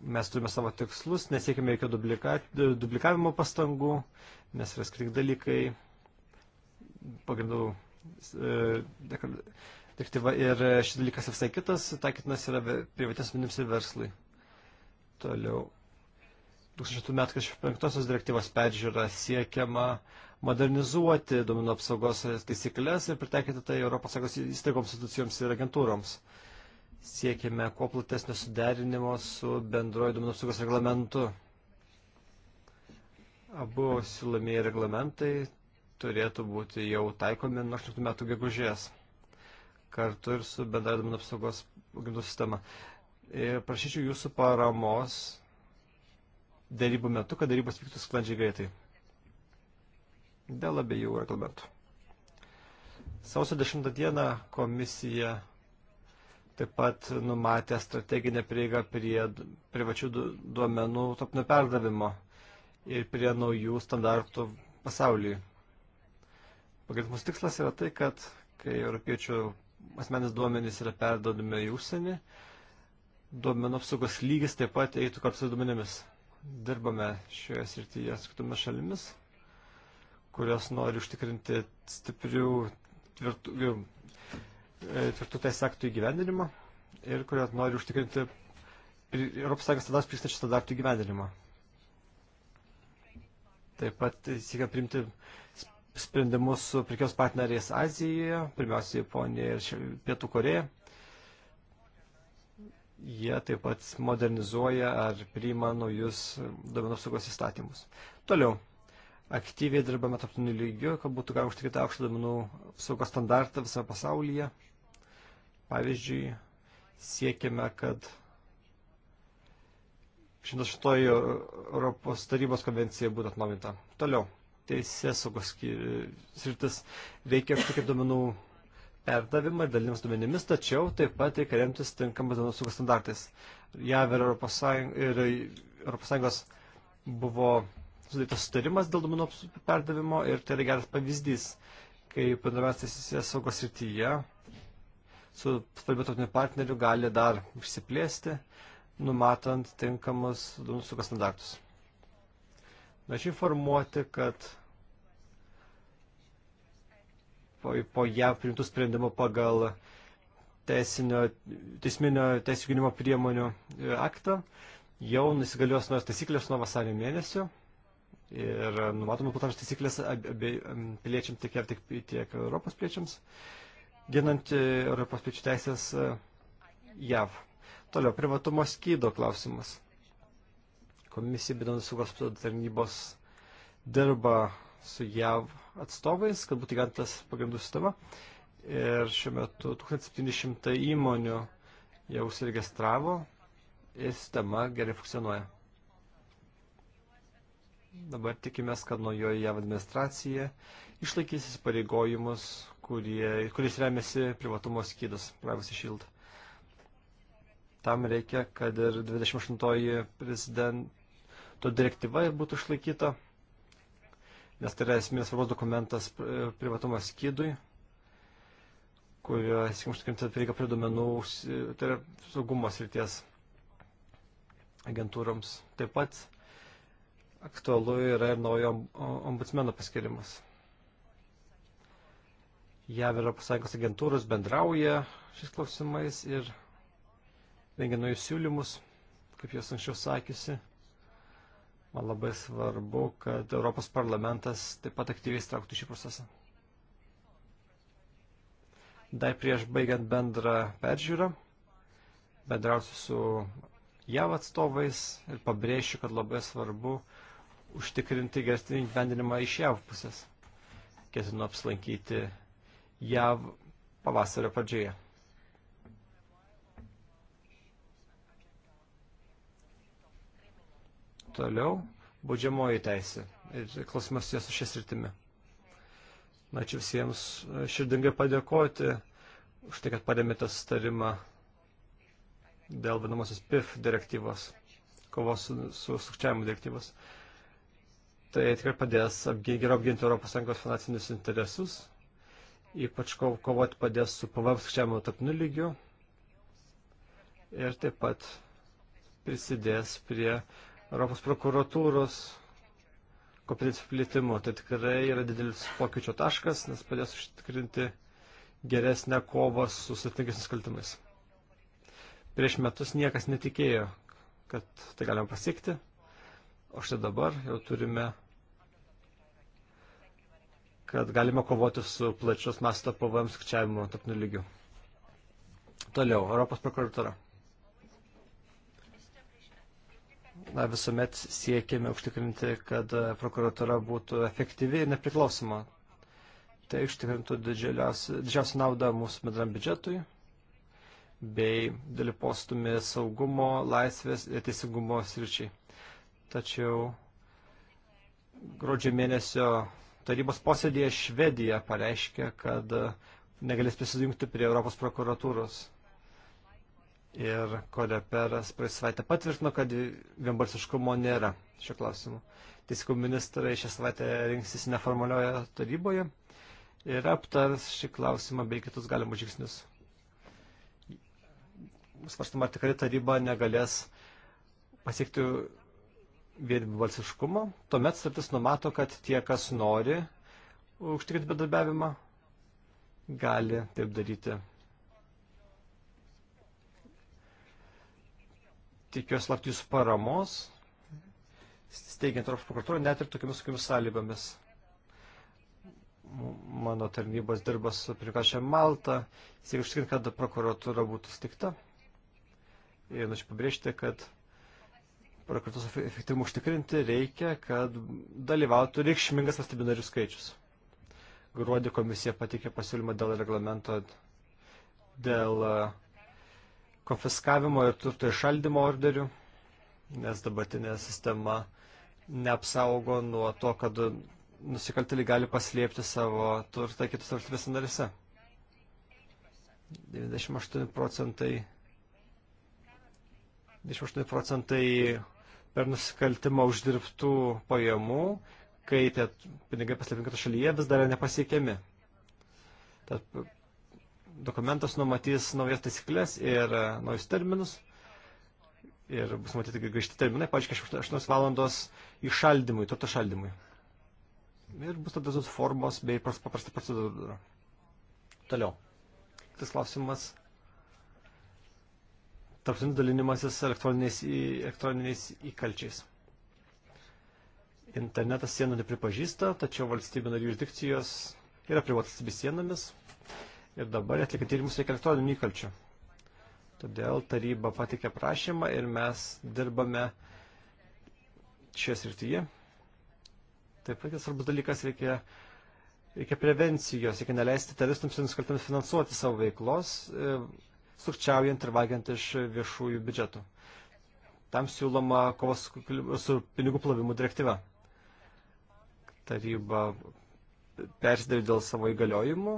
mes turime savo tikslus, nesiekime jokio dublika, duplikavimo pastangų, nes yra skirtingi dalykai, pagrindų e, direktyva ir šis dalykas visai kitas, taikytinas yra privatiems asmenims ir verslai. Toliau. 2000 metų 45 direktyvos peržiūra siekiama modernizuoti duomenų apsaugos taisyklės ir pritaikyti tai ES įstaigoms, institucijoms ir agentūroms siekiame kuo platesnio suderinimo su bendroju duomenų apsaugos reglamentu. Abu siūlomieji reglamentai turėtų būti jau taikomi nuo 18 metų gegužės, kartu ir su bendra duomenų apsaugos pagrindų sistema. Ir prašyčiau jūsų paramos darybų metu, kad darybos vyktų sklandžiai greitai. Dėl abiejų reglamentų. Sausio 10 dieną komisija taip pat numatė strateginę prieigą prie privačių duomenų topnio perdavimo ir prie naujų standartų pasaulyje. Pagrindinis mūsų tikslas yra tai, kad kai europiečių asmenis duomenys yra perdodami į užsienį, duomenų apsaugos lygis taip pat eitų kartu su duomenimis. Dirbame šioje srityje su kitomis šalimis, kurios nori užtikrinti stiprių, tvirtų, E, tvirtų teisės aktų įgyvendinimą ir kurios nori užtikrinti Europos Sąjungos standartus pristačių standartų įgyvendinimą. Taip pat siekia priimti sprendimus su prekios partneriais Azijoje, pirmiausia Japonija ir Pietų Koreja. Jie taip pat modernizuoja ar priima naujus duomenų apsaugos įstatymus. Toliau. Aktyviai dirbame tarptautiniu lygiu, kad būtų galima užtikrinti aukštą duomenų apsaugos standartą visame pasaulyje. Pavyzdžiui, siekime, kad 106 Europos tarybos konvencija būtų atnaujinta. Toliau, teisės saugos sritis reikia kažkokių duomenų perdavimą ir dalinimus duomenimis, tačiau taip pat reikia remtis tinkamas duomenų saugos standartais. JAV ir Europos, Sąjung, ir Europos Sąjungos buvo sudarytas sutarimas dėl duomenų perdavimo ir tai yra geras pavyzdys, kaip bendravimas teisės saugos srityje su svarbiu tautiniu partneriu gali dar išsiplėsti, numatant tinkamus duomenų saugos standartus. Norėčiau informuoti, kad po, po JAV priimtų sprendimų pagal teisinio, teisminio teisų gynimo priemonių e, aktą jau nusigalios naujos taisyklės nuo vasario mėnesio ir e, numatoma platanos taisyklės piliečiams tiek ir tiek, tiek Europos piliečiams. Ab, ginant Europos piliečių teisės e, JAV. Toliau, privatumo skydo klausimas. Komisija bei Duomenų saugos tarnybos dirba su JAV atstovais, kad būtų įgantas pagrindų sistema. Ir šiuo metu 1700 įmonių jau užsiregistravo ir sistema gerai funkcionuoja. Dabar tikimės, kad nuo jo JAV administracija išlaikys įsipareigojimus, kurie, kuris remiasi privatumo skydas, privacy shield. Tam reikia, kad ir 28 prezidento direktyva būtų išlaikyta, nes tai yra esmės svarbus dokumentas privatumo skydui, kurio, sakykime, užtikrinti reikia prie duomenų, tai yra saugumos ryties agentūroms. Taip pat aktualu yra ir naujo ombudsmeno paskirimas. JAV ir ES agentūros bendrauja šis klausimais ir rengia naujus siūlymus, kaip jos anksčiau sakysi. Man labai svarbu, kad Europos parlamentas taip pat aktyviai strauktų šį procesą. Dar prieš baigiant bendrą peržiūrą, bendrausiu su JAV atstovais ir pabrėšiu, kad labai svarbu užtikrinti geresnį gyvendinimą iš JAV pusės. Ketinu apslankyti JAV pavasario pradžioje. Toliau baudžiamoji teisė ir klausimas jos su šia sritimi. Na, čia visiems e, širdingai padėkoti už tai, kad paremėte sustarimą dėl vadamosios PIF direktyvos, kovos su, su sukčiavimu direktyvos. Tai tikrai padės apgi, geriau apginti ES finansinius interesus ypač kovoti padės su PVM skaičiavimo tarpiniu lygiu ir taip pat prisidės prie Europos prokuratūros kompetencijų plėtimo. Tai tikrai yra didelis pokyčio taškas, nes padės užtikrinti geresnę kovą su sudėtingais nusikaltimais. Prieš metus niekas netikėjo, kad tai galima pasiekti, o štai dabar jau turime kad galime kovoti su plačios masto PVM skčiavimu tapnių lygių. Toliau, Europos prokuratura. Na, visuomet siekėme užtikrinti, kad prokuratura būtų efektyvi ir nepriklausoma. Tai užtikrintų didžiausią naudą mūsų bendram biudžetui bei dėlį postumį saugumo, laisvės ir teisingumo sričiai. Tačiau gruodžio mėnesio tarybos posėdėje Švedija pareiškė, kad negalės prisijungti prie Europos prokuratūros. Ir Koreperas praeis savaitę patvirtino, kad vienbalsiškumo nėra šio klausimu. Teisikų ministrai šią savaitę rinksis neformalioje taryboje ir aptars šį klausimą bei kitus galimus žingsnius. Svarstama, ar tikrai taryba negalės pasiekti vienbalsiškumo, tuomet sutartis numato, kad tie, kas nori užtikrinti bedarbiavimą, gali taip daryti. Tikiuosi laukti jūsų paramos, steigiant Europos prokuratūrą, net ir tokiamis tokiamis sąlygomis. Mano tarnybos dirba su prikašė Malta, siekia užtikrinti, kad prokuratūra būtų stikta. Ir noriu pabrėžti, kad prokuratūros efektyvumą užtikrinti, reikia, kad dalyvautų reikšmingas valstybių narių skaičius. Gruodį komisija patikė pasiūlymą dėl reglamento dėl e, konfiskavimo ir turto išaldymo orderių, nes dabartinė sistema neapsaugo nuo to, kad nusikaltėliai gali paslėpti savo turtą kitus valstybės narise. 98 procentai 28 procentai per nusikaltimą uždirbtų pajamų, kai tie pinigai paslėpinkato šalyje vis dar yra nepasiekiami. Tad dokumentas numatys naujas taisyklės ir e, naujus terminus. Ir bus matyti grįžti terminai, paaiškiai, 8 valandos įšaldymui, turto šaldymui. Ir bus tada formos bei paprasta procedūra. Toliau. Kitas klausimas tarptautinis dalinimasis elektroniniais, elektroniniais įkalčiais. Internetas sienų nepripažįsta, tačiau valstybė narių jurisdikcijos yra privatas vis sienomis ir dabar atliekant tyrimus reikia elektroninių įkalčių. Todėl taryba patikė prašymą ir mes dirbame šioje srityje. Taip pat svarbus dalykas reikia, reikia prevencijos, reikia neleisti teroristams ir nusikaltams finansuoti savo veiklos. E, sukčiaujant ir vagiant iš viešųjų biudžetų. Tam siūloma kovos su pinigų plovimu direktyva. Taryba persidavė dėl savo įgaliojimų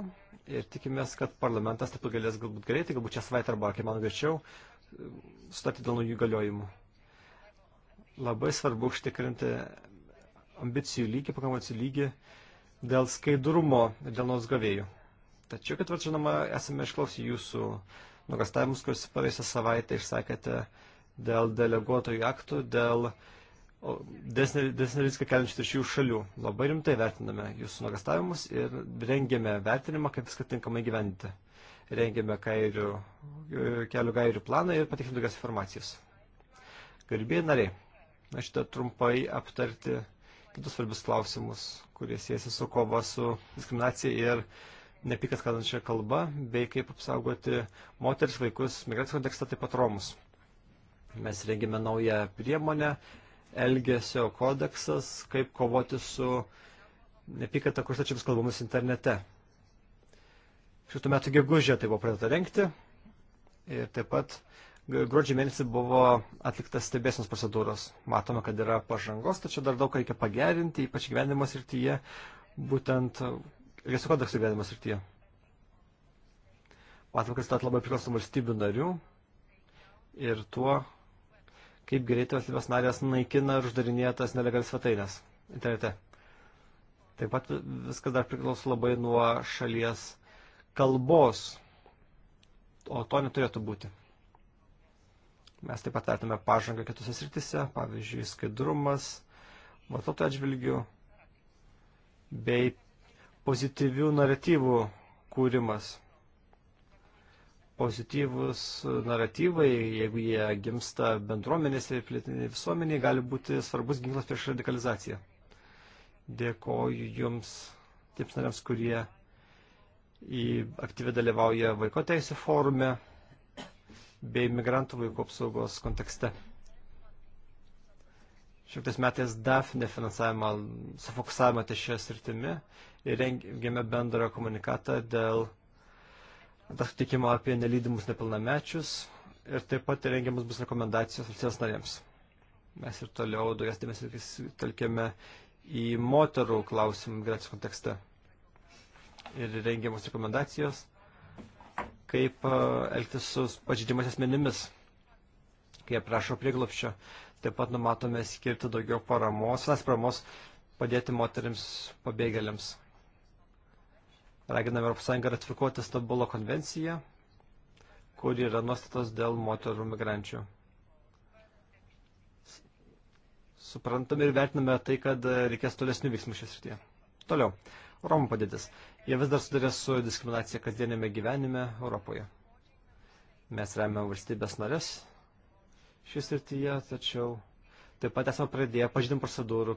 ir tikimės, kad parlamentas taip galės galbūt greitai, galbūt čia savaitę arba, kaip man greičiau, sutarti dėl naujų įgaliojimų. Labai svarbu užtikrinti ambicijų lygį, pakankamų lygį dėl skaidrumo ir dėl nors gavėjų. Tačiau, kad žinoma, esame išklausę jūsų nugastavimus, kuriuos pavėsę savaitę išsakėte dėl deleguotojų aktų, dėl desnį riziką keliančių trečiųjų šalių. Labai rimtai vertiname jūsų nugastavimus ir rengėme vertinimą, kaip viską tinkamai gyventi. Rengėme kairių, e, kelių gairių planą ir patikrinti daugias informacijas. Garbėjai nariai, aš šitą trumpai aptarti kitus svarbius klausimus, kurie siejasi su kova su diskriminacija ir nepykas kalančią kalbą, bei kaip apsaugoti moteris, vaikus, migracijos kontekstą, taip pat romus. Mes rengime naują priemonę, Elgesio kodeksas, kaip kovoti su nepykata kurstačiams kalbomis internete. Šitų metų gegužė tai buvo pradėta renkti ir taip pat gruodžio mėnesį buvo atliktas stebėsinos procedūros. Matome, kad yra pažangos, tačiau dar daug reikia pagerinti, ypač gyvenimo srityje, būtent Elgesio kodeksų gyvenimo srityje. Matome, kad stat labai priklauso valstybių narių ir tuo, kaip greitai valstybės narės naikina ir uždarinėja tas nelegalias svetainės internete. Taip pat viskas dar priklauso labai nuo šalies kalbos, o to neturėtų būti. Mes taip pat vertiname pažangą kitose sritise, pavyzdžiui, skaidrumas, vartotojų atžvilgių bei pozityvių naratyvų kūrimas. Pozityvus naratyvai, jeigu jie gimsta bendruomenėse ir plėtinėje visuomenėje, gali būti svarbus ginklas prieš radikalizaciją. Dėkoju Jums, tiems nariams, kurie aktyviai dalyvauja vaiko teisų forume bei migrantų vaikų apsaugos kontekste. Šimtas metais DAF nefinansavimą sufokusavimą ties šią sritimi rengėme bendrą komunikatą dėl sutikimo apie nelydimus nepilnamečius ir taip pat rengiamas bus rekomendacijos valstybės narėms. Mes ir toliau daugiausiai dėmesį telkėme į moterų klausimų migracijos kontekste. Ir rengiamos rekomendacijos, kaip elgtis su pažydimais asmenimis, kai jie prašo prieglopščio. Taip pat numatome skirti daugiau paramos, nes paramos padėti moteriams pabėgėliams raginame ES ratifikuoti Stambulo konvenciją, kur yra nuostatos dėl moterų migrančių. Suprantame ir vertiname tai, kad reikės tolesnių veiksmų šios rytyje. Toliau. Romų padėtis. Jie vis dar sudarė su diskriminacija kasdienėme gyvenime Europoje. Mes remiam valstybės narės šis rytyje, tačiau taip pat esame pradėję pažydimų procedūrų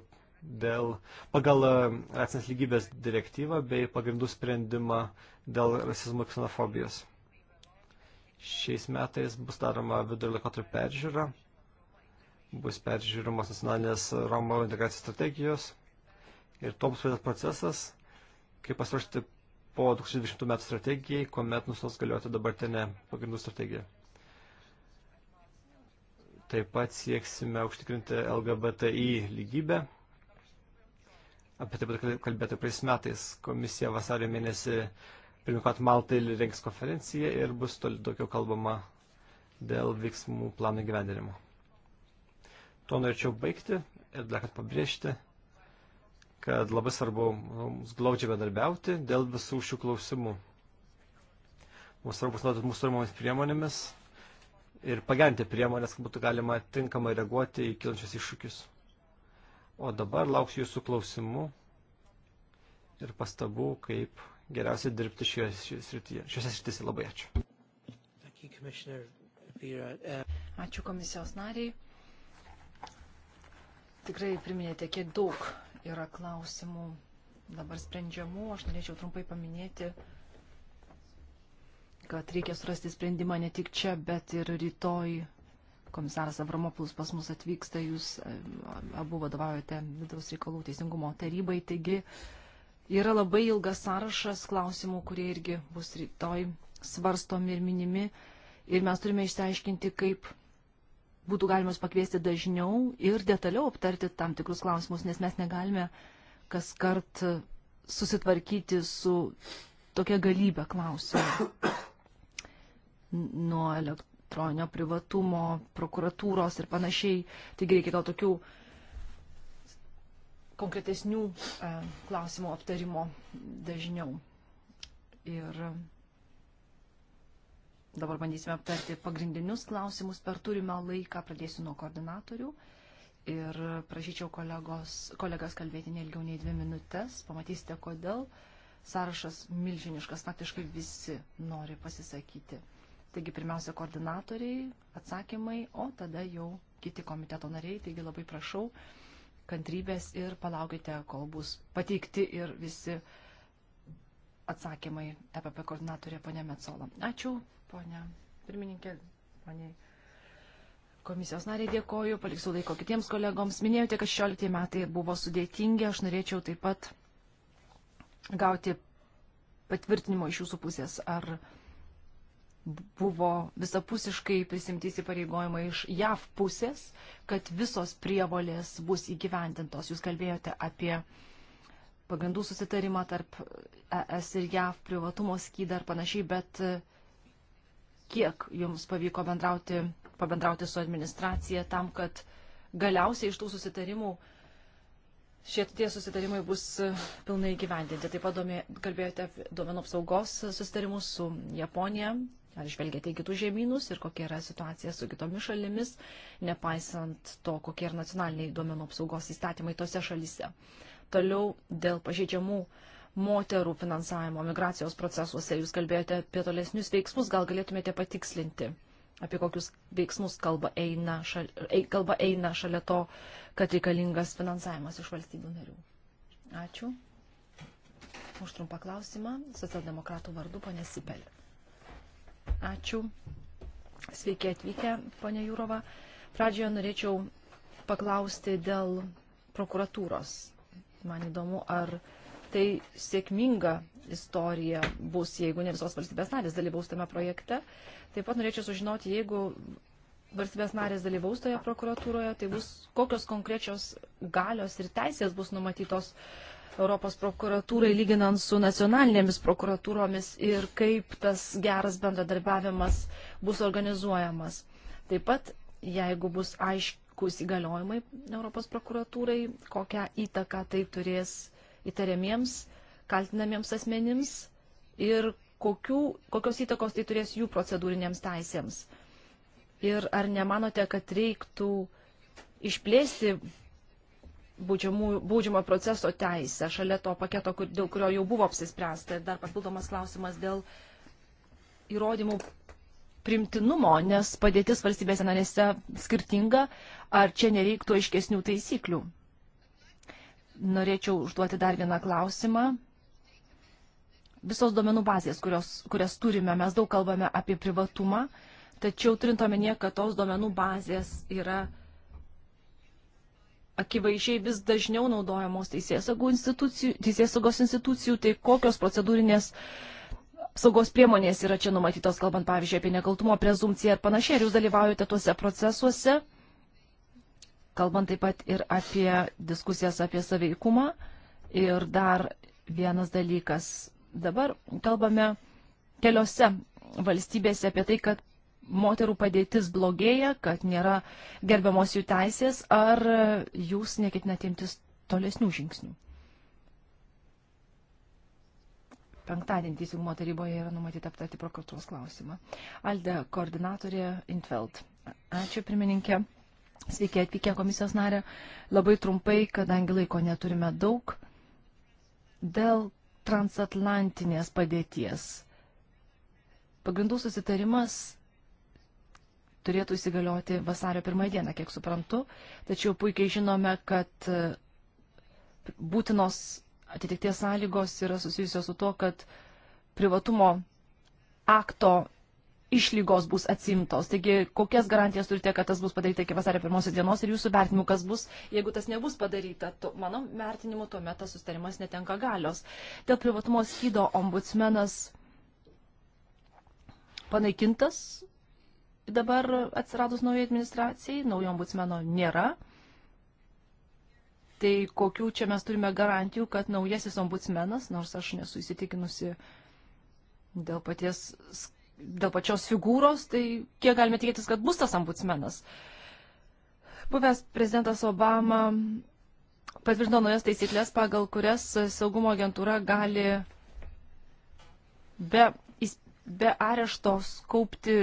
dėl, pagal racinės e, lygybės direktyvą bei pagrindų sprendimą dėl rasizmo ir ksenofobijos. Šiais metais bus daroma vidurio laikotarpio peržiūra, bus peržiūrimos nacionalinės Romų integracijos strategijos ir to bus pradėtas procesas, kaip pasiruošti po 2020 metų strategijai, kuomet nustos galioti dabartinė pagrindų strategija. Taip pat sieksime užtikrinti LGBTI lygybę Apie tai pat kalbėta praeis metais. Komisija vasario mėnesį pirmininkat Maltai rengs konferenciją ir bus toli daugiau kalbama dėl veiksmų plano gyvendinimo. Tuo norėčiau baigti ir dar kad pabrėžti, kad labai svarbu mums glaudžiai bendarbiauti dėl visų šių klausimų. Mums svarbu naudoti mūsų turimomis priemonėmis ir pagerinti priemonės, kad būtų galima tinkamai reaguoti į kilančius iššūkius. O dabar lauksiu jūsų klausimų ir pastabų, kaip geriausiai dirbti šiuose srityse. Labai ačiū. Uh, ačiū komisijos nariai. Tikrai priminėte, kiek daug yra klausimų dabar sprendžiamų. Aš norėčiau trumpai paminėti, kad reikia surasti sprendimą ne tik čia, bet ir rytoj komisaras Avramopoulos pas mus atvyksta, jūs e, abu vadovaujate vidaus reikalų teisingumo tarybai, taigi yra labai ilgas sąrašas klausimų, kurie irgi bus rytoj svarstomi ir minimi. Ir mes turime išsiaiškinti, kaip būtų galima jūs pakviesti dažniau ir detaliau aptarti tam tikrus klausimus, nes mes negalime kas kart susitvarkyti su tokia galybė klausimų nuo elekt elektroninio privatumo, prokuratūros ir panašiai. Taigi reikia gal tokių konkretesnių e, klausimų aptarimo dažniau. Ir dabar bandysime aptarti pagrindinius klausimus per turimą laiką. Pradėsiu nuo koordinatorių ir prašyčiau kolegos, kolegas kalbėti neilgiau nei dvi minutės. Pamatysite, kodėl sąrašas milžiniškas, faktiškai visi nori pasisakyti. Taigi pirmiausia koordinatoriai, atsakymai, o tada jau kiti komiteto nariai. Taigi labai prašau kantrybės ir palaukite, kol bus pateikti ir visi atsakymai EPP koordinatorė ponė Metsola. Ačiū, ponė pirmininkė, ponė komisijos nariai dėkoju, paliksiu laiko kitiems kolegoms. Minėjote, kad 16 metai buvo sudėtingi, aš norėčiau taip pat gauti patvirtinimo iš jūsų pusės, ar buvo visapusiškai prisimti įsipareigojimai iš JAV pusės, kad visos prievolės bus įgyvendintos. Jūs kalbėjote apie pagrindų susitarimą tarp ES ir JAV privatumo skydą ar panašiai, bet e, kiek jums pavyko bendrauti, pabendrauti su administracija tam, kad galiausiai iš tų susitarimų šie tie susitarimai bus e, pilnai gyvendinti. Taip pat domė, kalbėjote apie duomenų apsaugos susitarimus su Japonija, Ar žvelgiate į kitus žemynus ir kokia yra situacija su kitomis šalimis, nepaisant to, kokie yra nacionaliniai duomenų apsaugos įstatymai tose šalise. Toliau dėl pažeidžiamų moterų finansavimo migracijos procesuose jūs kalbėjote apie tolesnius veiksmus, gal galėtumėte patikslinti, apie kokius veiksmus kalba eina, šal, e, kalba eina šalia to, kad reikalingas finansavimas iš valstybių narių. Ačiū. Už trumpą klausimą, socialdemokratų vardu, ponė Sipelė. Ačiū. Sveiki atvykę, ponė Jūrova. Pradžioje norėčiau paklausti dėl prokuratūros. Man įdomu, ar tai sėkminga istorija bus, jeigu ne visos valstybės narės dalyvaus tame projekte. Taip pat norėčiau sužinoti, jeigu valstybės narės dalyvaus toje prokuratūroje, tai bus kokios konkrečios galios ir teisės bus numatytos uh, Europos prokuratūrai lyginant su nacionalinėmis prokuratūromis ir kaip tas geras bendradarbiavimas bus organizuojamas. Taip pat, jeigu bus aiškus įgaliojimai Europos prokuratūrai, kokią įtaką tai turės įtariamiems, kaltinamiems asmenims ir kokių, kokios įtakos tai turės jų procedūrinėms teisėms. Ir ar nemanote, kad reiktų išplėsti baudžiamo proceso teisę, šalia to paketo, kur, dėl kurio jau buvo apsispręsta. Ir dar papildomas klausimas dėl įrodymų primtinumo, nes padėtis valstybėse narėse skirtinga, ar čia nereiktų aiškesnių taisyklių. Norėčiau užduoti dar vieną klausimą. Visos duomenų bazės, kurios, kurias turime, mes daug kalbame apie privatumą, tačiau turint omenyje, kad tos duomenų bazės yra akivaizdžiai vis dažniau naudojamos teisėsaugos institucijų, teisės institucijų, tai kokios procedūrinės apsaugos priemonės yra čia numatytos, kalbant pavyzdžiui apie nekaltumo prezumciją ir panašiai, ar jūs dalyvaujate tuose procesuose, kalbant taip pat ir apie diskusijas apie saveikumą. Ir dar vienas dalykas, dabar kalbame keliose valstybėse apie tai, kad moterų padėtis blogėja, kad nėra gerbiamos jų teisės, ar jūs neketinate imtis tolesnių žingsnių? Penktadienį teisingumo taryboje yra numatyta aptarti prokuratūros klausimą. Alde, koordinatorė Intveld. Ačiū, pirmininkė. Sveiki atvykę komisijos narė. Labai trumpai, kadangi laiko neturime daug, dėl transatlantinės padėties. Pagrindų susitarimas turėtų įsigalioti vasario pirmąją dieną, kiek suprantu, tačiau puikiai žinome, kad e, būtinos atitikties sąlygos yra susijusios su to, kad privatumo akto išlygos bus atsimtos. Taigi, kokias garantijas turite, kad tas bus padaryta iki vasario pirmosios dienos ir jūsų vertinimu, kas bus, jeigu tas nebus padaryta, to, mano vertinimu, tuomet tas sustarimas netenka galios. Dėl privatumo skydo ombudsmenas panaikintas dabar atsiradus naujai administracijai, naujo ombudsmeno nėra. Tai kokių čia mes turime garantijų, kad naujasis ombudsmenas, nors aš nesu įsitikinusi dėl, paties, dėl pačios figūros, tai kiek galime tikėtis, kad bus tas ombudsmenas. Buvęs prezidentas Obama patvirtino naujas taisyklės, pagal kurias saugumo agentūra gali be be arešto skaupti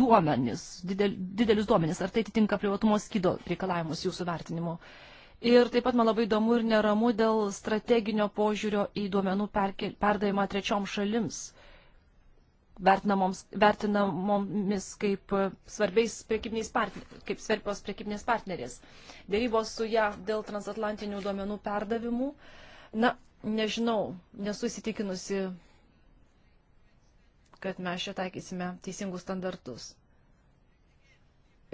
duomenis, didel, didelius duomenis, ar tai atitinka privatumo skydo reikalavimus jūsų vertinimu. Ir taip pat man labai įdomu ir neramu dėl strateginio požiūrio į duomenų perkel, perdavimą trečiom šalims, vertinamomis kaip svarbiais prekybiniais partneriais, kaip svarbios prekybinės partnerės. Dėrybos su ją dėl transatlantinių duomenų perdavimų. Na, nežinau, nesu įsitikinusi kad mes čia taikysime teisingus standartus.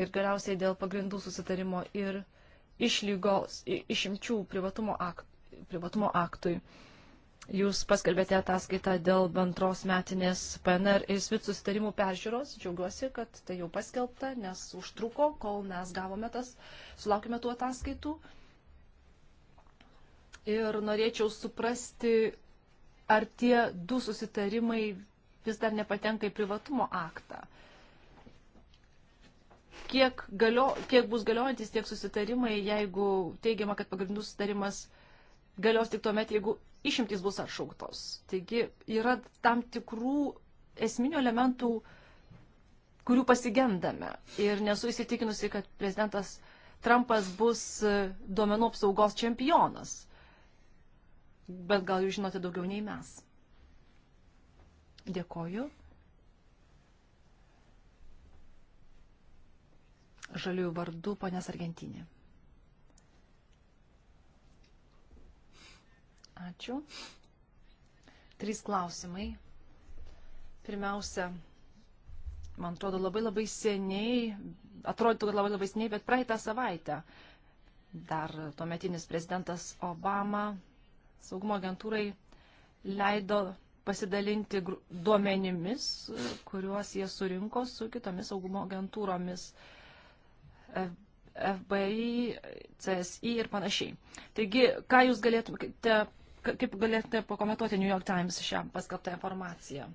Ir galiausiai dėl pagrindų susitarimo ir išlygos, išimčių privatumo, akt, privatumo aktui. Jūs paskelbėte ataskaitą dėl bendros metinės PNR ir SWIT susitarimų peržiūros. Džiaugiuosi, kad tai jau paskelbta, nes užtruko, kol mes gavome tas, sulaukime tų ataskaitų. Ir norėčiau suprasti, ar tie du susitarimai vis dar nepatenka į privatumo aktą. Kiek, galio, kiek bus galiojantis tiek susitarimai, jeigu teigiama, kad pagrindų susitarimas galios tik tuomet, jeigu išimtys bus atšauktos. Taigi yra tam tikrų esminių elementų, kurių pasigendame. Ir nesu įsitikinusi, kad prezidentas Trumpas bus e, duomenų apsaugos čempionas. Bet gal jūs žinote daugiau nei mes. Dėkoju. Žaliųjų vardų, ponės Argentinė. Ačiū. Trys klausimai. Pirmiausia, man atrodo labai labai seniai, atrodytų, kad labai labai seniai, bet praeitą savaitę dar tuometinis prezidentas Obama saugumo agentūrai leido pasidalinti duomenimis, kuriuos jie surinko su kitomis saugumo agentūromis, FBI, CSI ir panašiai. Taigi, ką jūs galėtumėte, kaip galėtumėte pakomentuoti New York Times šią paskelbtą informaciją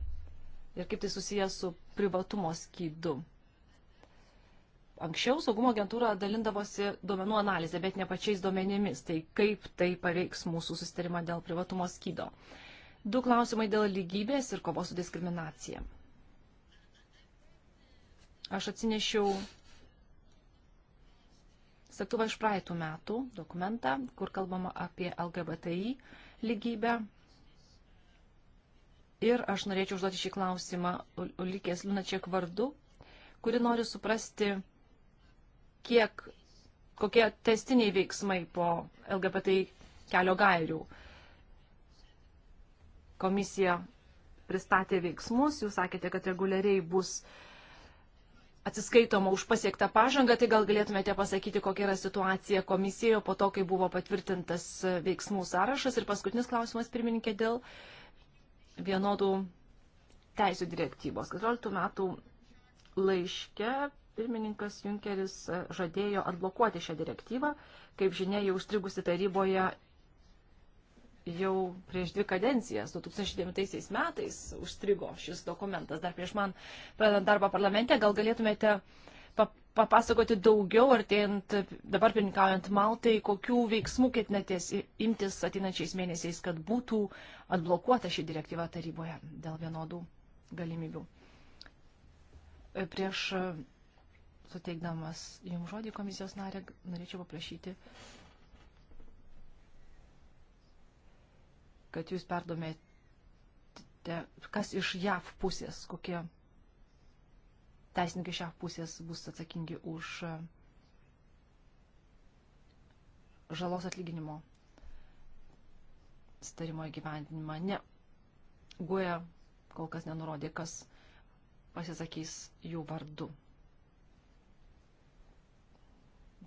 ir kaip tai susijęs su privatumo skydu? Anksčiau saugumo agentūra dalindavosi duomenų analizę, bet ne pačiais duomenimis. Tai kaip tai paveiks mūsų susitarimą dėl privatumo skydo. Uh, Du klausimai dėl lygybės ir kovos su diskriminacija. Aš atsinešiau statuvą iš praeitų metų dokumentą, kur kalbama apie LGBTI lygybę. Ir aš norėčiau užduoti šį klausimą Ulikės Lunačiek vardu, kuri nori suprasti, kiek, kokie testiniai veiksmai po LGBT kelio gairių Komisija pristatė veiksmus, jūs sakėte, kad reguliariai bus atsiskaitoma už pasiektą pažangą, tai gal galėtumėte pasakyti, kokia yra situacija komisijoje po to, kai buvo patvirtintas veiksmų sąrašas. Ir paskutinis klausimas, pirmininkė, dėl vienodų teisų direktyvos. 14 metų laiške pirmininkas Junkeris žadėjo atblokuoti šią direktyvą. Kaip žinia, jau užstrigusi taryboje jau prieš dvi kadencijas, 2009 metais, užstrigo šis dokumentas. Dar prieš man pradant darbą parlamente, gal galėtumėte papasakoti daugiau, artėjant dabar pirmininkaujant Maltai, kokių veiksmų ketinatės imtis ateinančiais mėnesiais, kad būtų atblokuota ši direktyva taryboje dėl vienodų galimybių. E, prieš e, suteikdamas jums žodį komisijos narė, norėčiau paprašyti kad jūs perdomėte, kas iš JAV pusės, kokie teisininkai iš JAV pusės bus atsakingi už e, žalos atlyginimo starimo įgyvendinimą. Ne, Guja kol kas nenurodė, kas pasisakys jų vardu.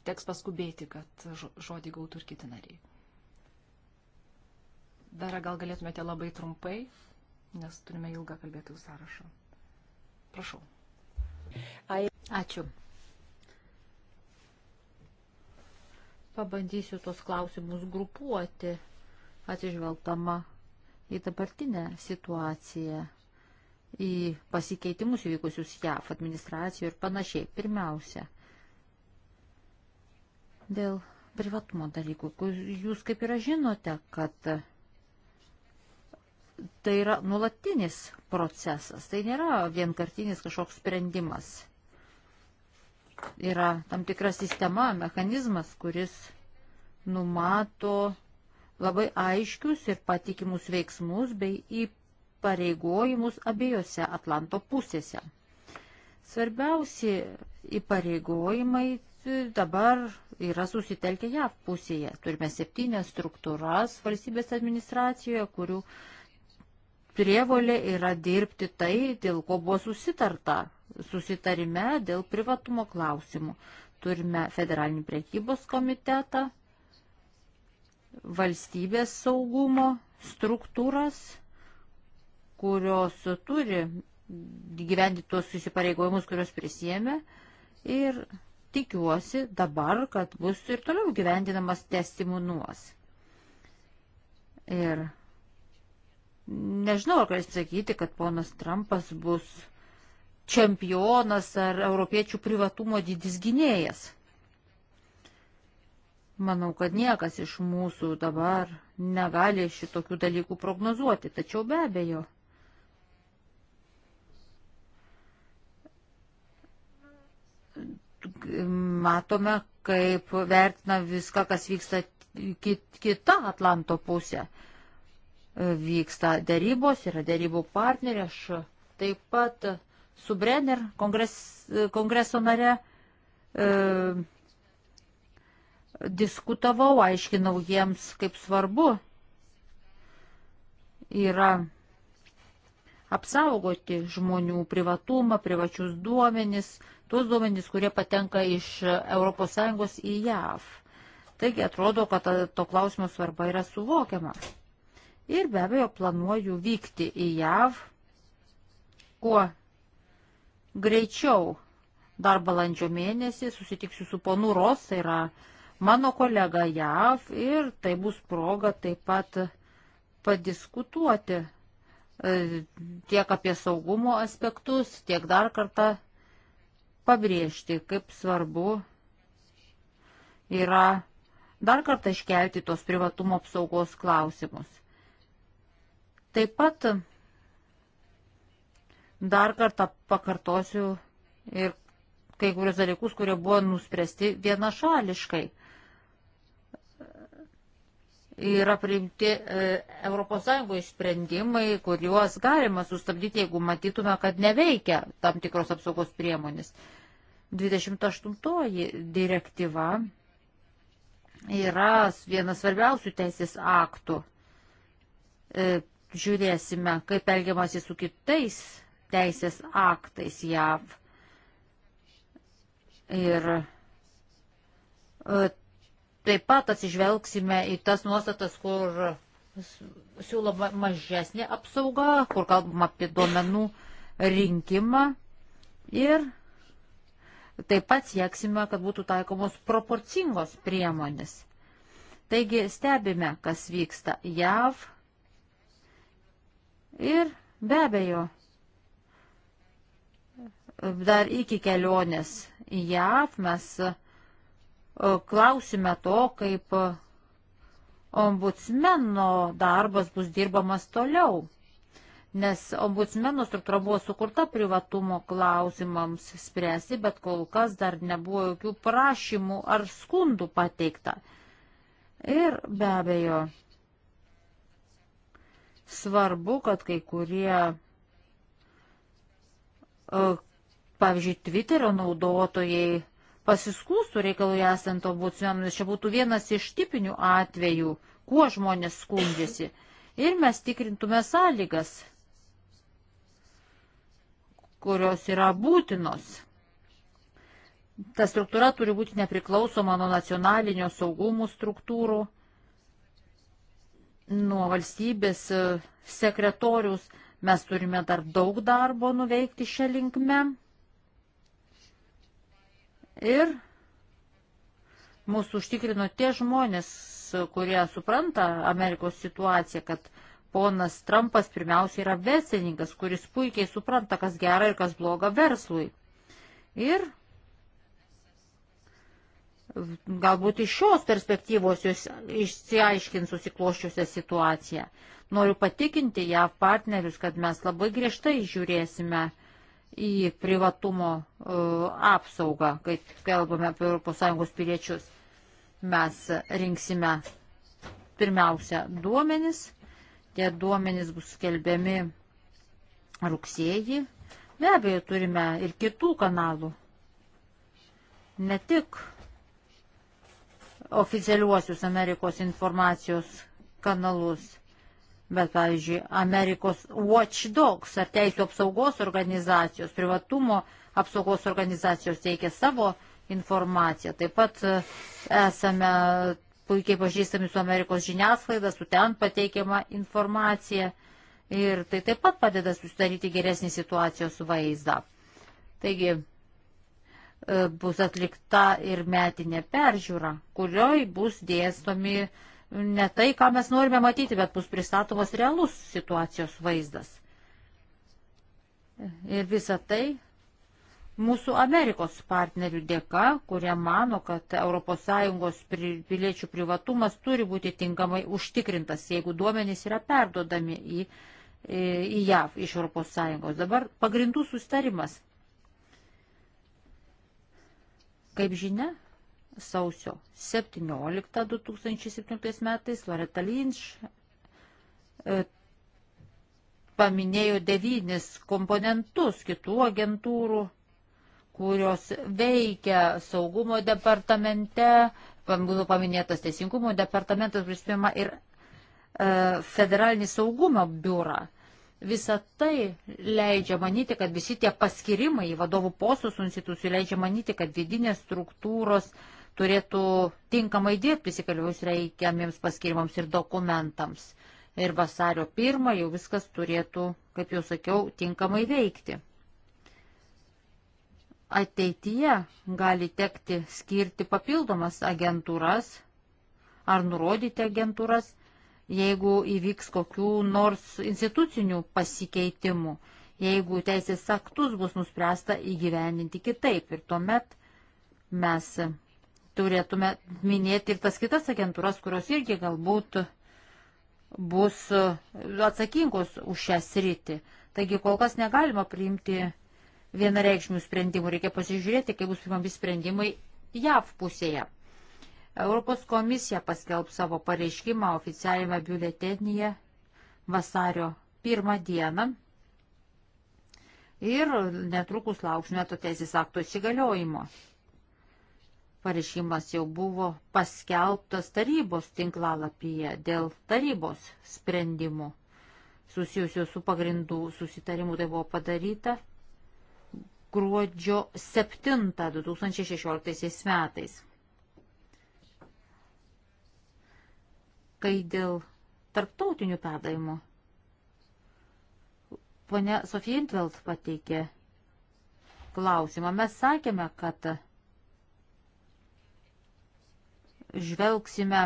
Teks paskubėti, kad žodį gautų ir kiti nariai. Dara, gal galėtumėte labai trumpai, nes turime ilgą kalbėtojų sąrašą. Prašau. Ačiū. Pabandysiu tuos klausimus grupuoti, atsižvelgdama į dabartinę situaciją, į pasikeitimus įvykusius JAF administracijų ir panašiai. Pirmiausia, dėl privatumo dalykų. Jūs kaip yra žinote, kad tai yra nulatinis procesas, tai nėra vienkartinis kažkoks sprendimas. Yra tam tikra sistema, mechanizmas, kuris numato labai aiškius ir patikimus veiksmus bei įpareigojimus abiejose Atlanto pusėse. Svarbiausi įpareigojimai dabar yra susitelkę JAV pusėje. Turime septynias struktūras valstybės administracijoje, kurių uh, prievolė yra dirbti tai, dėl ko buvo susitarta susitarime dėl privatumo klausimų. Turime federalinį priekybos komitetą, valstybės saugumo struktūras, kurios turi gyventi tuos susipareigojimus, kurios prisėmė. Ir tikiuosi dabar, kad bus ir toliau gyvendinamas testimunuos. Ir Nežinau, ar galės sakyti, kad ponas Trumpas bus čempionas ar europiečių privatumo didis gynėjas. Manau, kad niekas iš mūsų dabar negali šitokių dalykų prognozuoti, tačiau be abejo. Matome, kaip vertina viską, kas vyksta kita Atlanto pusė vyksta darybos, yra darybų partnerė, aš taip pat su Brenner kongres, kongreso nare e, diskutavau, aiškinau jiems, kaip svarbu yra apsaugoti žmonių privatumą, privačius duomenis, tuos duomenis, kurie patenka iš ES į JAV. Taigi atrodo, kad to klausimo svarba yra suvokiama ir be abejo planuoju vykti į JAV kuo greičiau. Dar balandžio mėnesį susitiksiu su ponu Ros, tai yra mano kolega JAV ir tai bus proga taip pat padiskutuoti e, tiek apie saugumo aspektus, tiek dar kartą pabrėžti, kaip svarbu yra dar kartą iškelti tos privatumo apsaugos klausimus. Taip pat dar kartą pakartosiu ir kai kurios dalykus, kurie buvo nuspręsti vienašališkai. Yra priimti ES sprendimai, kuriuos galima sustabdyti, jeigu matytume, kad neveikia tam tikros apsaugos priemonės. 28 direktyva yra vienas svarbiausių teisės aktų e, žiūrėsime, kaip elgiamasi su kitais teisės aktais JAV. Ir e, taip pat atsižvelgsime į tas nuostatas, kur siūloma mažesnė apsauga, kur kalbama apie duomenų rinkimą. Ir taip pat sieksime, kad būtų taikomos proporcingos priemonės. Taigi stebime, kas vyksta JAV Ir be abejo, dar iki kelionės į JAV mes e, klausime to, kaip ombudsmeno darbas bus dirbamas toliau nes ombudsmenų struktūra buvo sukurta privatumo klausimams spręsti, bet kol kas dar nebuvo jokių prašymų ar skundų pateikta. Ir be abejo, svarbu, kad kai kurie, e, pavyzdžiui, Twitterio naudotojai pasiskūstų reikalui esant obucijomis. Čia būtų vienas iš tipinių atvejų, kuo žmonės skundžiasi. Ir mes tikrintume sąlygas, kurios yra būtinos. Ta struktūra turi būti nepriklausoma nuo nacionalinio saugumų struktūrų nuo valstybės e, sekretorius. Mes turime dar daug darbo nuveikti šią linkmę. Ir mūsų užtikrino tie žmonės, kurie supranta Amerikos situaciją, kad ponas Trumpas pirmiausia yra verslininkas, kuris puikiai supranta, kas gera ir kas bloga verslui. Ir galbūt iš šios perspektyvos jūs išsiaiškins susikloščiusią situaciją. Noriu patikinti JAV partnerius, kad mes labai griežtai žiūrėsime į privatumo uh, apsaugą, kai kalbame apie ES piliečius. Mes rinksime pirmiausia duomenis, tie duomenis bus skelbiami rugsėjį. Be abejo, turime ir kitų kanalų. Ne tik oficialiuosius Amerikos informacijos kanalus. Bet, pavyzdžiui, Amerikos watchdogs ar teisų apsaugos organizacijos, privatumo apsaugos organizacijos teikia savo informaciją. Taip pat e, esame puikiai pažįstami su Amerikos žiniasklaida, su ten pateikiama informacija ir tai taip pat padeda susidaryti geresnį situacijos vaizdą. Taigi, E, bus atlikta ir metinė peržiūra, kurioj bus dėstomi ne tai, ką mes norime matyti, bet bus pristatomas realus situacijos vaizdas. Ir visa tai mūsų Amerikos partnerių dėka, kurie mano, kad ES piliečių privatumas turi būti tinkamai užtikrintas, jeigu duomenys yra perdodami į, į JAV iš ES. Dabar pagrindų sustarimas Kaip žinia, sausio 17-2017 metais Loreta Lynch e, paminėjo devynis komponentus kitų agentūrų, kurios veikia saugumo departamente, buvo paminėtas teisingumo departamentas, prisimima ir e, federalinį saugumo biurą. Visą tai leidžia manyti, kad visi tie paskirimai į vadovų postus institucijų leidžia manyti, kad vidinės struktūros turėtų tinkamai dirbti įsikaliojus reikiamiems paskirimams ir dokumentams. Ir vasario pirmą jau viskas turėtų, kaip jau sakiau, tinkamai veikti. Ateityje gali tekti skirti papildomas agentūras ar nurodyti agentūras jeigu įvyks kokių nors institucinių pasikeitimų, jeigu teisės aktus bus nuspręsta įgyvendinti kitaip. Ir tuomet mes turėtume minėti ir tas kitas agentūras, kurios irgi galbūt bus atsakingos už šią sritį. Taigi kol kas negalima priimti vienareikšmių sprendimų, reikia pasižiūrėti, kaip bus priimami sprendimai JAV pusėje. Europos komisija paskelb savo pareiškimą oficialiame biuletenyje vasario pirmą dieną. Ir netrukus lauksime to teisės akto įsigaliojimo. Pareiškimas jau buvo paskelbtas tarybos tinklalapyje dėl tarybos sprendimų susijusių su pagrindų susitarimu. Tai buvo padaryta gruodžio 7 2016 metais. Kai dėl tarptautinių perdavimų, ponia Sofija Intveld pateikė klausimą. Mes sakėme, kad žvelgsime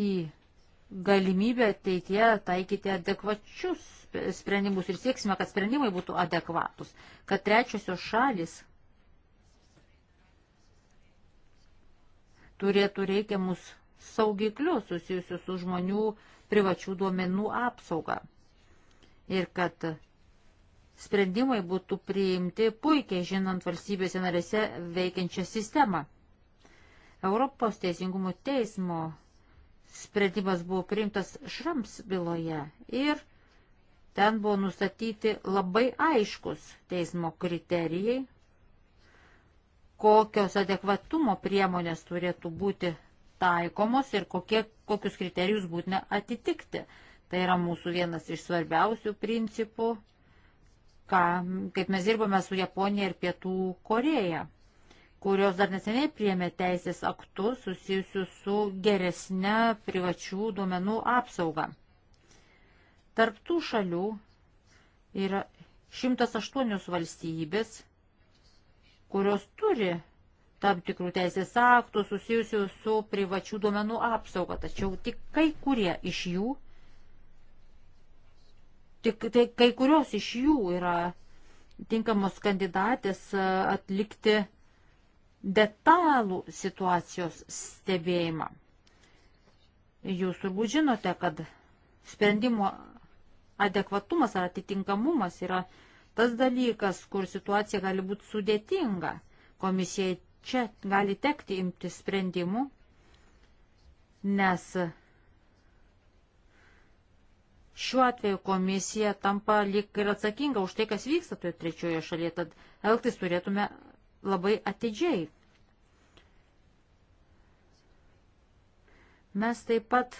į galimybę ateitie taikyti adekvačius sprendimus ir sieksime, kad sprendimai būtų adekvatus, kad trečiosios šalis turėtų reikiamus saugiklius susijusius su žmonių privačių duomenų apsauga. Ir kad sprendimai būtų priimti puikiai žinant valstybėse narėse veikiančią sistemą. Europos teisingumo teismo sprendimas buvo priimtas Šrams byloje ir ten buvo nustatyti labai aiškus teismo kriterijai, kokios adekvatumo priemonės turėtų būti taikomos ir kokie, kokius kriterijus būtina atitikti. Tai yra mūsų vienas iš svarbiausių principų, ką, kaip mes dirbame su Japonija ir Pietų Koreja, kurios dar neseniai priemė teisės aktus susijusius su geresne privačių duomenų apsauga. Tarptų šalių yra 108 valstybės kurios turi tam tikrų teisės aktų susijusių su privačių duomenų apsauga, tačiau tik kai kurie iš jų, tik tai kai kurios iš jų yra tinkamos kandidatės atlikti detalų situacijos stebėjimą. Jūs turbūt žinote, kad sprendimo adekvatumas ar atitinkamumas yra tas dalykas, kur situacija gali būti sudėtinga. Komisijai čia gali tekti imti sprendimų, nes šiuo atveju komisija tampa lyg ir atsakinga už tai, kas vyksta toje trečioje šalyje, tad elgtis turėtume labai atidžiai. Mes taip pat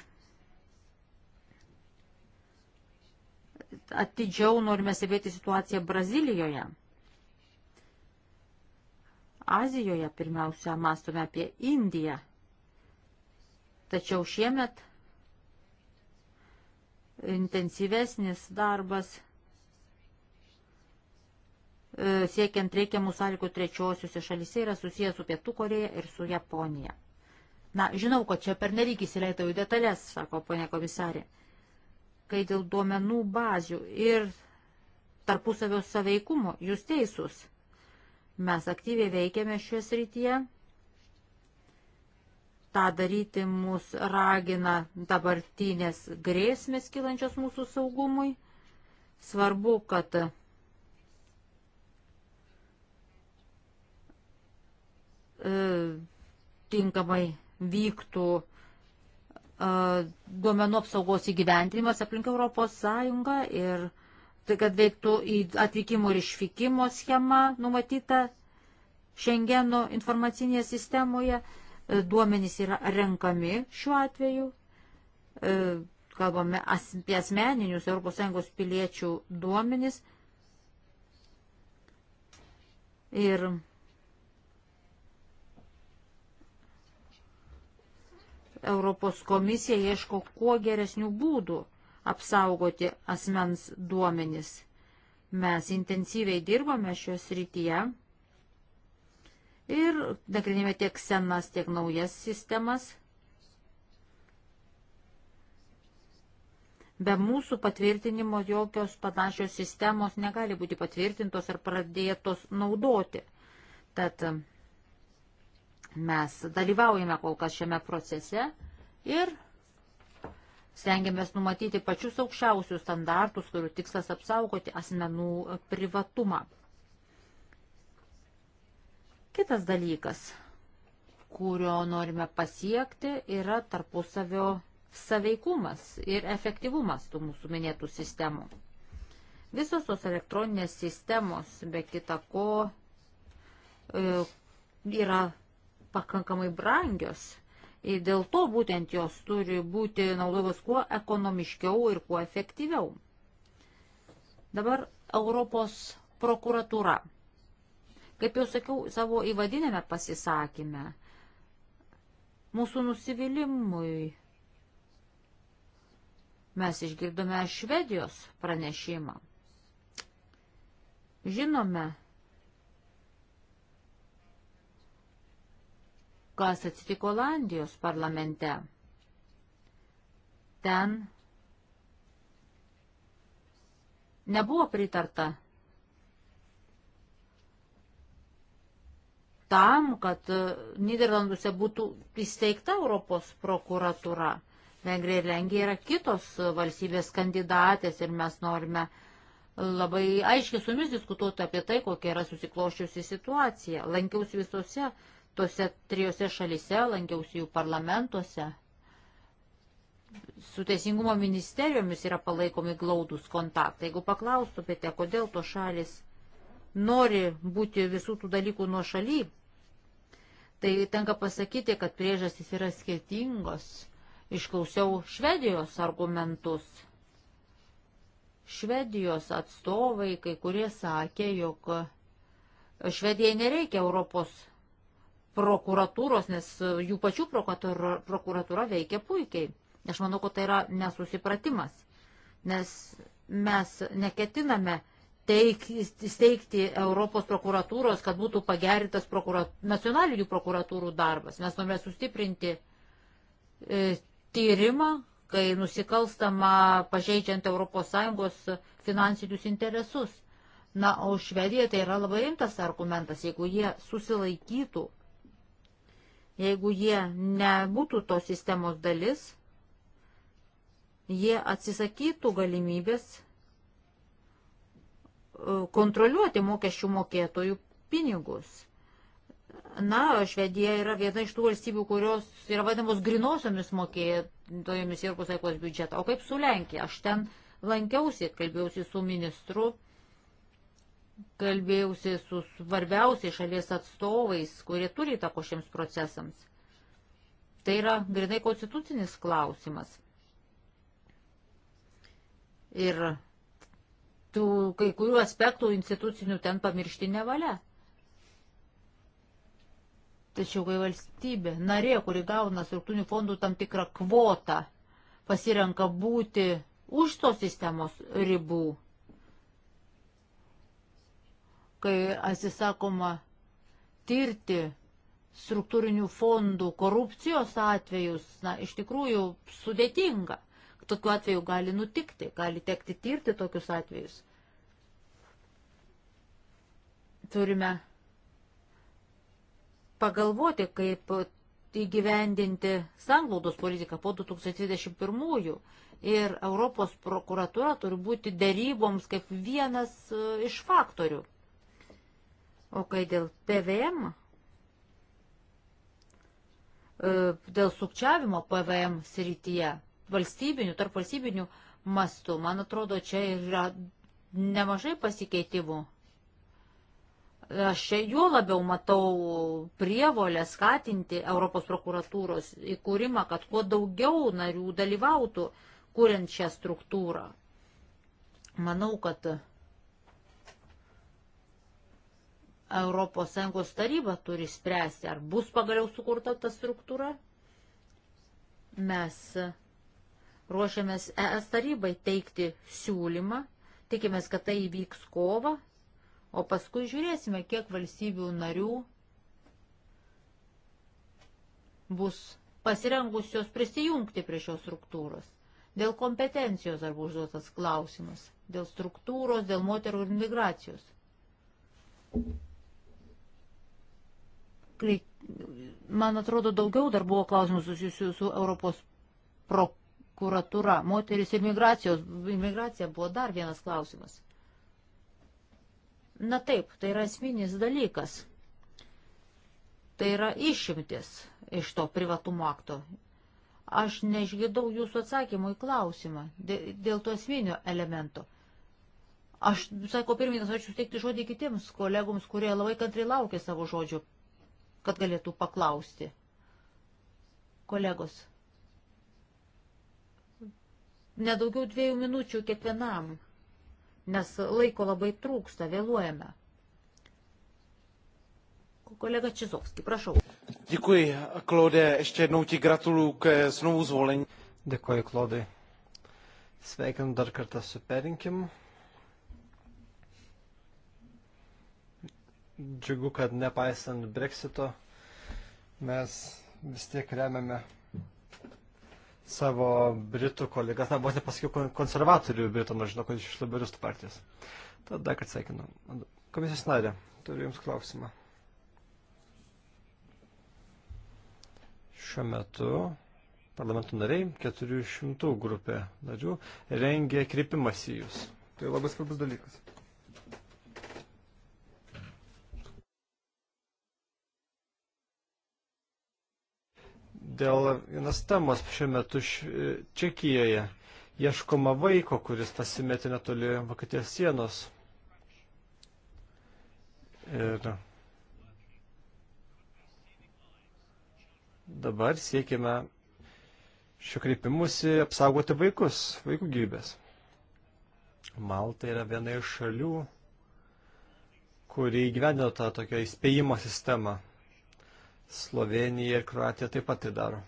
atidžiau norime stebėti situaciją Brazilijoje. Azijoje pirmiausia mąstome apie Indiją. Tačiau šiemet intensyvesnis darbas e, siekiant reikiamų sąlygų trečiosiuose šalyse yra susijęs su Pietų Koreja ir su Japonija. Na, žinau, kad čia pernelyg įsileidau į detalės, sako ponė komisarė kai dėl duomenų bazių ir tarpusavio saveikumo, jūs teisūs. Mes aktyviai veikiame šioje srityje. Ta daryti mus ragina dabartinės grėsmės kilančios mūsų saugumui. Svarbu, kad e, tinkamai vyktų uh, duomenų apsaugos įgyventinimas aplink ES ir tai, kad veiktų į atvykimo ir išvykimo schema numatyta Šengeno informacinėje sistemoje. E, duomenys yra renkami šiuo atveju. E, kalbame apie asmeninius ES piliečių duomenys. Ir Europos komisija ieško kuo geresnių būdų apsaugoti asmens duomenis. Mes intensyviai dirbame šios rytyje ir nagrinėjame tiek senas, tiek naujas sistemas. Be mūsų patvirtinimo jokios panašios sistemos negali būti patvirtintos ar pradėtos naudoti. Tad Mes dalyvaujame kol kas šiame procese ir stengiamės numatyti pačius aukščiausius standartus, kurių tikslas apsaugoti asmenų privatumą. Kitas dalykas, kurio norime pasiekti, yra tarpusavio saveikumas ir efektyvumas tų mūsų minėtų sistemų. Visos tos elektroninės sistemos, be kita ko, e, yra pakankamai brangios. Ir dėl to būtent jos turi būti naudojamos kuo ekonomiškiau ir kuo efektyviau. Dabar Europos prokuratūra. Kaip jau sakiau savo įvadinėme pasisakymę, mūsų nusivylimui mes išgirdome Švedijos pranešimą. Žinome, kas atsitiko Olandijos parlamente. Ten nebuvo pritarta tam, kad e, Niderlanduose būtų įsteigta Europos prokuratura. Vengrija ir Lenkija yra kitos valstybės kandidatės ir mes norime labai aiškiai su jumis diskutuoti apie tai, kokia yra susikloščiusi situacija. Lankiausi visose Tuose trijose šalise lankiausi jų parlamentuose. Su teisingumo ministerijomis yra palaikomi glaudus kontaktai. Jeigu paklaustumėte, kodėl to šalis nori būti visų tų dalykų nuo šaly, tai tenka pasakyti, kad priežastys yra skirtingos. Išklausiau Švedijos argumentus. Švedijos atstovai kai kurie sakė, jog Švedijai nereikia Europos prokuratūros, nes e, jų pačių prokuratūra, prokuratūra veikia puikiai. Aš manau, kad tai yra nesusipratimas, nes mes neketiname teik, steigti Europos prokuratūros, kad būtų pagerintas prokurat, nacionalinių prokuratūrų darbas. Mes norime sustiprinti e, tyrimą, kai nusikalstama pažeidžiant ES finansinius interesus. Na, o Švedija tai yra labai rimtas argumentas, jeigu jie susilaikytų Jeigu jie nebūtų tos sistemos dalis, jie atsisakytų galimybės e, kontroliuoti mokesčių mokėtojų pinigus. Na, Švedija yra viena iš tų valstybių, kurios yra vadinamos grinosiomis mokėtojomis ir pusaikos biudžetą. O kaip su Lenkija? Aš ten lankiausi, kalbėjausi su ministru kalbėjausi su svarbiausiais šalies atstovais, kurie turi įtako šiems procesams. Tai yra grinai konstitucinis klausimas. Ir tų kai kurių aspektų institucinių ten pamiršti nevalia. Tačiau kai valstybė, narė, kuri gauna struktūrinių fondų tam tikrą kvotą, pasirenka būti už tos sistemos ribų, kai atsisakoma tirti struktūrinių fondų korupcijos atvejus, na, iš tikrųjų sudėtinga. Tokiu atveju gali nutikti, gali tekti tirti tokius atvejus. Turime pagalvoti, kaip įgyvendinti sanglaudos politiką po 2021-ųjų. Ir Europos prokuratura turi būti daryboms kaip vienas e, iš faktorių. O kai dėl PVM, e, dėl sukčiavimo PVM srityje, valstybinių, tarp valstybinių mastų, man atrodo, čia yra nemažai pasikeitimų. Aš juo labiau matau prievolę skatinti Europos prokuratūros įkūrimą, kad kuo daugiau narių dalyvautų, kuriant šią struktūrą. Manau, kad ES taryba turi spręsti, ar bus pagaliau sukurta ta struktūra. Mes ruošiamės ES tarybai teikti siūlymą, tikimės, kad tai įvyks kova, o paskui žiūrėsime, kiek valstybių narių bus pasirengusios prisijungti prie šios struktūros. Dėl kompetencijos ar buvo užduotas klausimas, dėl struktūros, dėl moterų ir migracijos. Thank you kai, man atrodo, daugiau dar buvo klausimų susijusių su Europos prokuratūra. Moteris ir migracijos, migracija buvo dar vienas klausimas. Na taip, tai yra esminis dalykas. Tai yra išimtis iš to privatumo akto. Aš neišgirdau jūsų atsakymų į klausimą dėl to esminio elemento. Aš, sako pirmininkas, ačiū steikti žodį kitiems kolegoms, kurie labai kantriai laukia savo žodžio kad galėtų paklausti. Kolegos, nedaugiau dviejų minučių kiekvienam, nes laiko labai trūksta, vėluojame. Kolega Čizovský, prašau. Děkuji, Klode, ještě jednou ti gratuluju k znovu zvolení. Dėkuoju, Klodai. Sveikinu dar kartą su perinkimu. džiugu, kad nepaisant breksito mes vis tiek remiame savo britų kolegas, na, vos nepasakiau konservatorių britų, nors žinau, kad iš liberistų partijos. Tada, kad sveikinu. Komisijos narė, turiu Jums klausimą. Šiuo metu parlamentų nariai, 400 grupė narių, rengia kreipimąsi Jūs. Tai labai svarbus dalykas. dėl vienas temos šiuo metu e, Čekijoje. Ieškoma vaiko, kuris pasimetė netoli Vokietijos sienos. Ir dabar siekime šiuo kreipimusi apsaugoti vaikus, vaikų gyvybės. Malta yra viena iš šalių, kuri įgyvendino tą tokią įspėjimo sistemą. Slovenija ir Kroatija taip pat tai daro.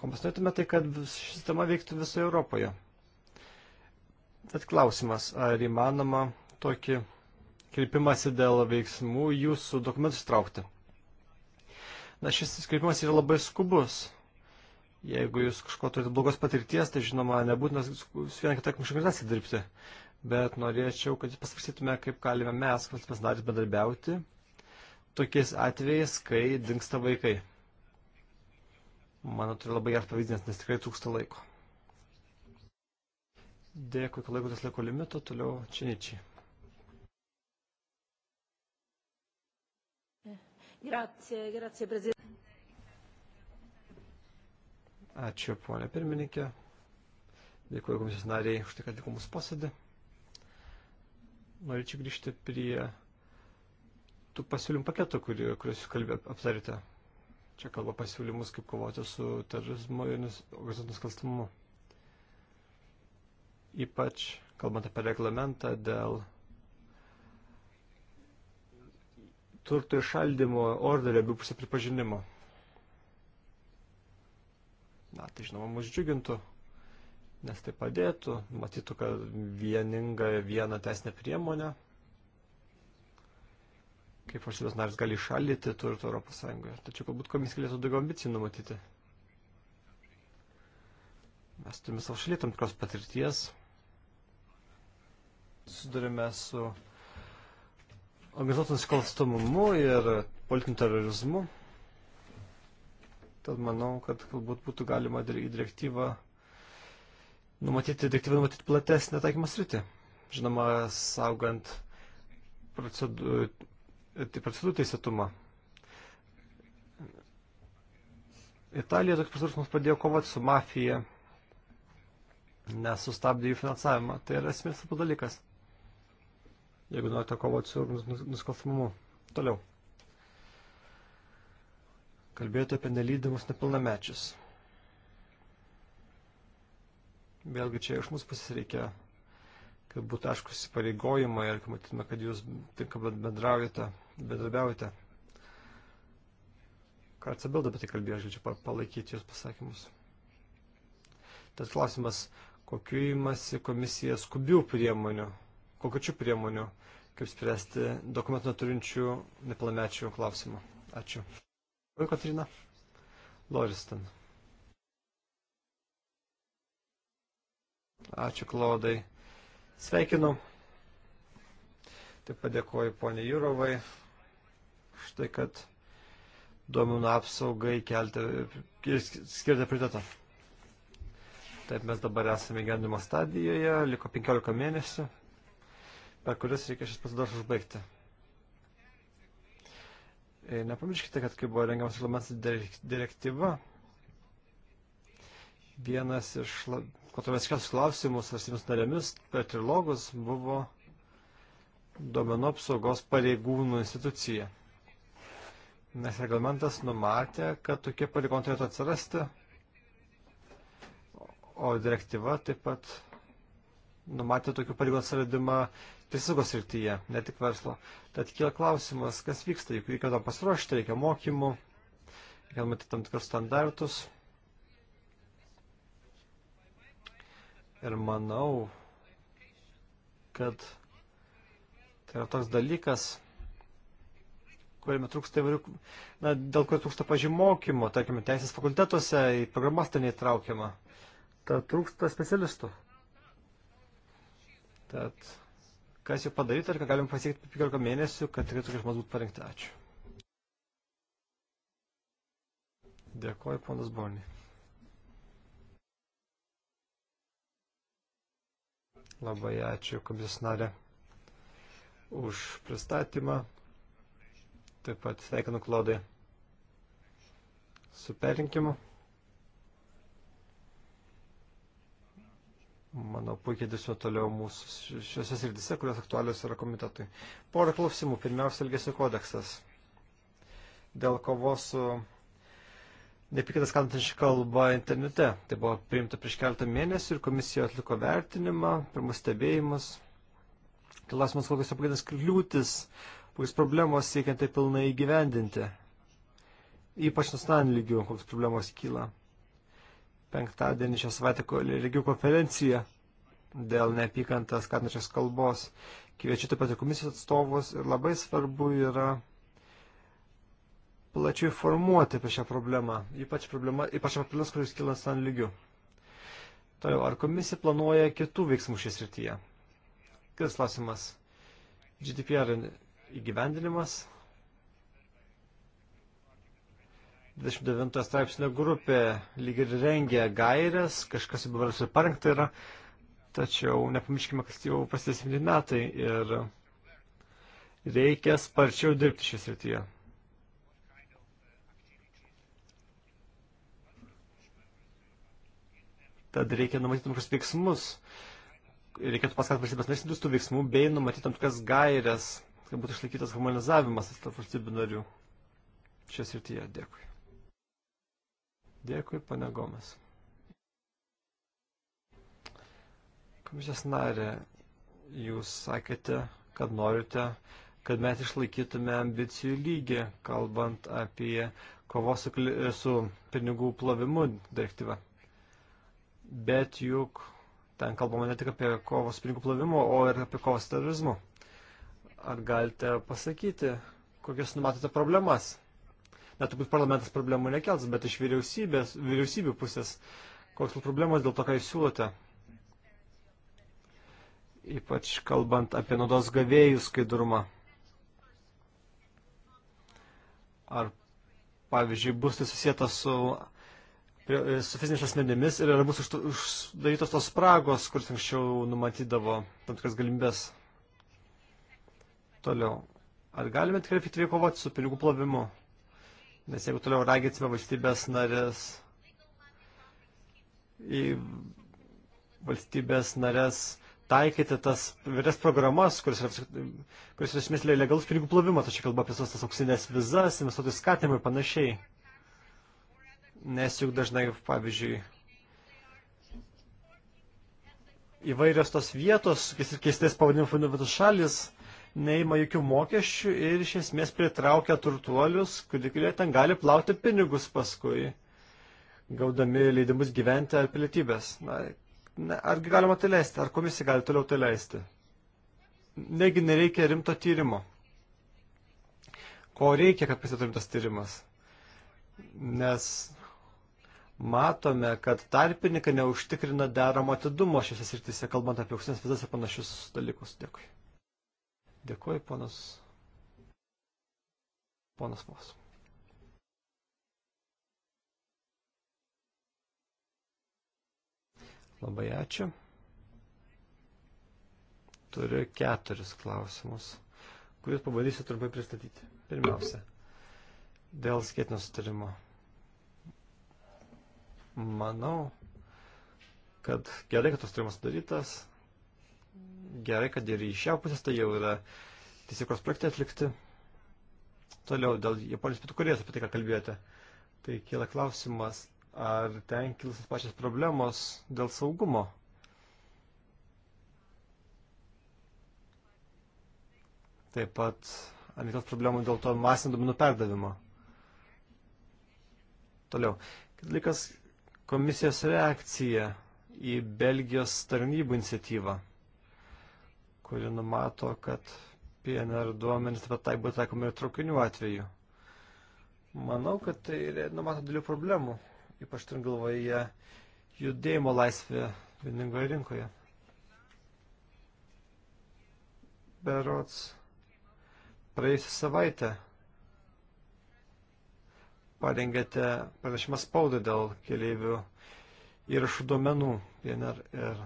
Kompasnuotume tai, kad ši sistema veiktų visoje Europoje. Tad klausimas, ar įmanoma tokį kreipimąsi dėl veiksmų jūsų dokumentus traukti? Na, šis kreipimas yra labai skubus. Jeigu jūs kažko turite blogos patirties, tai žinoma, nebūtina su viena kita organizacija dirbti. Bet norėčiau, kad jūs pasvarstytume, kaip galime mes, valstybės narys, bendarbiauti tokiais atvejais, kai dinksta vaikai. Man atrodo labai geras pavyzdys, nes tikrai trūksta laiko. Dėkui, kad laikotės laiko limito, toliau Činičiai. Grazie, grazie, prezidentė. Ačiū, ponė pirmininkė. Dėkuoju komisijos nariai už tai, kad atliko mūsų posėdį. Norėčiau grįžti prie tų pasiūlymų paketų, kuriuos jūs aptarėte. Čia kalba pasiūlymus, kaip kovoti su terorizmu ir organizuotinus kalstamumu. Ypač kalbant apie reglamentą dėl turto išaldymo orderio abipusio pripažinimo. Na, tai žinoma, mus džiugintų, nes tai padėtų, matytų, kad vieninga viena teisinė priemonė kaip valstybės narės gali išaldyti turto Europos Sąjungoje. Tačiau galbūt komisija galėtų daugiau ambicijų numatyti. Mes turime savo šalyje tam tikros patirties. Sudarėme su organizuotų nusikalstamumu ir politiniu terorizmu. Tad manau, kad galbūt būtų galima į direktyvą numatyti, direktyvą numatyti platesnę taikymą sritį. Žinoma, saugant procedūrų procedūrų teisėtumą. Italija toks procedūras mums padėjo kovoti su mafija, nes sustabdė jų finansavimą. Tai yra esmės svarbus dalykas, jeigu norite kovoti su nusikalstamumu. Toliau. Kalbėjote apie nelydimus nepilnamečius. Vėlgi čia iš mūsų pusės reikia, kad būtų aiškus įpareigojimai ir kad matytume, kad jūs tinkamai bendraujate bedarbiaujate. Kartą Bilda apie tai kalbėjo, aš galėčiau palaikyti jos pasakymus. Tas klausimas, kokiu įmasi komisija skubių priemonių, kokiu priemonių, kaip spręsti dokumentų neturinčių nepilnamečių klausimą. Ačiū. Oi, Katrina. Loristan. Ačiū, Klaudai. Sveikinu. Taip padėkoju poniai Jūrovai už tai, kad duomenų apsaugai kelti, skirti prioritetą. Taip, mes dabar esame įgendimo stadijoje, liko 15 mėnesių, per kuris reikia šis pasidaras užbaigti. Ir nepamirškite, kad kai buvo rengiamas reglamentas direktyva, vienas iš kontroversiškiausių klausimų svarstymus narėmis per trilogus buvo duomenų apsaugos pareigūnų institucija nes reglamentas numatė, kad tokie palikonai turėtų atsirasti, o direktyva taip pat numatė tokių pareigų atsiradimą teisėsaugos srityje, ne tik verslo. Tad kyla klausimas, kas vyksta, juk reikia tam pasiruošti, reikia mokymų, reikia matyti tam tikrus standartus. Ir manau, kad tai yra toks dalykas, kuriame trūksta įvairių, na, dėl kurio trūksta pažymokymo, tarkime, teisės fakultetuose į programas ten įtraukiama. Tad trūksta specialistų. Tad kas jau padaryta ir ką galim pasiekti 15 mėnesių, kad tikrai tokie žmonės būtų parengti. Ačiū. Dėkuoju, ponas Boni. Labai ačiū, komisijos narė, už pristatymą. Taip pat sveikinu Klodai su perrinkimu. Manau, puikiai dirbsime toliau mūsų šiuose srityse, kurios aktualios yra komitetui. Porą klausimų. Pirmiausia, Elgesio kodeksas. Dėl kovos su nepykitas kantančią kalbą internete. Tai buvo priimta prieš keletą mėnesių ir komisija atliko vertinimą, pirmus stebėjimus. Klausimas, kokios apgaidas kliūtis kokios problemos siekiant tai pilnai įgyvendinti. Ypač nacionaliniu lygiu, kokios problemos kyla. Penktadienį šią savaitę lygių konferencija dėl neapykantas skatnačios kalbos. Kviečiu taip pat ir komisijos atstovus ir labai svarbu yra plačiai formuoti apie šią problemą, ypač, problema, ypač apie problemas, kurios kyla nacionaliniu lygiu. Toliau, ar komisija planuoja kitų veiksmų šis rytyje? Kitas klausimas. GDPR įgyvendinimas. 29 straipsnio grupė lyg ir rengia gairias, kažkas jau beveik ir parengta yra, tačiau nepamirškime, kad jau prasidės metai ir reikia sparčiau dirbti šią srityje. Tad reikia numatyti tam tikrus veiksmus, reikėtų paskatinti valstybės narės imtis tų veiksmų bei numatyti tam tikras gairias kad būtų išlaikytas humanizavimas tarp valstybių narių šią srityje. Dėkui. Dėkui, pane Gomes. Komisijos narė, jūs sakėte, kad norite, kad mes išlaikytume ambicijų lygį, kalbant apie kovos su, su pinigų plovimu direktyvą. Bet juk ten kalbama ne tik apie kovos pinigų plovimu, o ir apie kovos terorizmu. Ar galite pasakyti, kokias numatote problemas? Na, turbūt parlamentas problemų nekels, bet iš vyriausybės, vyriausybių pusės, koks problemas dėl to, ką jūs siūlote? Ypač kalbant apie naudos gavėjų skaidrumą. Ar, pavyzdžiui, bus tai susijęta su, su fizinės asmenimis ir ar bus uždarytos tos spragos, kuris anksčiau numatydavo tam tikras galimybės? Toliau. Ar galime tikrai efektyviai kovoti su pinigų plovimu? Nes jeigu toliau raginsime valstybės narės į valstybės narės taikyti tas vyres programas, kuris, kuris iš esmės legalus pinigų plovimas, tačiau kalba apie visas tas auksinės vizas, investuotojų skatimą ir panašiai. Nes juk dažnai, pavyzdžiui, įvairios tos vietos, keistės pavadinimų fundamentų šalis, neima jokių mokesčių ir iš esmės pritraukia turtuolius, kurie ten gali plauti pinigus paskui, gaudami leidimus gyventi ar pilietybės. Na, na, argi galima tai leisti, ar komisija gali toliau tai leisti? Negi nereikia rimto tyrimo. Ko reikia, kad pasiektų rimtas tyrimas? Nes matome, kad tarpininkai neužtikrina deramo atidumo šiose srityse, kalbant apie auksinės vizas ir panašius dalykus. Dėkui. Dėkuoju, ponas. Ponas Vos. Labai ačiū. Turiu keturis klausimus, kuriuos pabandysiu trumpai pristatyti. Pirmiausia, dėl skėtinio sutarimo. Manau, kad gerai, kad tas sutarimas darytas, gerai, kad ir iš šią pusės tai jau yra teisėkos projektai atlikti. Toliau, dėl Japonijos pietų korėjos apie tai, ką kalbėjote, tai kyla klausimas, ar ten kilusios pačios problemos dėl saugumo. Taip pat, ar kilos problemų dėl to masinio duomenų perdavimo. Toliau, kitas dalykas, komisijos reakcija į Belgijos tarnybų iniciatyvą kuri numato, kad PNR duomenys taip pat tai būtų taikomi ir traukinių atveju. Manau, kad tai numato dėlių problemų, ypač turint galvoje judėjimo laisvė vieningoje rinkoje. Berots praėjusią savaitę parengėte pranešimą spaudą dėl keleivių įrašų duomenų PNR ir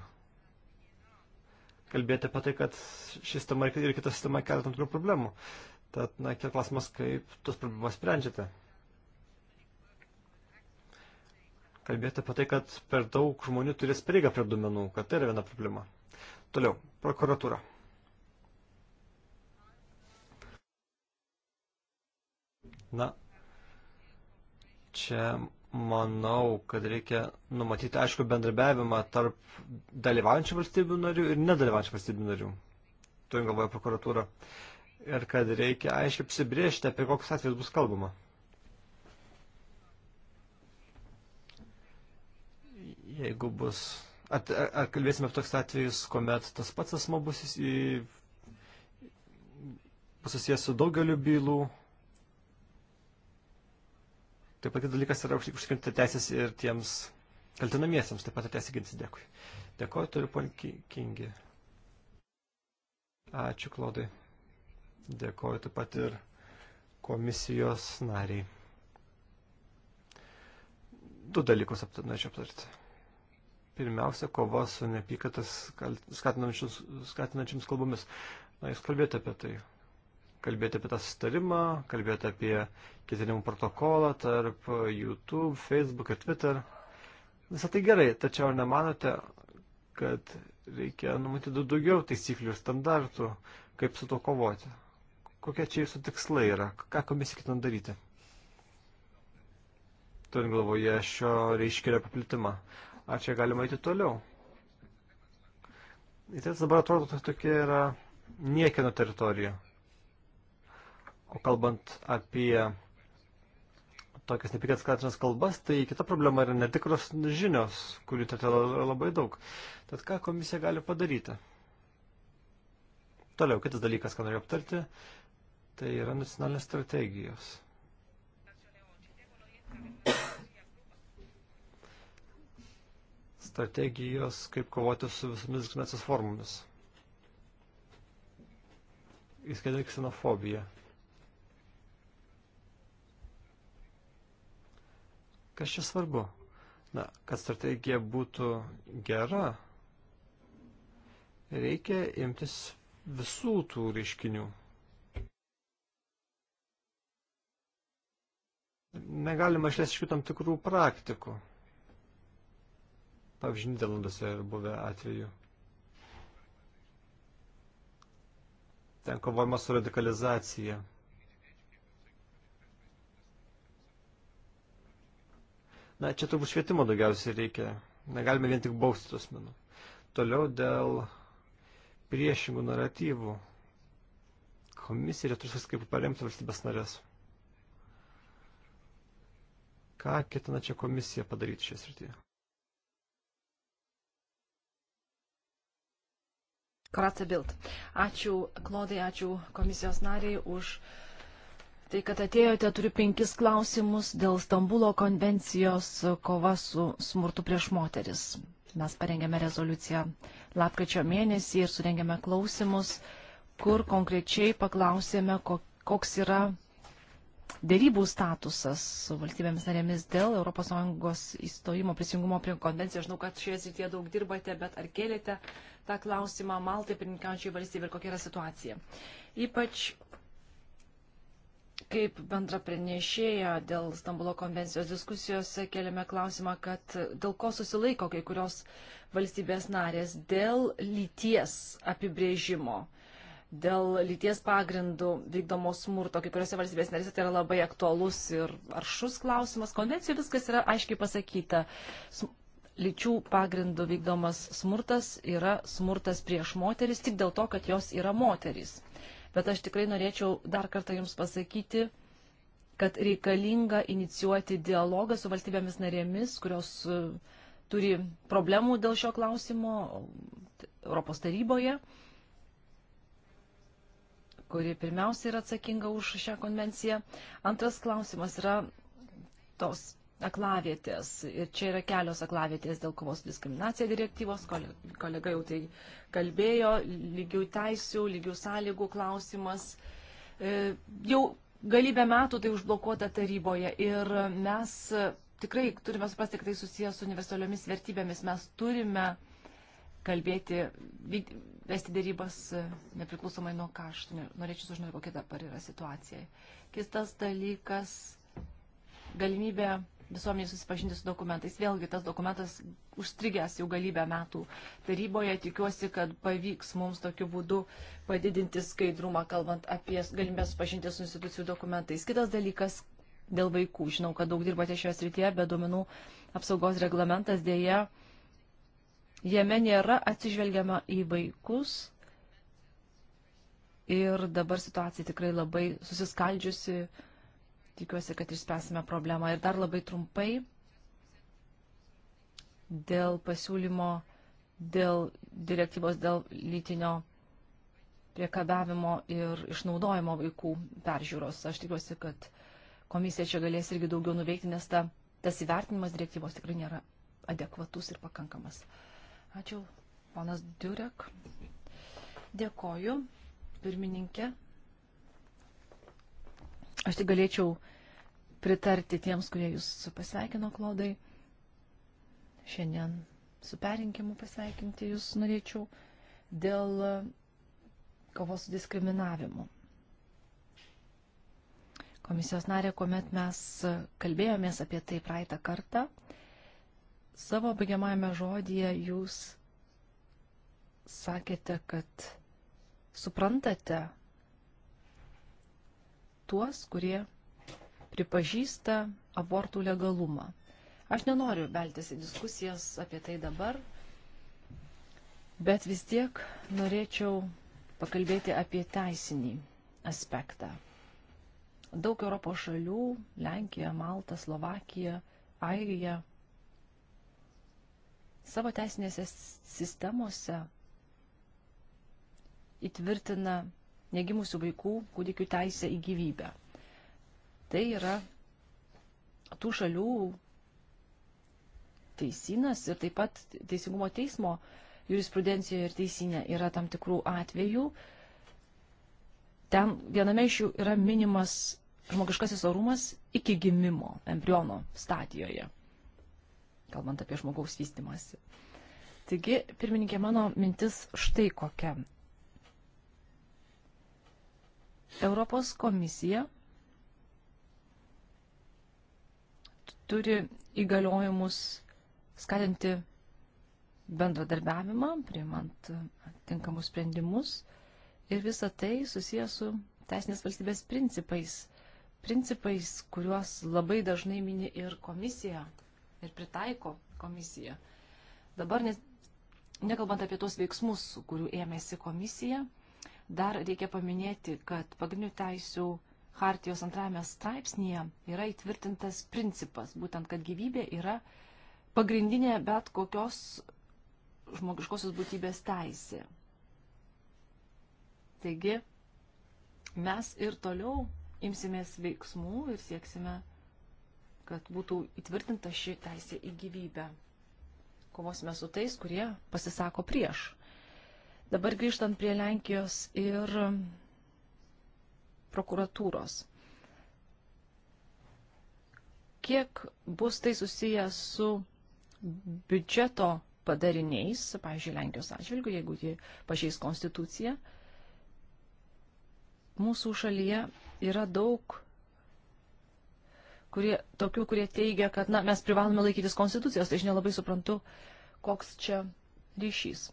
kalbėti apie tai, kad ši sistema ir kita sistema kelia tam tikrų problemų. Tad, na, kiek klausimas, kaip tos problemas sprendžiate? Kalbėti apie tai, kad per daug žmonių turės prieigą prie duomenų, kad tai yra viena problema. Toliau, prokuratūra. Na, čia manau, kad reikia numatyti aišku bendrabiavimą tarp dalyvaujančių valstybių narių ir nedalyvaujančių valstybių narių. Turim galvoje prokuratūrą. Ir kad reikia aiškiai apsibriežti, apie kokius atvejus bus kalbama. Jeigu bus... Ar, ar, ar kalbėsime apie toks atvejus, kuomet tas pats asmo bus, į, bus susijęs su daugeliu bylų, Taip pat dalykas yra užtikrinti teisės ir tiems kaltinamiesiams, taip pat teisė gintis. Dėkui. Dėkoju, turiu polį kingi. Ačiū, Klaudai. Dėkoju taip pat ir komisijos nariai. Du dalykus norėčiau aptarti. Pirmiausia, kova su nepykatas skatinančiams kalbomis. Na, jūs kalbėjote apie tai kalbėjote apie tą sustarimą, kalbėjote apie ketinimų protokolą tarp YouTube, Facebook ir Twitter. Visą tai gerai, tačiau ar nemanote, kad reikia numatyti daugiau taisyklių ir standartų, kaip su to kovoti? Kokie čia jūsų tikslai yra? Ką komisija ketina daryti? Turint galvoje šio reiškinio paplitimą. Ar čia galima eiti toliau? Ir tai dabar atrodo, kad tokia yra niekieno teritorija. O kalbant apie tokias nepykęs skatinančias kalbas, tai kita problema yra netikros žinios, kurių tete labai daug. Tad ką komisija gali padaryti? Toliau, kitas dalykas, ką noriu aptarti, tai yra nacionalinės strategijos. Strategijos, kaip kovoti su visomis diskriminacijos formomis. Įskaitai ksenofobiją. Kas čia svarbu? Na, kad strategija būtų gera, reikia imtis visų tų reiškinių. Negalima išleisti iš tam tikrų praktikų. Pavyzdžiui, Niderlanduose ir buvę atveju. Ten kovojama su radikalizacija. Na, čia turbūt švietimo daugiausiai reikia. Negalime vien tik bausti tos menų. Toliau dėl priešingų naratyvų. Komisija turės kaip paremti valstybės narės. Ką ketina čia komisija padaryti šią srityje? Karatsa Bild. Ačiū, Klodai, ačiū komisijos nariai už uh, tai, kad atėjote, turiu penkis klausimus dėl Stambulo konvencijos e, kova su smurtu prieš moteris. Mes parengėme rezoliuciją lapkričio mėnesį ir surengėme klausimus, kur konkrečiai paklausėme, koks yra dėrybų statusas su valstybėmis narėmis dėl ES įstojimo prisijungimo prie konvencijos. Žinau, kad šioje srityje daug dirbate, bet ar kėlėte tą klausimą Maltai pirmininkiaučiai valstybė ir kokia yra situacija. Ypač Kaip bendra pranešėja dėl Stambulo konvencijos diskusijose keliame klausimą, kad dėl ko susilaiko kai kurios valstybės narės dėl lyties apibrėžimo, dėl lyties pagrindų vykdomo smurto, kai kuriuose valstybės narėse tai yra labai aktualus ir aršus klausimas. Konvencijoje viskas yra aiškiai pasakyta. Lyčių pagrindų vykdomas smurtas yra smurtas prieš moteris tik dėl to, kad jos yra moteris bet aš tikrai norėčiau dar kartą Jums pasakyti, kad reikalinga inicijuoti dialogą su valstybėmis narėmis, kurios e, turi problemų dėl šio klausimo Europos taryboje, kuri pirmiausia yra atsakinga už šią konvenciją. Antras klausimas yra tos aklavietės. Ir čia yra kelios aklavietės dėl kovos diskriminacija direktyvos, kolega jau tai kalbėjo, lygių teisių, lygių sąlygų klausimas. E, jau galybę metų tai užblokuota taryboje ir mes tikrai turime suprasti, kad tai susijęs su universaliomis vertybėmis. Mes turime kalbėti, vesti dėrybas e, nepriklausomai nuo kaštų. Norėčiau sužinoti, kokia dabar yra situacija. Kistas dalykas - galimybė visuomenį susipažinti su dokumentais. Vėlgi tas dokumentas užstrigęs jau galybę metų taryboje. Tikiuosi, kad pavyks mums tokiu būdu padidinti skaidrumą, kalbant apie galimybę susipažinti su institucijų dokumentais. Kitas dalykas dėl vaikų. Žinau, kad daug dirbate šioje srityje, bet duomenų apsaugos reglamentas dėja, jame nėra atsižvelgiama į vaikus. Ir dabar situacija tikrai labai susiskaldžiusi, uh, tikiuosi, kad išspręsime problemą. Ir dar labai trumpai dėl pasiūlymo, dėl direktyvos, dėl lytinio priekabavimo ir išnaudojimo vaikų peržiūros. Aš tikiuosi, kad komisija čia galės irgi daugiau nuveikti, nes ta, tas įvertinimas direktyvos tikrai nėra adekvatus ir pakankamas. Ačiū, ponas Durek. Dėkoju, pirmininkė. Aš tik galėčiau pritarti tiems, kurie jūs pasveikino, Klodai. Šiandien su perinkimu pasveikinti jūs norėčiau dėl kovos su diskriminavimu. Komisijos narė, kuomet mes kalbėjomės apie tai praeitą kartą, savo baigiamajame žodyje jūs sakėte, kad suprantate, tuos, kurie pripažįsta abortų legalumą. Aš nenoriu veltis į diskusijas apie tai dabar, bet vis tiek norėčiau pakalbėti apie teisinį aspektą. Daug Europos šalių - Lenkija, Malta, Slovakija, Airija - savo teisinėse sistemose įtvirtina negimusių vaikų kūdikių teisę į gyvybę. Tai yra tų šalių teisinas ir taip pat teisingumo teismo jurisprudencijoje ir teisinė yra tam tikrų atvejų. Ten viename iš jų yra minimas žmogiškasis orumas iki gimimo embriono stadijoje, kalbant apie žmogaus vystimąsi. Taigi, pirmininkė, mano mintis štai kokia. Europos komisija turi įgaliojimus skatinti bendradarbiavimą, priimant tinkamus sprendimus ir visa tai susijęs su teisinės valstybės principais, principais, kuriuos labai dažnai mini ir komisija ir pritaiko komisija. Dabar, ne, nekalbant apie tos veiksmus, kurių ėmėsi komisija, Dar reikia paminėti, kad pagrindinių teisių Hartijos antrajame straipsnėje yra įtvirtintas principas, būtent, kad gyvybė yra pagrindinė bet kokios žmogiškosios būtybės teisė. Taigi, mes ir toliau imsimės veiksmų ir sieksime, kad būtų įtvirtinta ši teisė į gyvybę. Kovosime su tais, kurie pasisako prieš Dabar grįžtant prie Lenkijos ir prokuratūros. Kiek bus tai susijęs su biudžeto padariniais, pavyzdžiui, Lenkijos atžvilgių, jeigu ji pažeis konstituciją, mūsų šalyje yra daug kurie, tokių, kurie teigia, kad na, mes privalome laikytis konstitucijos, tai aš nelabai suprantu, koks čia ryšys.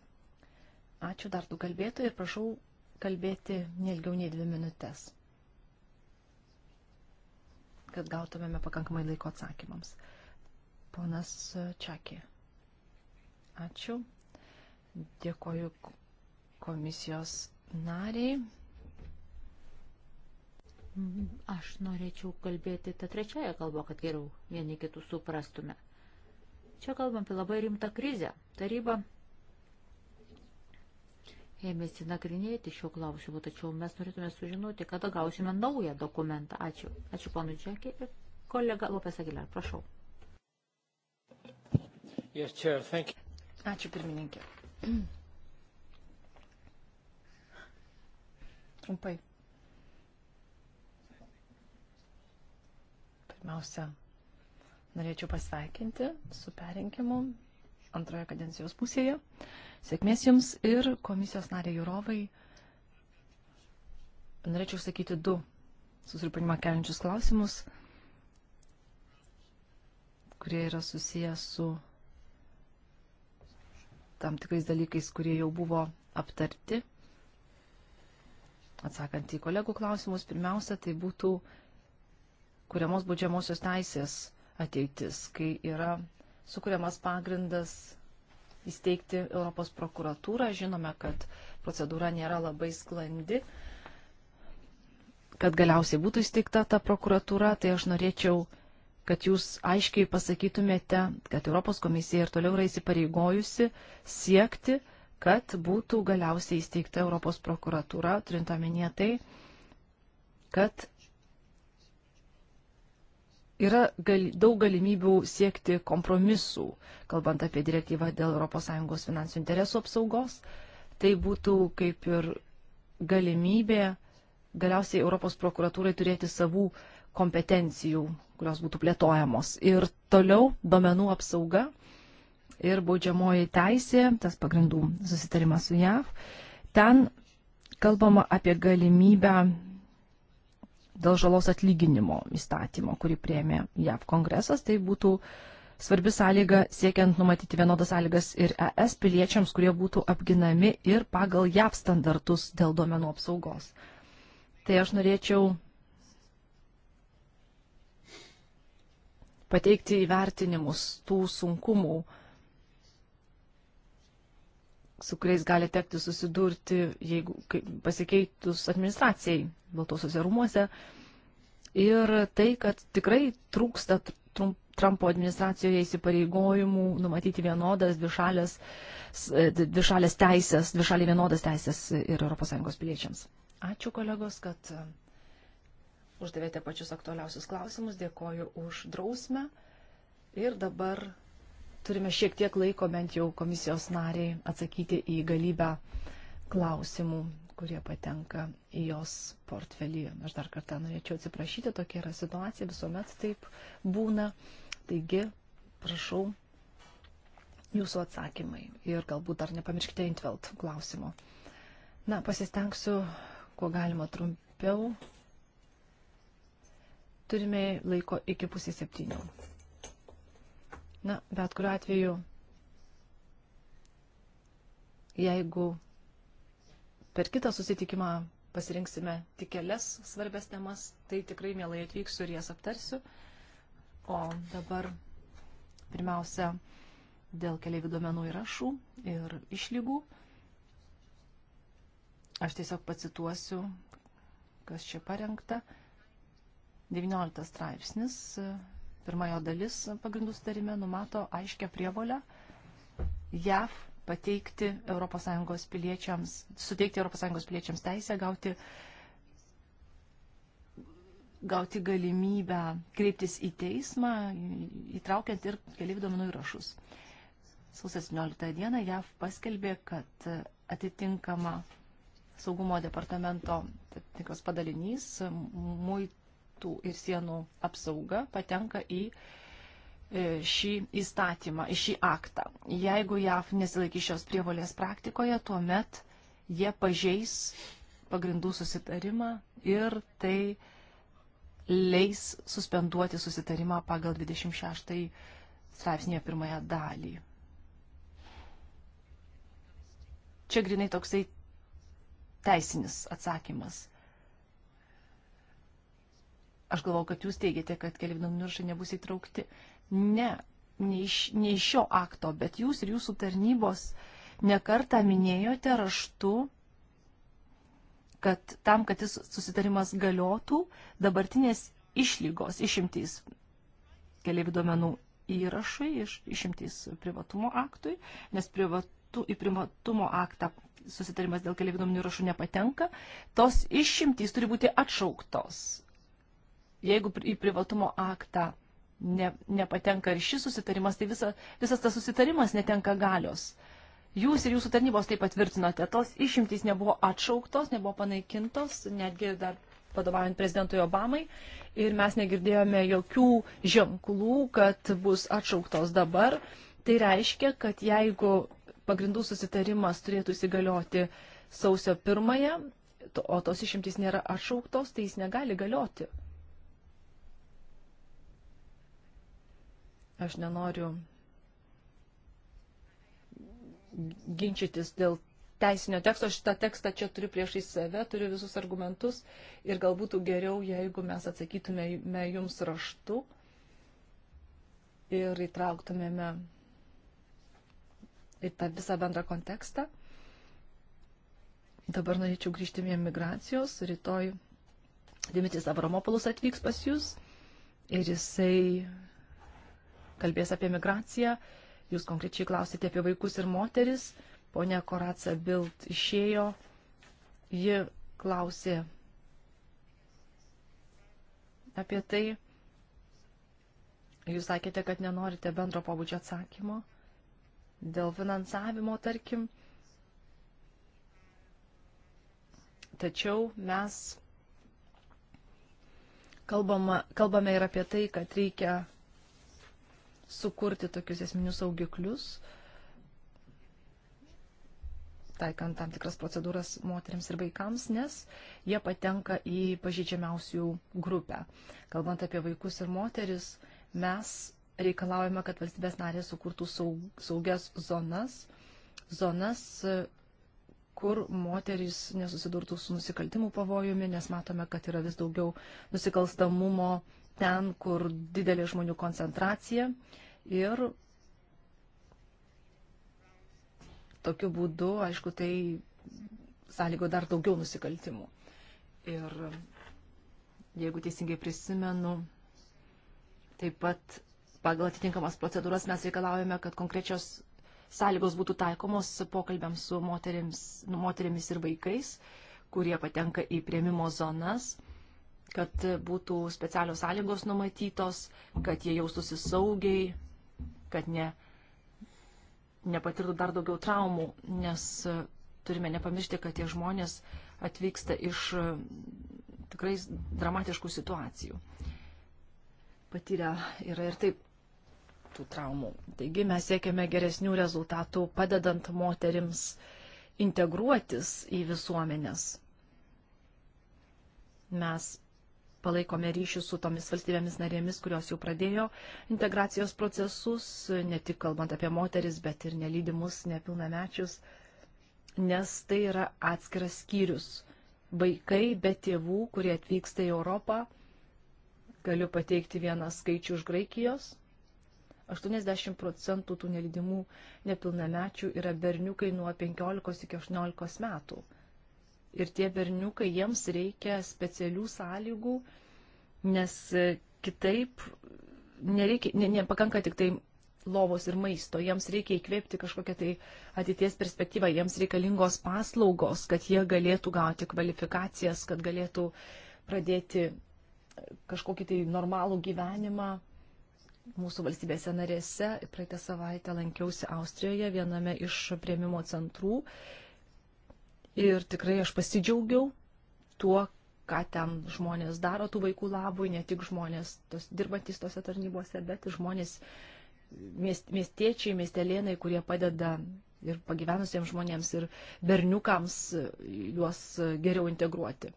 Ačiū dar du kalbėtojai ir prašau kalbėti nelgiau nei dvi minutės, kad gautumėme pakankamai laiko atsakymams. Ponas Čakė. Ačiū. Dėkoju komisijos nariai. Aš norėčiau kalbėti tą trečiąją kalbą, kad geriau vieni kitus suprastume. Čia kalbam apie labai rimtą krizę. Taryba ėmėsi nagrinėti šio klausimu, tačiau mes norėtume sužinoti, kada gausime naują dokumentą. Ačiū. Ačiū ponui Džekį ir kolega Lopes Aguilar, prašau. Yes, chair, Ačiū pirmininkė. Trumpai. Pirmiausia, norėčiau pasveikinti su perinkimu antroje kadencijos pusėje. Uh, Sėkmės Jums ir komisijos narė Jurovai. Norėčiau sakyti du susirūpinimą keliančius klausimus, kurie yra susijęs su tam tikrais dalykais, kurie jau buvo aptarti. Atsakant į kolegų klausimus, pirmiausia, tai būtų kuriamos būdžiamosios teisės ateitis, kai yra sukūriamas pagrindas įsteigti Europos prokuratūrą. Žinome, kad procedūra nėra labai sklandi, kad galiausiai būtų įsteigta ta prokuratūra, tai aš norėčiau, kad jūs aiškiai pasakytumėte, kad Europos komisija ir toliau yra įsipareigojusi siekti, kad būtų galiausiai įsteigta Europos prokuratūra, turint omenyje tai, kad yra gal, daug galimybių siekti kompromisų, kalbant apie direktyvą dėl ES finansų interesų apsaugos. Tai būtų kaip ir galimybė galiausiai Europos prokuratūrai turėti savų kompetencijų, kurios būtų plėtojamos. Ir toliau domenų apsauga ir baudžiamoji teisė, tas pagrindų susitarimas su JAV. Ten kalbama apie galimybę dėl žalos atlyginimo įstatymo, kurį prieėmė JAV kongresas, tai būtų svarbi sąlyga siekiant numatyti vienodas sąlygas ir ES piliečiams, kurie būtų apginami ir pagal JAV standartus dėl duomenų apsaugos. Tai aš norėčiau pateikti įvertinimus tų sunkumų, su kuriais gali tekti susidurti, jeigu pasikeitus administracijai Baltosiuose rūmuose. Ir tai, kad tikrai trūksta Trumpo administracijoje įsipareigojimų numatyti vienodas dvišalės, dvišalės teisės, dvišaliai vienodas teisės ir ES piliečiams. Ačiū kolegos, kad uždavėte pačius aktualiausius klausimus. Dėkoju už drausmę. Ir dabar turime šiek tiek laiko bent jau komisijos nariai atsakyti į galybę klausimų, kurie patenka į jos portfelį. Aš dar kartą norėčiau atsiprašyti, tokia yra situacija, visuomet taip būna. Taigi, prašau jūsų atsakymai ir galbūt dar nepamirškite Intvelt klausimo. Na, pasistengsiu, kuo galima trumpiau. Turime laiko iki pusės septynių. Na, bet kuriu atveju, jeigu per kitą susitikimą pasirinksime tik kelias svarbės temas, tai tikrai mielai atvyksiu ir jas aptarsiu. O dabar pirmiausia dėl keliaivių duomenų įrašų ir išlygų. Aš tiesiog pacituosiu, kas čia parengta. 19 straipsnis Pirmajo dalis pagrindų sutarime numato aiškę prievolę JAV pateikti ES piliečiams, suteikti ES piliečiams teisę gauti, gauti galimybę kreiptis į teismą, įtraukiant ir keliaivių duomenų įrašus. Sausio 17 dieną JAV paskelbė, kad atitinkama saugumo departamento tikras padalinys, muitų krantų ir sienų apsauga patenka į e, šį įstatymą, į šį aktą. Jeigu JAF nesilaikys šios prievolės praktikoje, tuomet jie pažeis pagrindų susitarimą ir tai leis suspenduoti susitarimą pagal 26 straipsnėje pirmąją dalį. Čia grinai toksai teisinis atsakymas. Aš galvau, kad jūs teigiate, kad keliavinų miršai nebus įtraukti. Ne, ne iš, ne iš šio akto, bet jūs ir jūsų tarnybos nekartą minėjote raštu, kad tam, kad jis susitarimas galiotų, dabartinės išlygos, išimtys keliavių duomenų įrašai, iš, išimtys privatumo aktui, nes privatu, į privatumo aktą susitarimas dėl keliavių duomenų įrašų nepatenka, tos išimtys turi būti atšauktos jeigu į privatumo aktą ne, nepatenka ir šis susitarimas, tai visa, visas tas susitarimas netenka galios. Jūs ir jūsų tarnybos taip patvirtinote, tos išimtys nebuvo atšauktos, nebuvo panaikintos, netgi dar vadovaujant prezidentui Obamai. Ir mes negirdėjome jokių ženklų, kad bus atšauktos dabar. Tai reiškia, kad jeigu pagrindų susitarimas turėtų įsigalioti sausio pirmąją, o tos išimtys nėra atšauktos, tai jis negali galioti. Aš nenoriu ginčytis dėl teisinio teksto. Šitą tekstą čia turiu priešai save, turiu visus argumentus ir gal būtų geriau, jeigu mes atsakytumėme jums raštu ir įtrauktumėme į tą visą bendrą kontekstą. Dabar norėčiau grįžti prie migracijos. Rytoj Dimitris Avramopoulos atvyks pas jūs ir jisai kalbės apie migraciją. Jūs konkrečiai klausėte apie vaikus ir moteris. Pone Koratsa Bild išėjo. Ji klausė apie tai. Jūs sakėte, kad nenorite bendro pobūdžio atsakymo dėl finansavimo, tarkim. Tačiau mes kalbama, kalbame ir apie tai, kad reikia sukurti tokius esminius saugiklius, taikant tam tikras procedūras moteriams ir vaikams, nes jie patenka į pažydžiamiausių grupę. Kalbant apie vaikus ir moteris, mes reikalaujame, kad valstybės narės sukurtų saugias zonas, zonas, kur moterys nesusidurtų su nusikaltimų pavojumi, nes matome, kad yra vis daugiau nusikalstamumo ten, kur didelė žmonių koncentracija. Uh, Ir tokiu būdu, aišku, tai sąlygo dar daugiau nusikaltimų. Ir jeigu teisingai prisimenu, taip pat pagal atitinkamas procedūras mes reikalaujame, kad konkrečios sąlygos būtų taikomos pokalbiams su moterims, nu, moterimis ir vaikais, kurie patenka į prieimimo zonas, kad būtų specialios sąlygos numatytos, kad jie jaustųsi saugiai, kad ne, nepatirtų dar daugiau traumų, nes turime nepamiršti, kad tie žmonės atvyksta iš e, tikrai dramatiškų situacijų. Patyrę yra ir taip tų traumų. Taigi mes siekiame geresnių rezultatų, padedant moterims integruotis į visuomenės. Mes palaikome ryšius su tomis valstybėmis narėmis, kurios jau pradėjo integracijos procesus, ne tik kalbant apie moteris, bet ir nelydimus, nepilnamečius, nes tai yra atskiras skyrius. Vaikai be tėvų, kurie atvyksta į Europą, galiu pateikti vieną skaičių iš Graikijos. 80 procentų tų nelydimų nepilnamečių yra berniukai nuo 15 iki 18 metų ir tie berniukai, jiems reikia specialių sąlygų, nes e, kitaip nereikia, ne, nepakanka tik tai lovos ir maisto, jiems reikia įkvėpti kažkokią tai ateities perspektyvą, jiems reikalingos paslaugos, kad jie galėtų gauti kvalifikacijas, kad galėtų pradėti e, kažkokį tai normalų gyvenimą mūsų valstybėse narėse. Praeitą savaitę lankiausi Austrijoje viename iš prieimimo centrų Ir tikrai aš pasidžiaugiau tuo, ką ten žmonės daro tų vaikų labui, ne tik žmonės tos, dirbantys tose tarnybose, bet ir žmonės miest, miestiečiai, miestelėnai, kurie padeda ir pagyvenusiems žmonėms, ir berniukams juos geriau integruoti.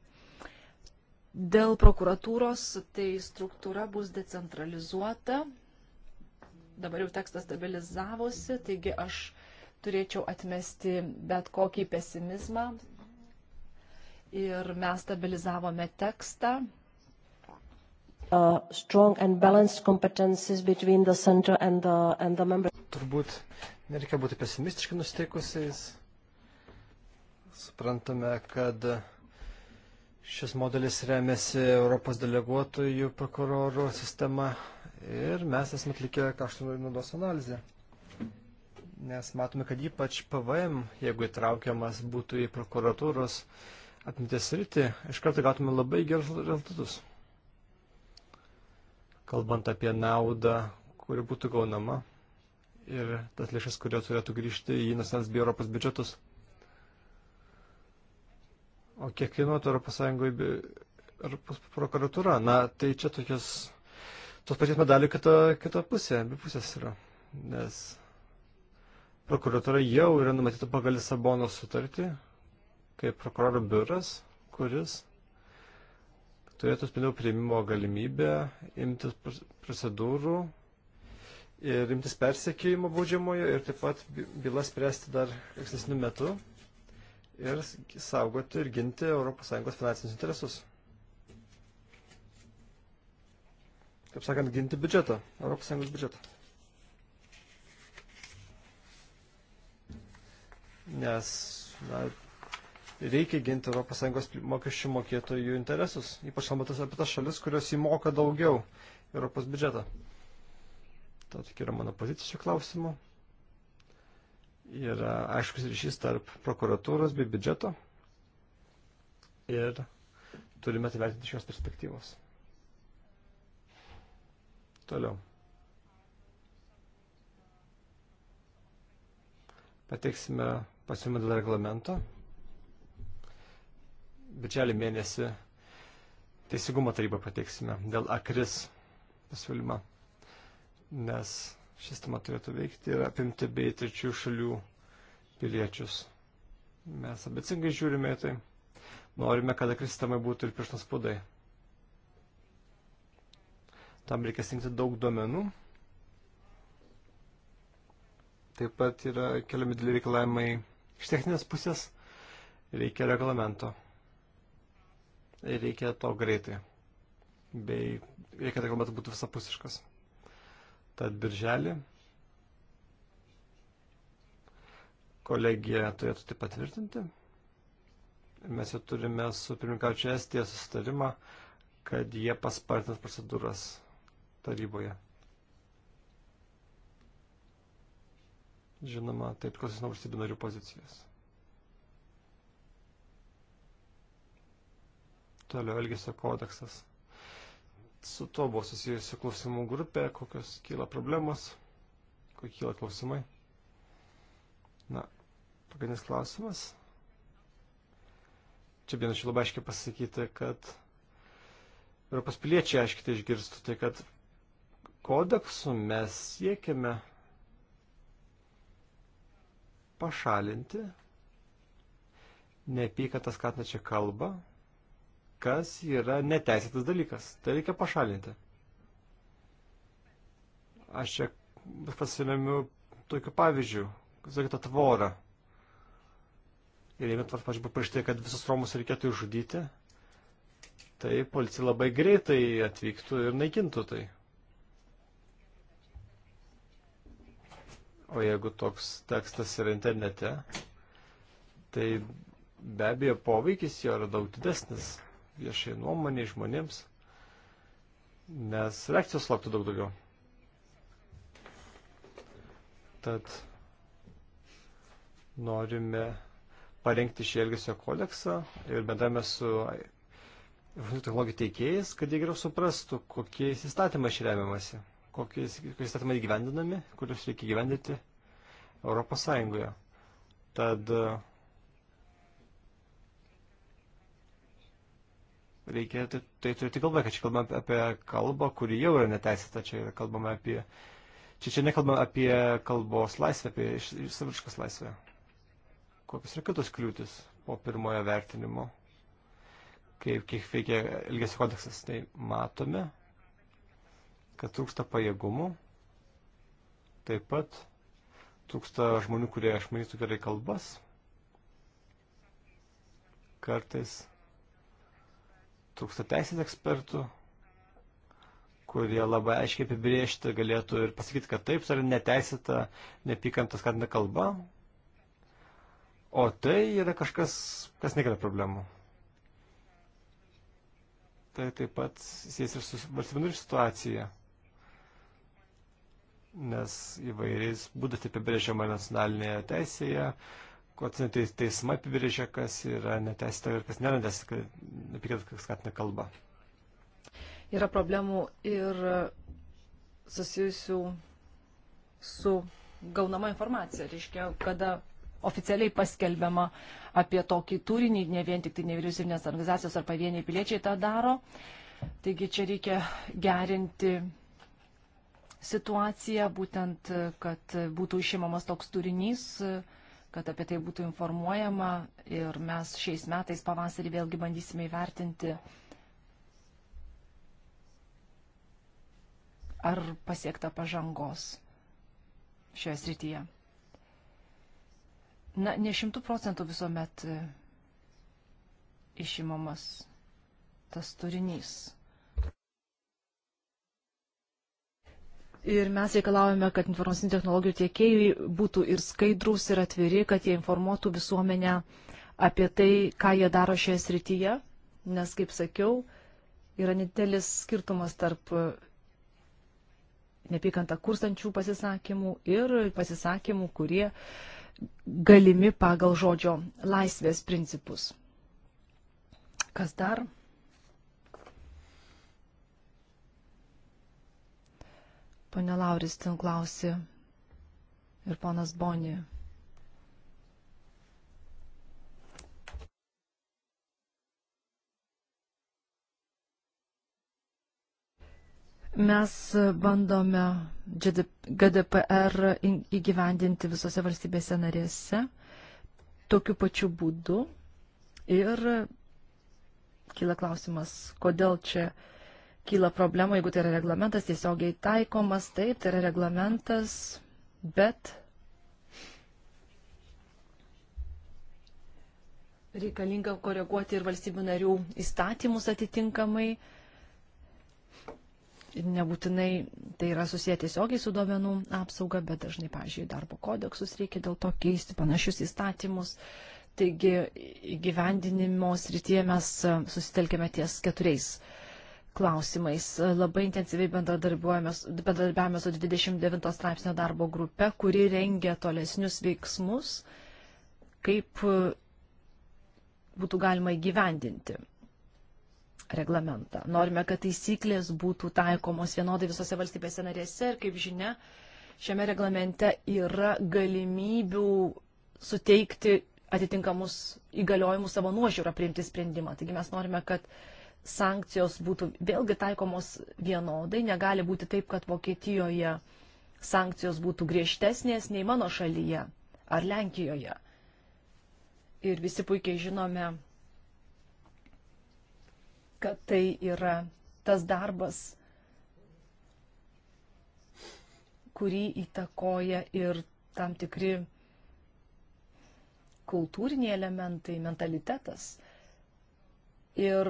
Dėl prokuratūros, tai struktūra bus decentralizuota. Dabar jau tekstas stabilizavosi, taigi aš turėčiau atmesti bet kokį pesimizmą. Ir mes stabilizavome tekstą. Uh, and the, and the Turbūt nereikia būti pesimistiškai nusteikusiais. Suprantame, kad šis modelis remiasi Europos deleguotojų prokurorų sistema ir mes esame atlikę kaštų naudos analizę nes matome, kad ypač PVM, jeigu įtraukiamas būtų į prokuratūros atminties rytį, iš karto gautume labai gerus rezultatus. Kalbant apie naudą, kuri būtų gaunama ir tas lėšas, kurio turėtų grįžti į nacionalinės bei Europos biudžetus. O kiek kainuotų Europos Sąjungoje Europos prokuratūra? Na, tai čia tokios, tos pačios medalių kita, kita pusė, abi pusės yra. Nes Prokuratūra jau yra numatyta pagal Lisabono sutartį, kaip prokuroro biuras, kuris turėtų sprendimų prieimimo galimybę imtis procedūrų ir imtis persekėjimo baudžiamojo ir taip pat bylas spręsti dar ankstesniu metu ir saugoti ir ginti ES finansinius interesus. Kaip sakant, ginti biudžetą, ES biudžetą. nes na, reikia ginti ES mokesčių mokėtojų interesus, ypač kalbantas apie tas šalis, kurios įmoka daugiau Europos biudžetą. Tai tik yra mano pozicija šiuo klausimu. Yra aiškus ryšys tarp prokuratūros bei biudžeto ir turime tai vertinti šios perspektyvos. Toliau. Pateiksime pasiūlymą dėl reglamento. Birželį mėnesį Teisingumo tarybą pateiksime dėl akris pasiūlymą, nes šis tema turėtų veikti ir apimti bei trečių šalių piliečius. Mes abecingai žiūrime į tai. Norime, kad akristamai būtų ir priešnas spaudai. Tam reikia surinkti daug duomenų. Taip pat yra keliami dėl reikalavimai Iš techninės pusės reikia reglamento. Reikia to greitai. Bei reikia reglamentas būtų visapusiškas. Tad birželį kolegija turėtų tai patvirtinti. Mes jau turime su pirmininkaučiu Estija susitarimą, kad jie paspartins procedūras taryboje. Žinoma, tai priklausys nuo valstybių narių pozicijos. Toliau Elgesio kodeksas. Su to buvo susijusi klausimų grupė, kokios kyla problemos, kokie kyla klausimai. Na, pagrindinis klausimas. Čia vienas labai aiškiai pasakyti, kad Europos piliečiai aiškiai tai išgirstų, tai kad kodeksu mes siekime pašalinti neapykantą skatnačią kalbą, kas yra neteisėtas dalykas. Tai reikia pašalinti. Aš čia pasilemiu tokiu pavyzdžiu, sakykite, tvorą. Ir jeigu tvarka, pažiūrėjau, paprašyti, kad visus romus reikėtų išžudyti, tai policija labai greitai atvyktų ir naikintų tai. O jeigu toks tekstas yra internete, tai be abejo poveikis jo yra daug didesnis viešai nuomoniai žmonėms, nes reakcijos lauktų daug daugiau. Tad norime parengti šį elgesio kodeksą ir bendame su technologijų teikėjais, kad jie geriau suprastų, kokiais įstatymais remiamasi kokiais įstatymai gyvendinami, kuriuos reikia gyvendinti Europos Sąjungoje. Tad reikia tai, tai turėti kalbą, kad čia kalbame apie kalbą, kuri jau yra neteisėta, čia kalbame apie, čia čia nekalbame apie kalbos laisvę, apie išsaviškas laisvę. Kokios yra kitos kliūtis po pirmojo vertinimo, kaip kiek veikia ilgesio kodeksas, tai matome, kad trūksta pajėgumų, taip pat trūksta žmonių, kurie išmanytų gerai kalbas. Kartais trūksta teisės ekspertų, kurie labai aiškiai apibriežti galėtų ir pasakyti, kad taip, tai yra neteisėta, nepykantas skatina kalba. O tai yra kažkas, kas nekelia problemų. Tai taip pat sės ir su valstybinarių situacija nes įvairiais būdais apibrėžiama nacionalinėje teisėje, konstituciniai teismai apibrėžia, kas yra neteisėta ir kas nėra neteisėta, apie ką skatina kalba. Yra problemų ir susijusių su gaunama informacija, reiškia, kada oficialiai paskelbiama apie tokį turinį, ne vien tik tai nevyriausybinės organizacijos ar pavieniai piliečiai tą daro. Taigi čia reikia gerinti situaciją, būtent, kad būtų išimamas toks turinys, kad apie tai būtų informuojama ir mes šiais metais pavasarį vėlgi bandysime įvertinti, ar pasiekta pažangos šioje srityje. Na, ne šimtų procentų visuomet išimamas tas turinys Ir mes reikalavome, kad informacinių technologijų tiekėjai būtų ir skaidrus, ir atviri, kad jie informuotų visuomenę apie tai, ką jie daro šioje srityje. Nes, kaip sakiau, yra nedidelis skirtumas tarp e, neapykantą kurstančių pasisakymų ir pasisakymų, kurie galimi pagal žodžio laisvės principus. Kas dar? Pane Lauris ten klausė ir ponas Boni. Mes bandome GDPR įgyvendinti visose valstybėse narėse tokiu pačiu būdu. Ir kyla klausimas, kodėl čia uh, kyla problemų, jeigu tai yra reglamentas tiesiogiai taikomas, taip, tai yra reglamentas, bet reikalinga koreguoti ir valstybių narių įstatymus atitinkamai. Nebūtinai tai yra susiję tiesiogiai su duomenų apsauga, bet dažnai, pažiūrėjau, darbo kodeksus reikia dėl to keisti panašius įstatymus. Taigi įgyvendinimo srityje mes susitelkėme ties keturiais uh, klausimais. Labai intensyviai bendradarbiavame su 29 straipsnio darbo grupe, kuri rengia tolesnius veiksmus, kaip e, būtų galima įgyvendinti reglamentą. Norime, kad taisyklės būtų taikomos vienodai visose valstybėse narėse ir, kaip žinia, šiame reglamente yra galimybių suteikti atitinkamus įgaliojimus savo nuožiūrą priimti sprendimą. Taigi mes norime, kad uh, sankcijos būtų vėlgi taikomos vienodai. Negali būti taip, kad Vokietijoje sankcijos būtų griežtesnės nei mano šalyje ar Lenkijoje. Ir visi puikiai žinome, kad tai yra tas darbas, kurį įtakoja ir tam tikri kultūriniai elementai, mentalitetas. Ir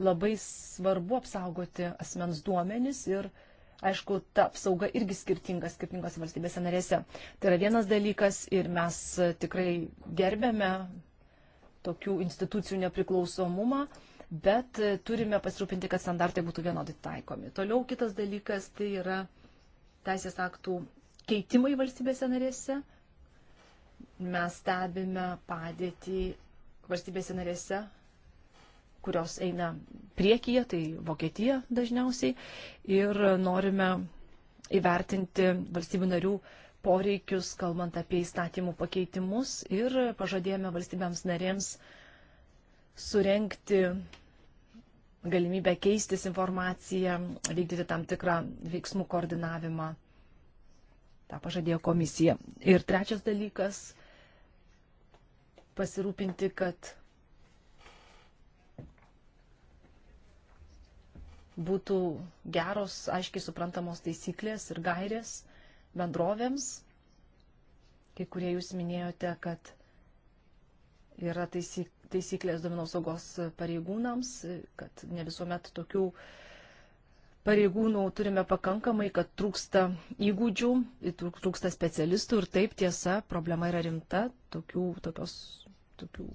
labai svarbu apsaugoti asmens duomenis ir, aišku, ta apsauga irgi skirtinga skirtingose valstybėse narėse. Tai yra vienas dalykas ir mes tikrai gerbėme tokių institucijų nepriklausomumą, bet turime pasirūpinti, kad standartai būtų vienodai taikomi. Toliau kitas dalykas tai yra teisės aktų keitimai valstybėse narėse. Mes stebime padėtį valstybėse narėse kurios eina priekyje, tai Vokietija dažniausiai, ir norime įvertinti valstybių narių poreikius, kalbant apie įstatymų pakeitimus ir pažadėjome valstybėms narėms surenkti galimybę keistis informaciją, vykdyti tam tikrą veiksmų koordinavimą. Ta pažadėjo komisija. Ir trečias dalykas - pasirūpinti, kad būtų geros, aiškiai suprantamos taisyklės ir gairės bendrovėms. Kai kurie jūs minėjote, kad yra taisyklės domino saugos pareigūnams, kad ne visuomet tokių pareigūnų turime pakankamai, kad trūksta įgūdžių, trūksta specialistų ir taip tiesa, problema yra rimta, tokių, tokios, tokių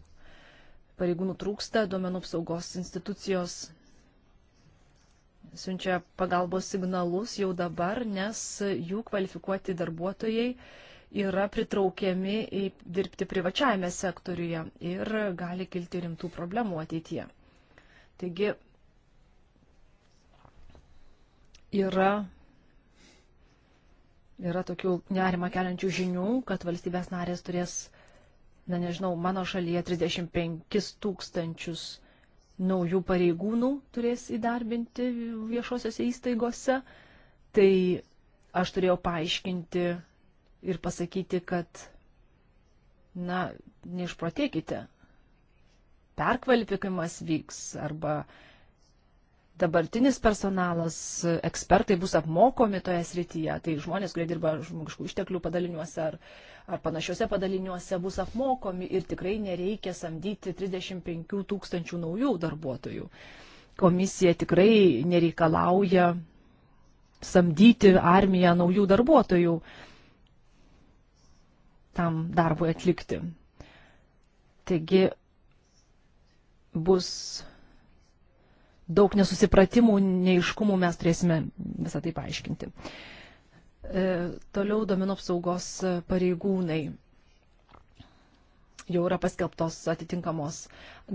pareigūnų trūksta, duomenų apsaugos institucijos siunčia pagalbos signalus jau dabar, nes jų kvalifikuoti darbuotojai yra pritraukiami dirbti privačiajame sektoriuje ir gali kilti rimtų problemų ateityje. Taigi yra, yra tokių nerima keliančių žinių, kad valstybės narės turės, na nežinau, mano šalyje 35 tūkstančius naujų pareigūnų turės įdarbinti viešosiose įstaigose. Tai aš turėjau paaiškinti ir pasakyti, kad, na, neišprotėkite. Perkvalifikavimas vyks arba dabartinis personalas, ekspertai bus apmokomi toje srityje, tai žmonės, kurie dirba žmogiškų išteklių padaliniuose ar, ar panašiuose padaliniuose, bus apmokomi ir tikrai nereikia samdyti 35 tūkstančių naujų darbuotojų. Komisija tikrai nereikalauja samdyti armiją naujų darbuotojų tam darbui atlikti. Taigi bus daug nesusipratimų, neiškumų mes turėsime visą tai paaiškinti. E, toliau domino apsaugos pareigūnai. Jau yra paskelbtos atitinkamos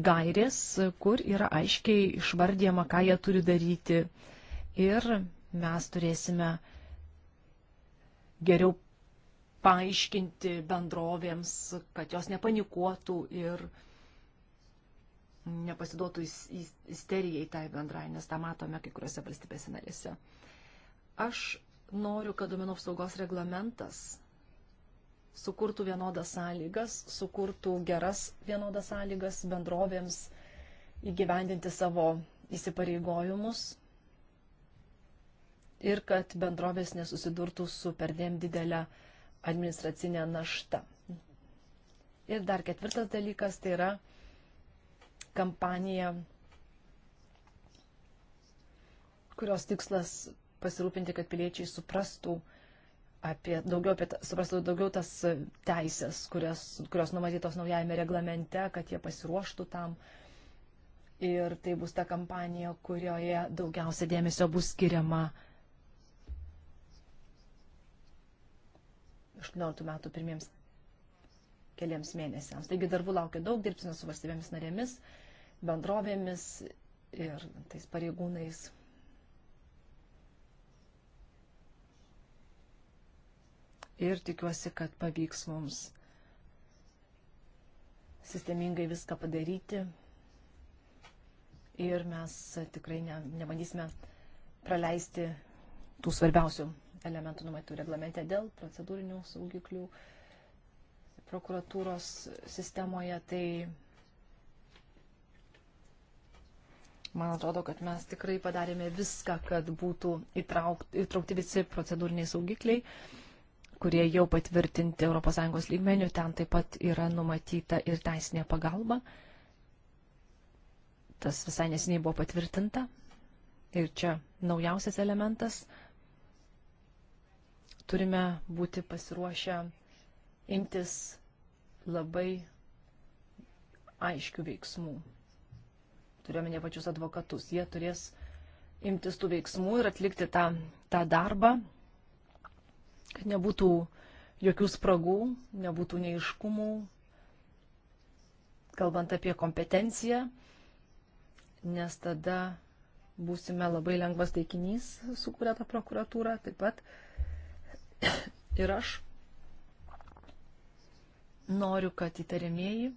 gairės, kur yra aiškiai išvardyjama, ką jie turi daryti. Ir mes turėsime geriau paaiškinti bendrovėms, kad jos nepanikuotų ir uh, nepasiduotų isterijai tai bendrai, nes tą matome kai kuriuose valstybėse narėse. Aš noriu, kad duomenų apsaugos reglamentas sukurtų vienodas sąlygas, sukurtų geras vienodas sąlygas bendrovėms įgyvendinti savo įsipareigojimus ir kad bendrovės nesusidurtų su perdėm didelę administracinę naštą. Ir dar ketvirtas dalykas tai yra kampaniją, kurios tikslas pasirūpinti, kad piliečiai suprastų apie daugiau, apie, suprastų daugiau tas teisės, kurios, kurios numatytos naujajame reglamente, kad jie pasiruoštų tam. Ir tai bus ta kampanija, kurioje daugiausia dėmesio bus skiriama 18 metų pirmiems keliams mėnesiams. Taigi darbų laukia daug, dirbsime su valstybėmis narėmis, bendrovėmis ir tais pareigūnais. Ir tikiuosi, kad pavyks mums sistemingai viską padaryti. Ir mes tikrai ne, nebandysime praleisti tų svarbiausių elementų numatytų reglamente dėl procedūrinių saugiklių, uh, prokuratūros sistemoje, tai man atrodo, kad mes tikrai padarėme viską, kad būtų įtraukti, įtraukti visi procedūriniai saugikliai, kurie jau patvirtinti ES lygmenių. Ten taip pat yra numatyta ir teisinė pagalba. Tas visai nesiniai buvo patvirtinta. Ir čia naujausias elementas turime būti pasiruošę imtis labai aiškių veiksmų. Turiuomenė pačius advokatus. Jie turės imtis tų veiksmų ir atlikti tą, tą darbą, kad nebūtų jokių spragų, nebūtų neiškumų, kalbant apie kompetenciją, nes tada būsime labai lengvas taikinys, sukūrė tą prokuratūrą, taip pat ir aš Noriu, kad įtariamieji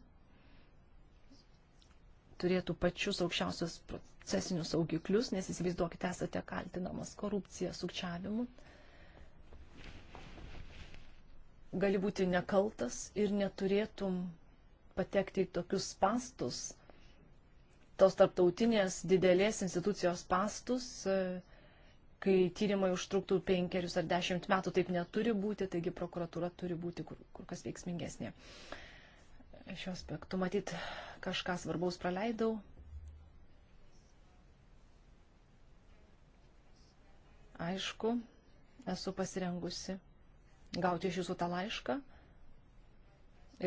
turėtų pačius aukščiausios procesinius saugiklius, nes įsivaizduokite, esate kaltinamas korupcija, sukčiavimu. Gali būti nekaltas ir neturėtum patekti į tokius pastus, tos tarptautinės didelės institucijos pastus, e, kai tyrimai užtruktų penkerius ar dešimt metų, taip neturi būti, taigi prokuratūra turi būti kur, kur kas veiksmingesnė. Šiuo aspektu matyt kažką svarbaus praleidau. Aišku, esu pasirengusi gauti iš jūsų tą laišką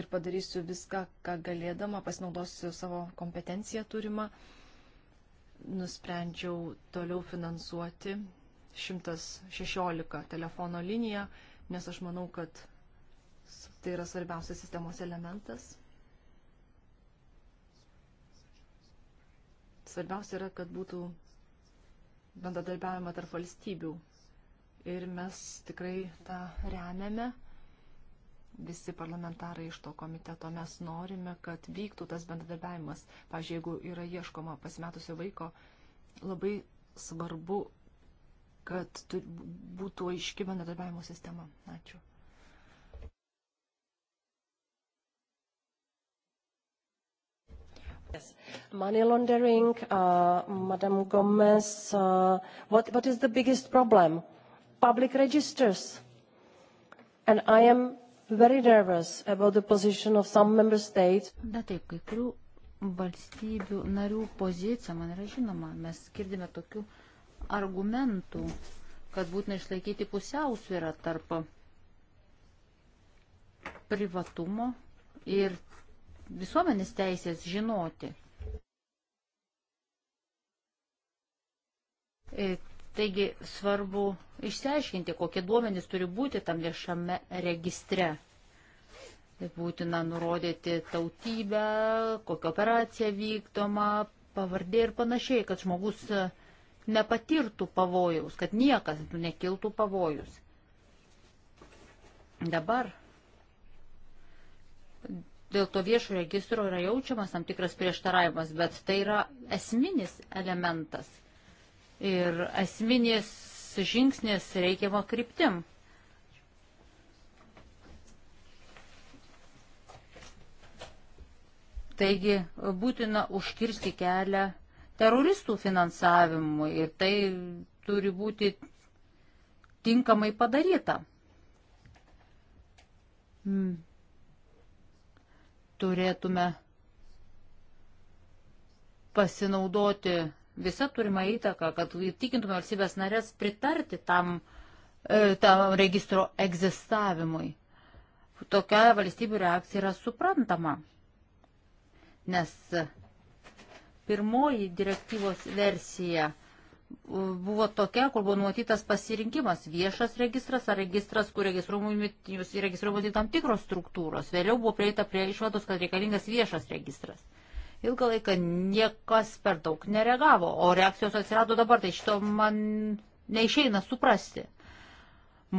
ir padarysiu viską, ką galėdama, pasinaudosiu savo kompetenciją turimą. Nusprendžiau toliau finansuoti 116 telefono liniją, nes aš manau, kad tai yra svarbiausias sistemos elementas. Svarbiausia yra, kad būtų bendradarbiavimą tarp valstybių. Ir mes tikrai tą remiame. Visi parlamentarai iš to komiteto mes norime, kad vyktų tas bendradarbiavimas. Pavyzdžiui, jeigu yra ieškoma pasimetusio vaiko, labai svarbu kad būtų aiški bendradarbiavimo sistema. Ačiū. Yes. Money laundering, uh, Madam Gomez, uh, what, what is the biggest problem? Public registers. And I am very nervous about the position of some member states. Da, taip, kai kurių valstybių narių pozicija man yra žinoma. Mes girdime tokių uh, argumentų, kad būtina išlaikyti pusiausvyrą tarp privatumo ir visuomenės teisės žinoti. E, taigi svarbu išsiaiškinti, kokie duomenys turi būti tam viešame registre. Tai būtina nurodyti tautybę, kokia operacija vykdoma, pavardė ir panašiai, kad žmogus uh, nepatirtų pavojaus, kad niekas nekiltų pavojus. Dabar dėl to viešo registro yra jaučiamas tam tikras prieštaravimas, bet tai yra esminis elementas ir esminės žingsnės reikiamą kryptim. Taigi būtina užkirsti kelią teroristų finansavimui ir tai turi būti tinkamai padaryta. Hmm. Turėtume pasinaudoti visą turimą įtaką, kad įtikintume valstybės narės pritarti tam, e, tam registro egzistavimui. Tokia valstybių reakcija yra suprantama, nes Pirmoji direktyvos versija buvo tokia, kur buvo nuotytas pasirinkimas - viešas registras ar registras, kur registruojamos įregistruojamos į tam tikros struktūros. Vėliau buvo prieita prie išvados, kad reikalingas viešas registras. Ilgą laiką niekas per daug nereagavo, o reakcijos atsirado dabar, tai šito man neišeina suprasti.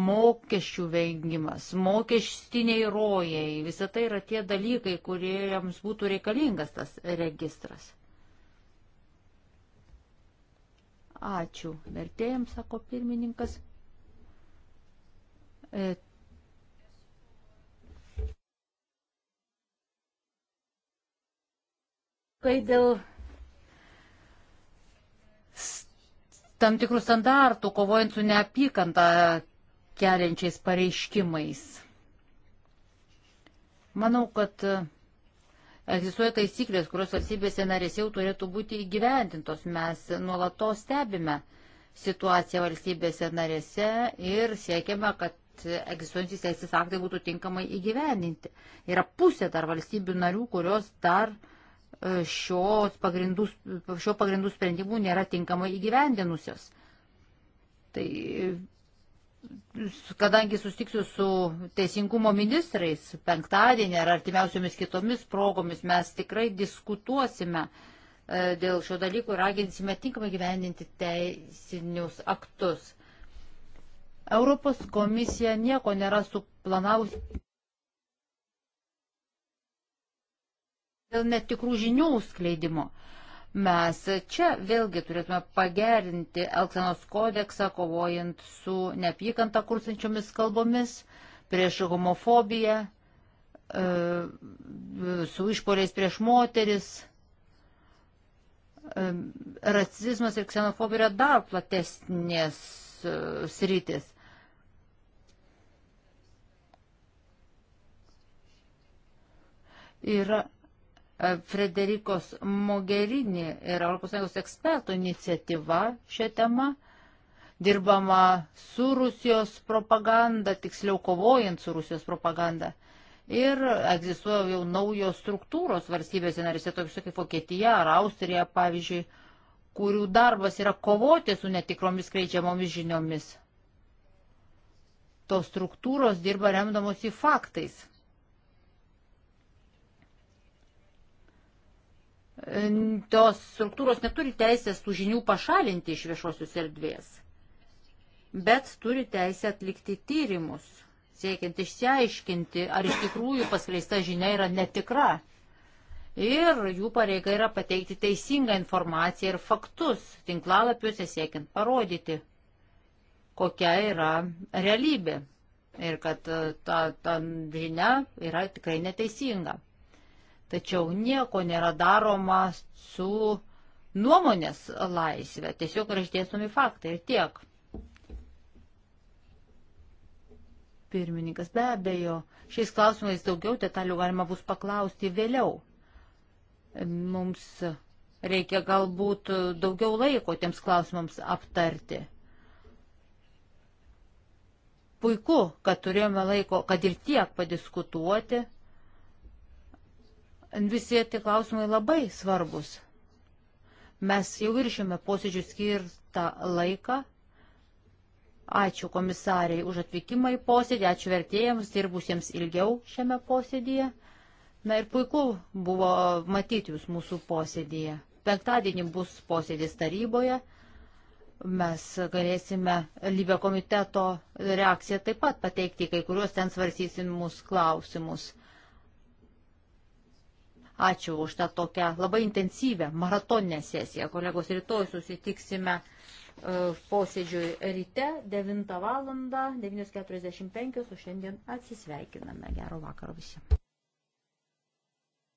Mokesčių vengimas, mokestiniai rojai, visa tai yra tie dalykai, kuriems būtų reikalingas tas registras. Ačiū vertėjams, sako pirmininkas. E, kai dėl tam tikrų standartų, kovojant su neapykanta keliančiais pareiškimais. Manau, kad Egzistuoja taisyklės, kurios valstybėse narės jau turėtų būti įgyvendintos. Mes nuolatos stebime situaciją valstybėse narėse ir siekiame, kad egzistuojantys teisės aktai būtų tinkamai įgyvendinti. Yra pusė dar valstybių narių, kurios dar e, pagrindų, šio pagrindų sprendimų nėra tinkamai įgyvendinusios. Tai kadangi sustiksiu su teisingumo ministrais penktadienį ar artimiausiomis kitomis progomis, mes tikrai diskutuosime e, dėl šio dalyko ir raginsime tinkamai gyvendinti teisinius aktus. Europos komisija nieko nėra suplanavusi. Dėl netikrų žinių skleidimo. Mes čia vėlgi turėtume pagerinti Elksenos kodeksą, kovojant su neapykanta kursančiomis kalbomis, prieš homofobiją, e, su išpoliais prieš moteris. E, Racizmas ir ksenofobija yra dar platesnės e, sritis. Yra Frederikos Mogherini ir ES ekspertų iniciatyva šią temą. Dirbama su Rusijos propaganda, tiksliau kovojant su Rusijos propaganda. Ir egzistuoja jau naujos struktūros valstybėse narėse, tokios kaip Vokietija ar Austrija, pavyzdžiui, kurių darbas yra kovoti su netikromis skleidžiamomis žiniomis. Tos struktūros dirba remdamos į faktais E, tos struktūros neturi teisės tų žinių pašalinti iš viešosios erdvės, bet turi teisę atlikti tyrimus, siekiant išsiaiškinti, ar iš tikrųjų paskleista žinia yra netikra. Ir jų pareiga yra pateikti teisingą informaciją ir faktus tinklalapiuose siekiant parodyti, kokia yra realybė ir kad e, ta, ta žinia yra tikrai neteisinga. Tačiau nieko nėra daroma su nuomonės laisvė. Tiesiog yra išdėstomi faktai ir tiek. Pirmininkas, be abejo, šiais klausimais daugiau detalių galima bus paklausti vėliau. Mums reikia galbūt daugiau laiko tiems klausimams aptarti. Puiku, kad turėjome laiko, kad ir tiek padiskutuoti Visi tie klausimai labai svarbus. Mes jau viršėme posėdžių skirtą laiką. Ačiū komisariai už atvykimą į posėdį, ačiū vertėjams dirbusiems ilgiau šiame posėdėje. Na ir puiku buvo matyti jūs mūsų posėdėje. Penktadienį bus posėdis taryboje. Mes galėsime lybę komiteto reakciją taip pat pateikti kai kuriuos ten svarstysimus klausimus. Ačiū už tą tokią labai intensyvę maratoninę sesiją. Kolegos, rytoj susitiksime e, posėdžiui ryte 9 val. 9.45, o šiandien atsisveikiname. Gero vakaro visiems.